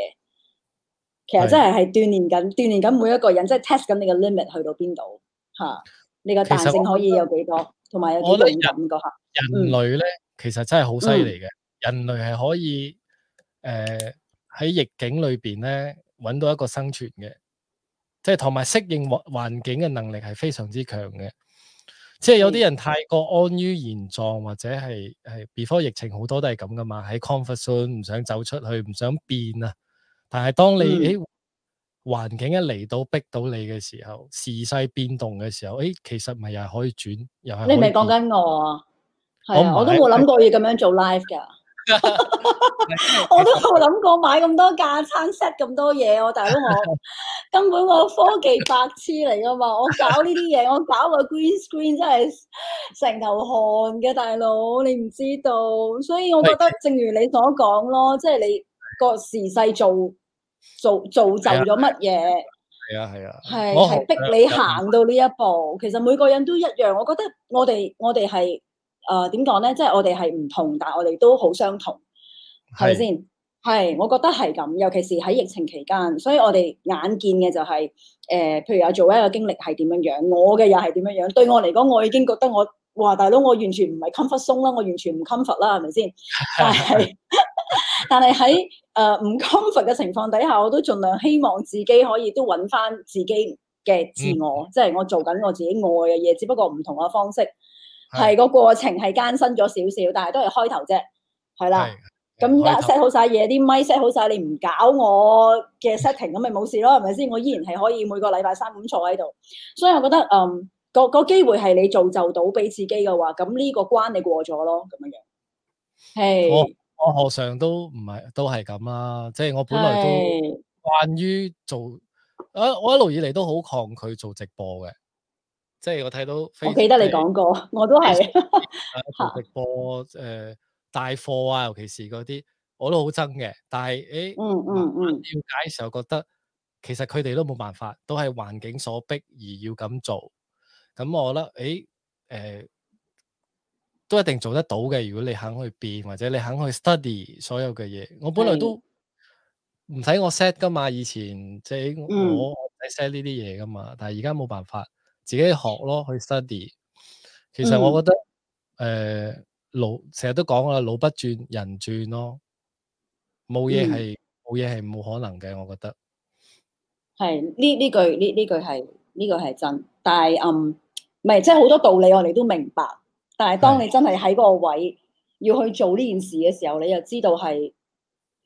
其實真係係鍛煉緊，鍛煉緊每一個人，即係 test 緊你嘅 limit 去到邊度吓，你個彈性可以有幾多，同埋有啲咩感覺吓？人類咧。其實真係好犀利嘅，嗯、人類係可以誒喺逆境裏邊咧揾到一個生存嘅，即係同埋適應環環境嘅能力係非常之強嘅。即、就、係、是、有啲人太過安於現狀，或者係係 before 疫情好多都係咁噶嘛，喺 comfort zone 唔想走出去，唔想變啊。但係當你誒環、嗯哎、境一嚟到逼到你嘅時候，時勢變動嘅時候，誒、哎、其實咪又係可以轉，又係你未講緊我啊。係啊，我，我都冇諗過要咁樣做 live 噶 (laughs) (laughs) 我都冇諗過買咁多架撐 set 咁多嘢。我大佬，我根本我科技白痴嚟噶嘛我搞呢啲嘢， (laughs) 我搞個 green screen 真係成頭汗嘅，大佬你唔知道，所以我覺得正如你所講咯，即係你個時勢造造造就咗乜嘢，係啊係啊，係係逼你行到呢一步，其實每個人都一樣，我覺得我哋我哋係。誒，點講咧？即係我哋係唔同，但係我哋都好相同，係咪先？係，我覺得係咁。尤其是喺疫情期間，所以我哋眼見嘅就係、是，誒、呃，譬如我做一個經歷係點樣樣，我嘅又係點樣樣。對我嚟講，我已經覺得我，哇，大佬，我完全唔係 comfort zone 啦，我完全唔 comfort 啦，係咪先？但係， (laughs) (laughs) 但係喺誒唔 comfort 嘅情況底下，我都盡量希望自己可以都搵翻自己嘅自我，嗯、即係我做緊我自己愛嘅嘢，只不過唔同嘅方式。係、個過程係艱辛咗少少，但係都係開頭啫，係啦。咁而家 set 好晒嘢，啲咪 set 好晒，你唔搞我嘅 setting 咁，咪冇事咯，係咪先？我依然係可以每個禮拜三咁坐喺度。所以我覺得，嗯，個個機會係你做就到俾自己嘅話，咁呢個關你過咗咯，咁樣樣。係、hey, 我我何嘗都唔係都係咁啦，即係我本來都慣於做，啊，Hey, 我一路以嚟都好抗拒做直播嘅。即係我睇到，我記得你講過，F aces, 我都係直播誒帶貨啊，尤其是嗰啲我都好憎嘅。但係誒，了、嗯嗯、解嘅時候覺得，其實佢哋都冇辦法，都係環境所逼而要咁做。咁我覺得，誒，誒、呃，都一定做得到嘅。如果你肯去變，或者你肯去 study 所有嘅嘢，我本來都唔使我 set 噶嘛。以前即係、就是、我唔使、嗯、set 呢啲嘢噶嘛，但係而家冇辦法。自己學咯，去 study。其實我覺得，誒、嗯呃，老成日都講啦，腦不轉人轉咯，冇嘢係冇嘢係冇可能嘅，我覺得。係呢呢句呢呢句係呢個係真，但係嗯，唔係即係好多道理我哋都明白，但係當你真係喺嗰個位的要去做呢件事嘅時候，你又知道係。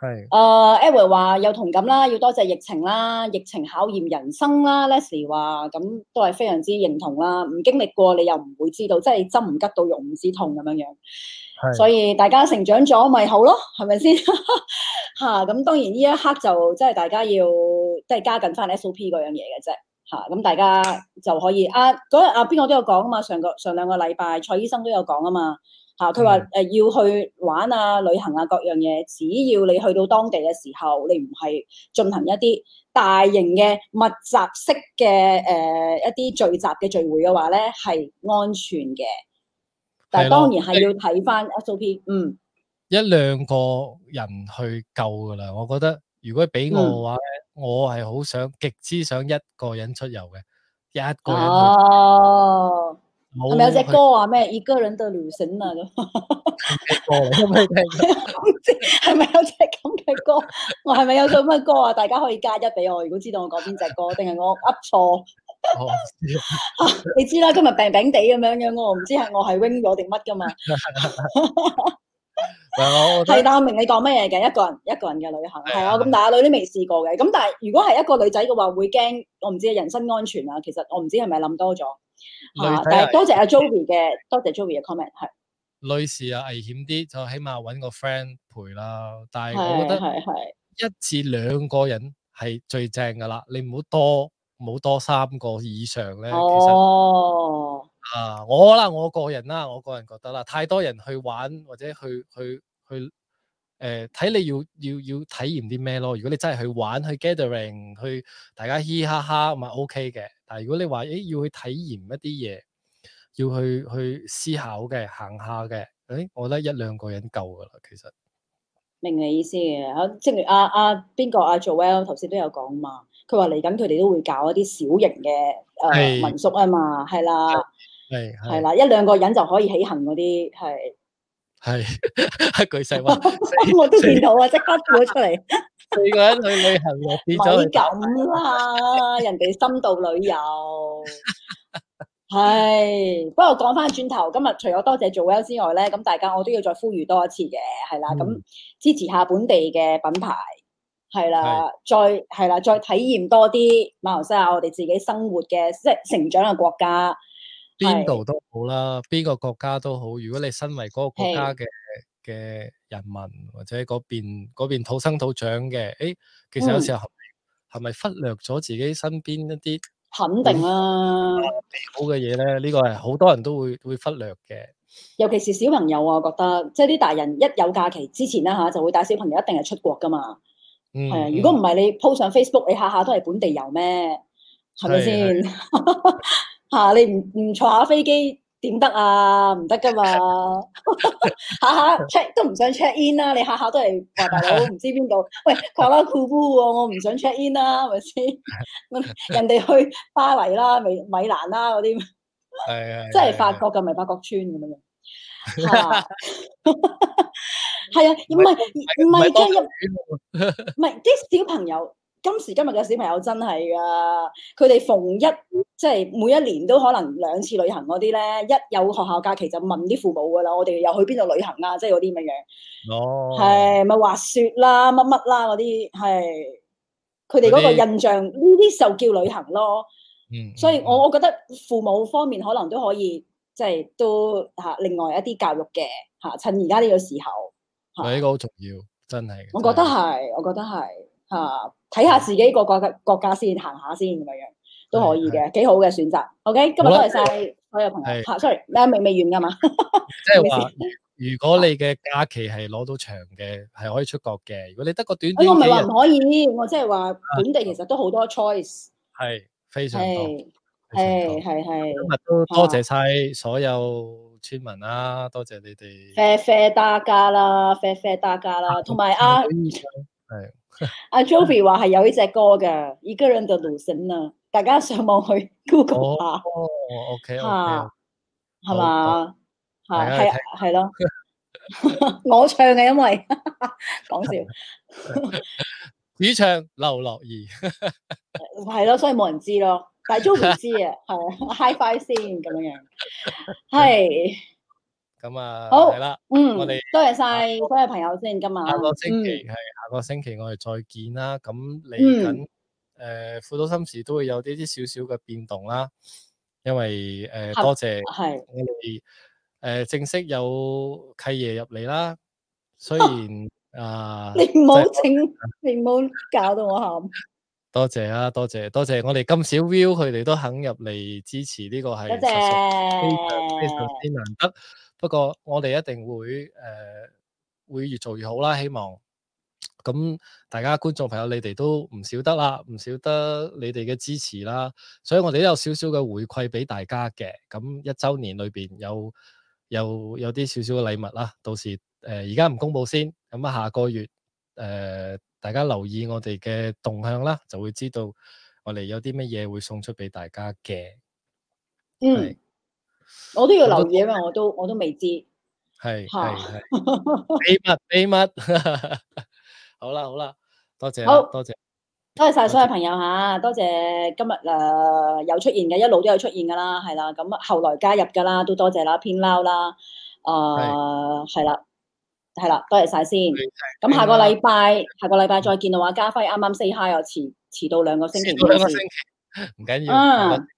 係，誒 e 話有同感啦，要多謝疫情啦，疫情考驗人生啦。 (music) Leslie 話咁都係非常之認同啦，唔經歷過你又唔會知道，即係針唔吉到肉唔知痛咁樣樣。 (music) 所以大家成長咗咪好咯，係咪先？吓、 (laughs) 啊，咁當然呢一刻就即係大家要即係加緊翻 SOP 嗰樣嘢嘅啫。吓、啊，咁大家就可以。啊，嗰日啊，邊個都有講啊嘛，上個上兩個禮拜蔡醫生都有講啊嘛。嚇，佢話誒，要去玩啊、旅行啊各樣嘢，只要你去到當地嘅時候，你唔係進行一啲大型嘅密集式嘅誒、呃、一啲聚集嘅聚會嘅話咧，係安全嘅。但係當然係要睇返 SOP。嗯，一兩個人去夠㗎喇，我覺得如果俾我嘅話、嗯、我係好想極之想一個人出遊嘅，一個人去哦。啊係咪有隻歌啊？咩一個人的旅行啊？歌都未聽，唔知係咪有隻咁嘅歌？我係咪有首乜歌啊？大家可以加一俾我，如果知道我講邊隻歌，定係我噏錯。你知啦，今日病病地咁樣嘅，我唔知係我係 wing 咗定乜噶嘛？係 (laughs) (laughs) 但係我明你講咩嘢嘅，一個人一個人嘅旅行係啊。咁大家女都未試過嘅，咁但係如果係一個女仔嘅話，會驚，我唔知係人身安全啊。其實我唔知係咪諗多咗。係，但係多謝阿 Joey 嘅，多謝 Joey 嘅 comment 係。女士啊，危險啲，就起碼揾個 friend 陪啦。但係我覺得係係，一至兩個人係最正噶啦，你唔好多，唔多三個以上咧。其實哦，啊，我啦，我個人啦，我個人覺得啦，太多人去玩或者去去去。去誒，睇、呃、你要要要體驗啲咩咯？如果你真係去玩去 gathering，去大家嘻嘻哈哈咁啊，OK 嘅。但係如果你話誒要去體驗一啲嘢，要去去思考嘅行下嘅，誒、哎，我覺得一兩個人夠噶啦，其實。明你意思嘅，吓，正如阿阿邊個阿、啊、Joel 頭先都有講嘛，佢話嚟緊佢哋都會搞一啲小型嘅誒、呃、是民宿啊嘛，係啦，係係啦，一兩個人就可以起行嗰啲，係是。係一句實話， (laughs) (laughs) 我都見到啊，即 (laughs) 刻跳咗出嚟， (laughs) 四個人去旅行又變咗。咪咁啦， (laughs) 人哋深度旅遊。係， (laughs) 不過講翻轉頭，今日除咗多謝做友之外咧，咁大家我都要再呼籲多一次嘅，係啦，咁、嗯、支持下本地嘅品牌，係啦，是再係啦，再體驗多啲馬來西亞，我哋自己生活嘅，即係成長嘅國家。邊度都好啦，邊個國家都好。如果你身為嗰個國家嘅嘅的人民或者嗰邊嗰邊土生土長嘅，誒、欸，其實有時候係咪忽略咗自己身邊一啲肯定啊，好嘅嘢咧？呢個係好多人都會會忽略嘅。嗯嗯、尤其是小朋友啊，我覺得即係啲大人一有假期之前啦吓，就會帶小朋友一定係出國噶嘛。係啊，如果唔係你 post 上 Facebook，你下下都係本地遊咩？係咪先？嗯吓你唔唔坐下飛機點得啊？唔得噶嘛！下 (laughs) 下 check 都唔想 check in 啦、啊，你下下都係話大佬唔知邊度？喂，卡拉酷夫喎、啊，我唔想 check in 啦、啊，咪先？ (laughs) 人哋去巴黎啦、米米蘭啦嗰啲，係 (laughs) 啊，即係法國㗎，咪法國村咁樣。係啊，唔係唔係啲唔係啲小朋友。今時今日嘅小朋友真係㗎！佢哋逢一即係每一年都可能兩次旅行嗰啲咧，一有學校假期就問啲父母噶啦。我哋又去邊度旅行啊？即係嗰啲咁嘢？哦。係咪滑雪啦、乜乜啦嗰啲？係。佢哋嗰個印象呢啲些就叫旅行咯。嗯。嗯所以我我覺得父母方面可能都可以，即係都嚇另外一啲教育嘅嚇，趁而家呢個時候。係呢個好重要，真係。我覺得係，我覺得係。啊！睇下自己個國家國家先行下先咁樣樣都可以嘅，幾好嘅選擇。OK，今日多謝晒所有朋友。吓，sorry，咩未未完㗎嘛？即係話，如果你嘅假期係攞到長嘅，係可以出國嘅。如果你得個短短，我唔係話唔可以，我即係話本地其實都好多 choice，係非常多，係係係。多謝晒所有村民啦，多謝你哋。啡啡大家啦，啡啡大家啦，同埋啊。係。阿 Jovi 話係有呢隻歌嘅，一個人的路程啦，大家上網去 Google 下，哦 OK 吓係嘛，係係咯，啊、我唱嘅，因為講笑，主唱劉樂兒，係咯，所以冇人知咯但 knew,，但係 Jovi 知啊，係 high five 先咁樣樣，係。咁啊，好，係啦，嗯，我哋多謝晒所有朋友先今日。下個星期係下個星期我哋再見啦。咁嚟緊誒，副導心事都會有呢啲少少嘅變動啦。因為誒，多謝我哋誒正式有契爺入嚟啦。雖然啊，你唔好整，你唔好搞到我喊。多謝啊，多謝多謝，我哋咁少 view，佢哋都肯入嚟支持呢個，係多謝，非常之難得。不過我哋一定會誒、呃，會越做越好啦。希望咁大家觀眾朋友，你哋都唔少得啦，唔少得你哋嘅支持啦。所以我哋都有少少嘅回饋畀大家嘅。咁一周年裏邊有有有啲少少嘅禮物啦。到時誒而家唔公布先。咁啊下個月誒、呃，大家留意我哋嘅動向啦，就會知道我哋有啲乜嘢會送出俾大家嘅。嗯。我都要留意啊嘛，我都我都未知，係係秘密秘密。好啦好啦，多謝好多謝，多謝晒所有朋友吓，多謝今日誒、uh, 有出現嘅一路都有出現噶啦。係啦，咁後來加入噶啦都多謝啦，偏撈啦，誒，係啦係啦，多謝晒先，咁的下個禮拜下個禮拜再見到啊，家輝啱啱 say hi 我遲遲到兩個星期，兩的個星期唔緊要。 (laughs)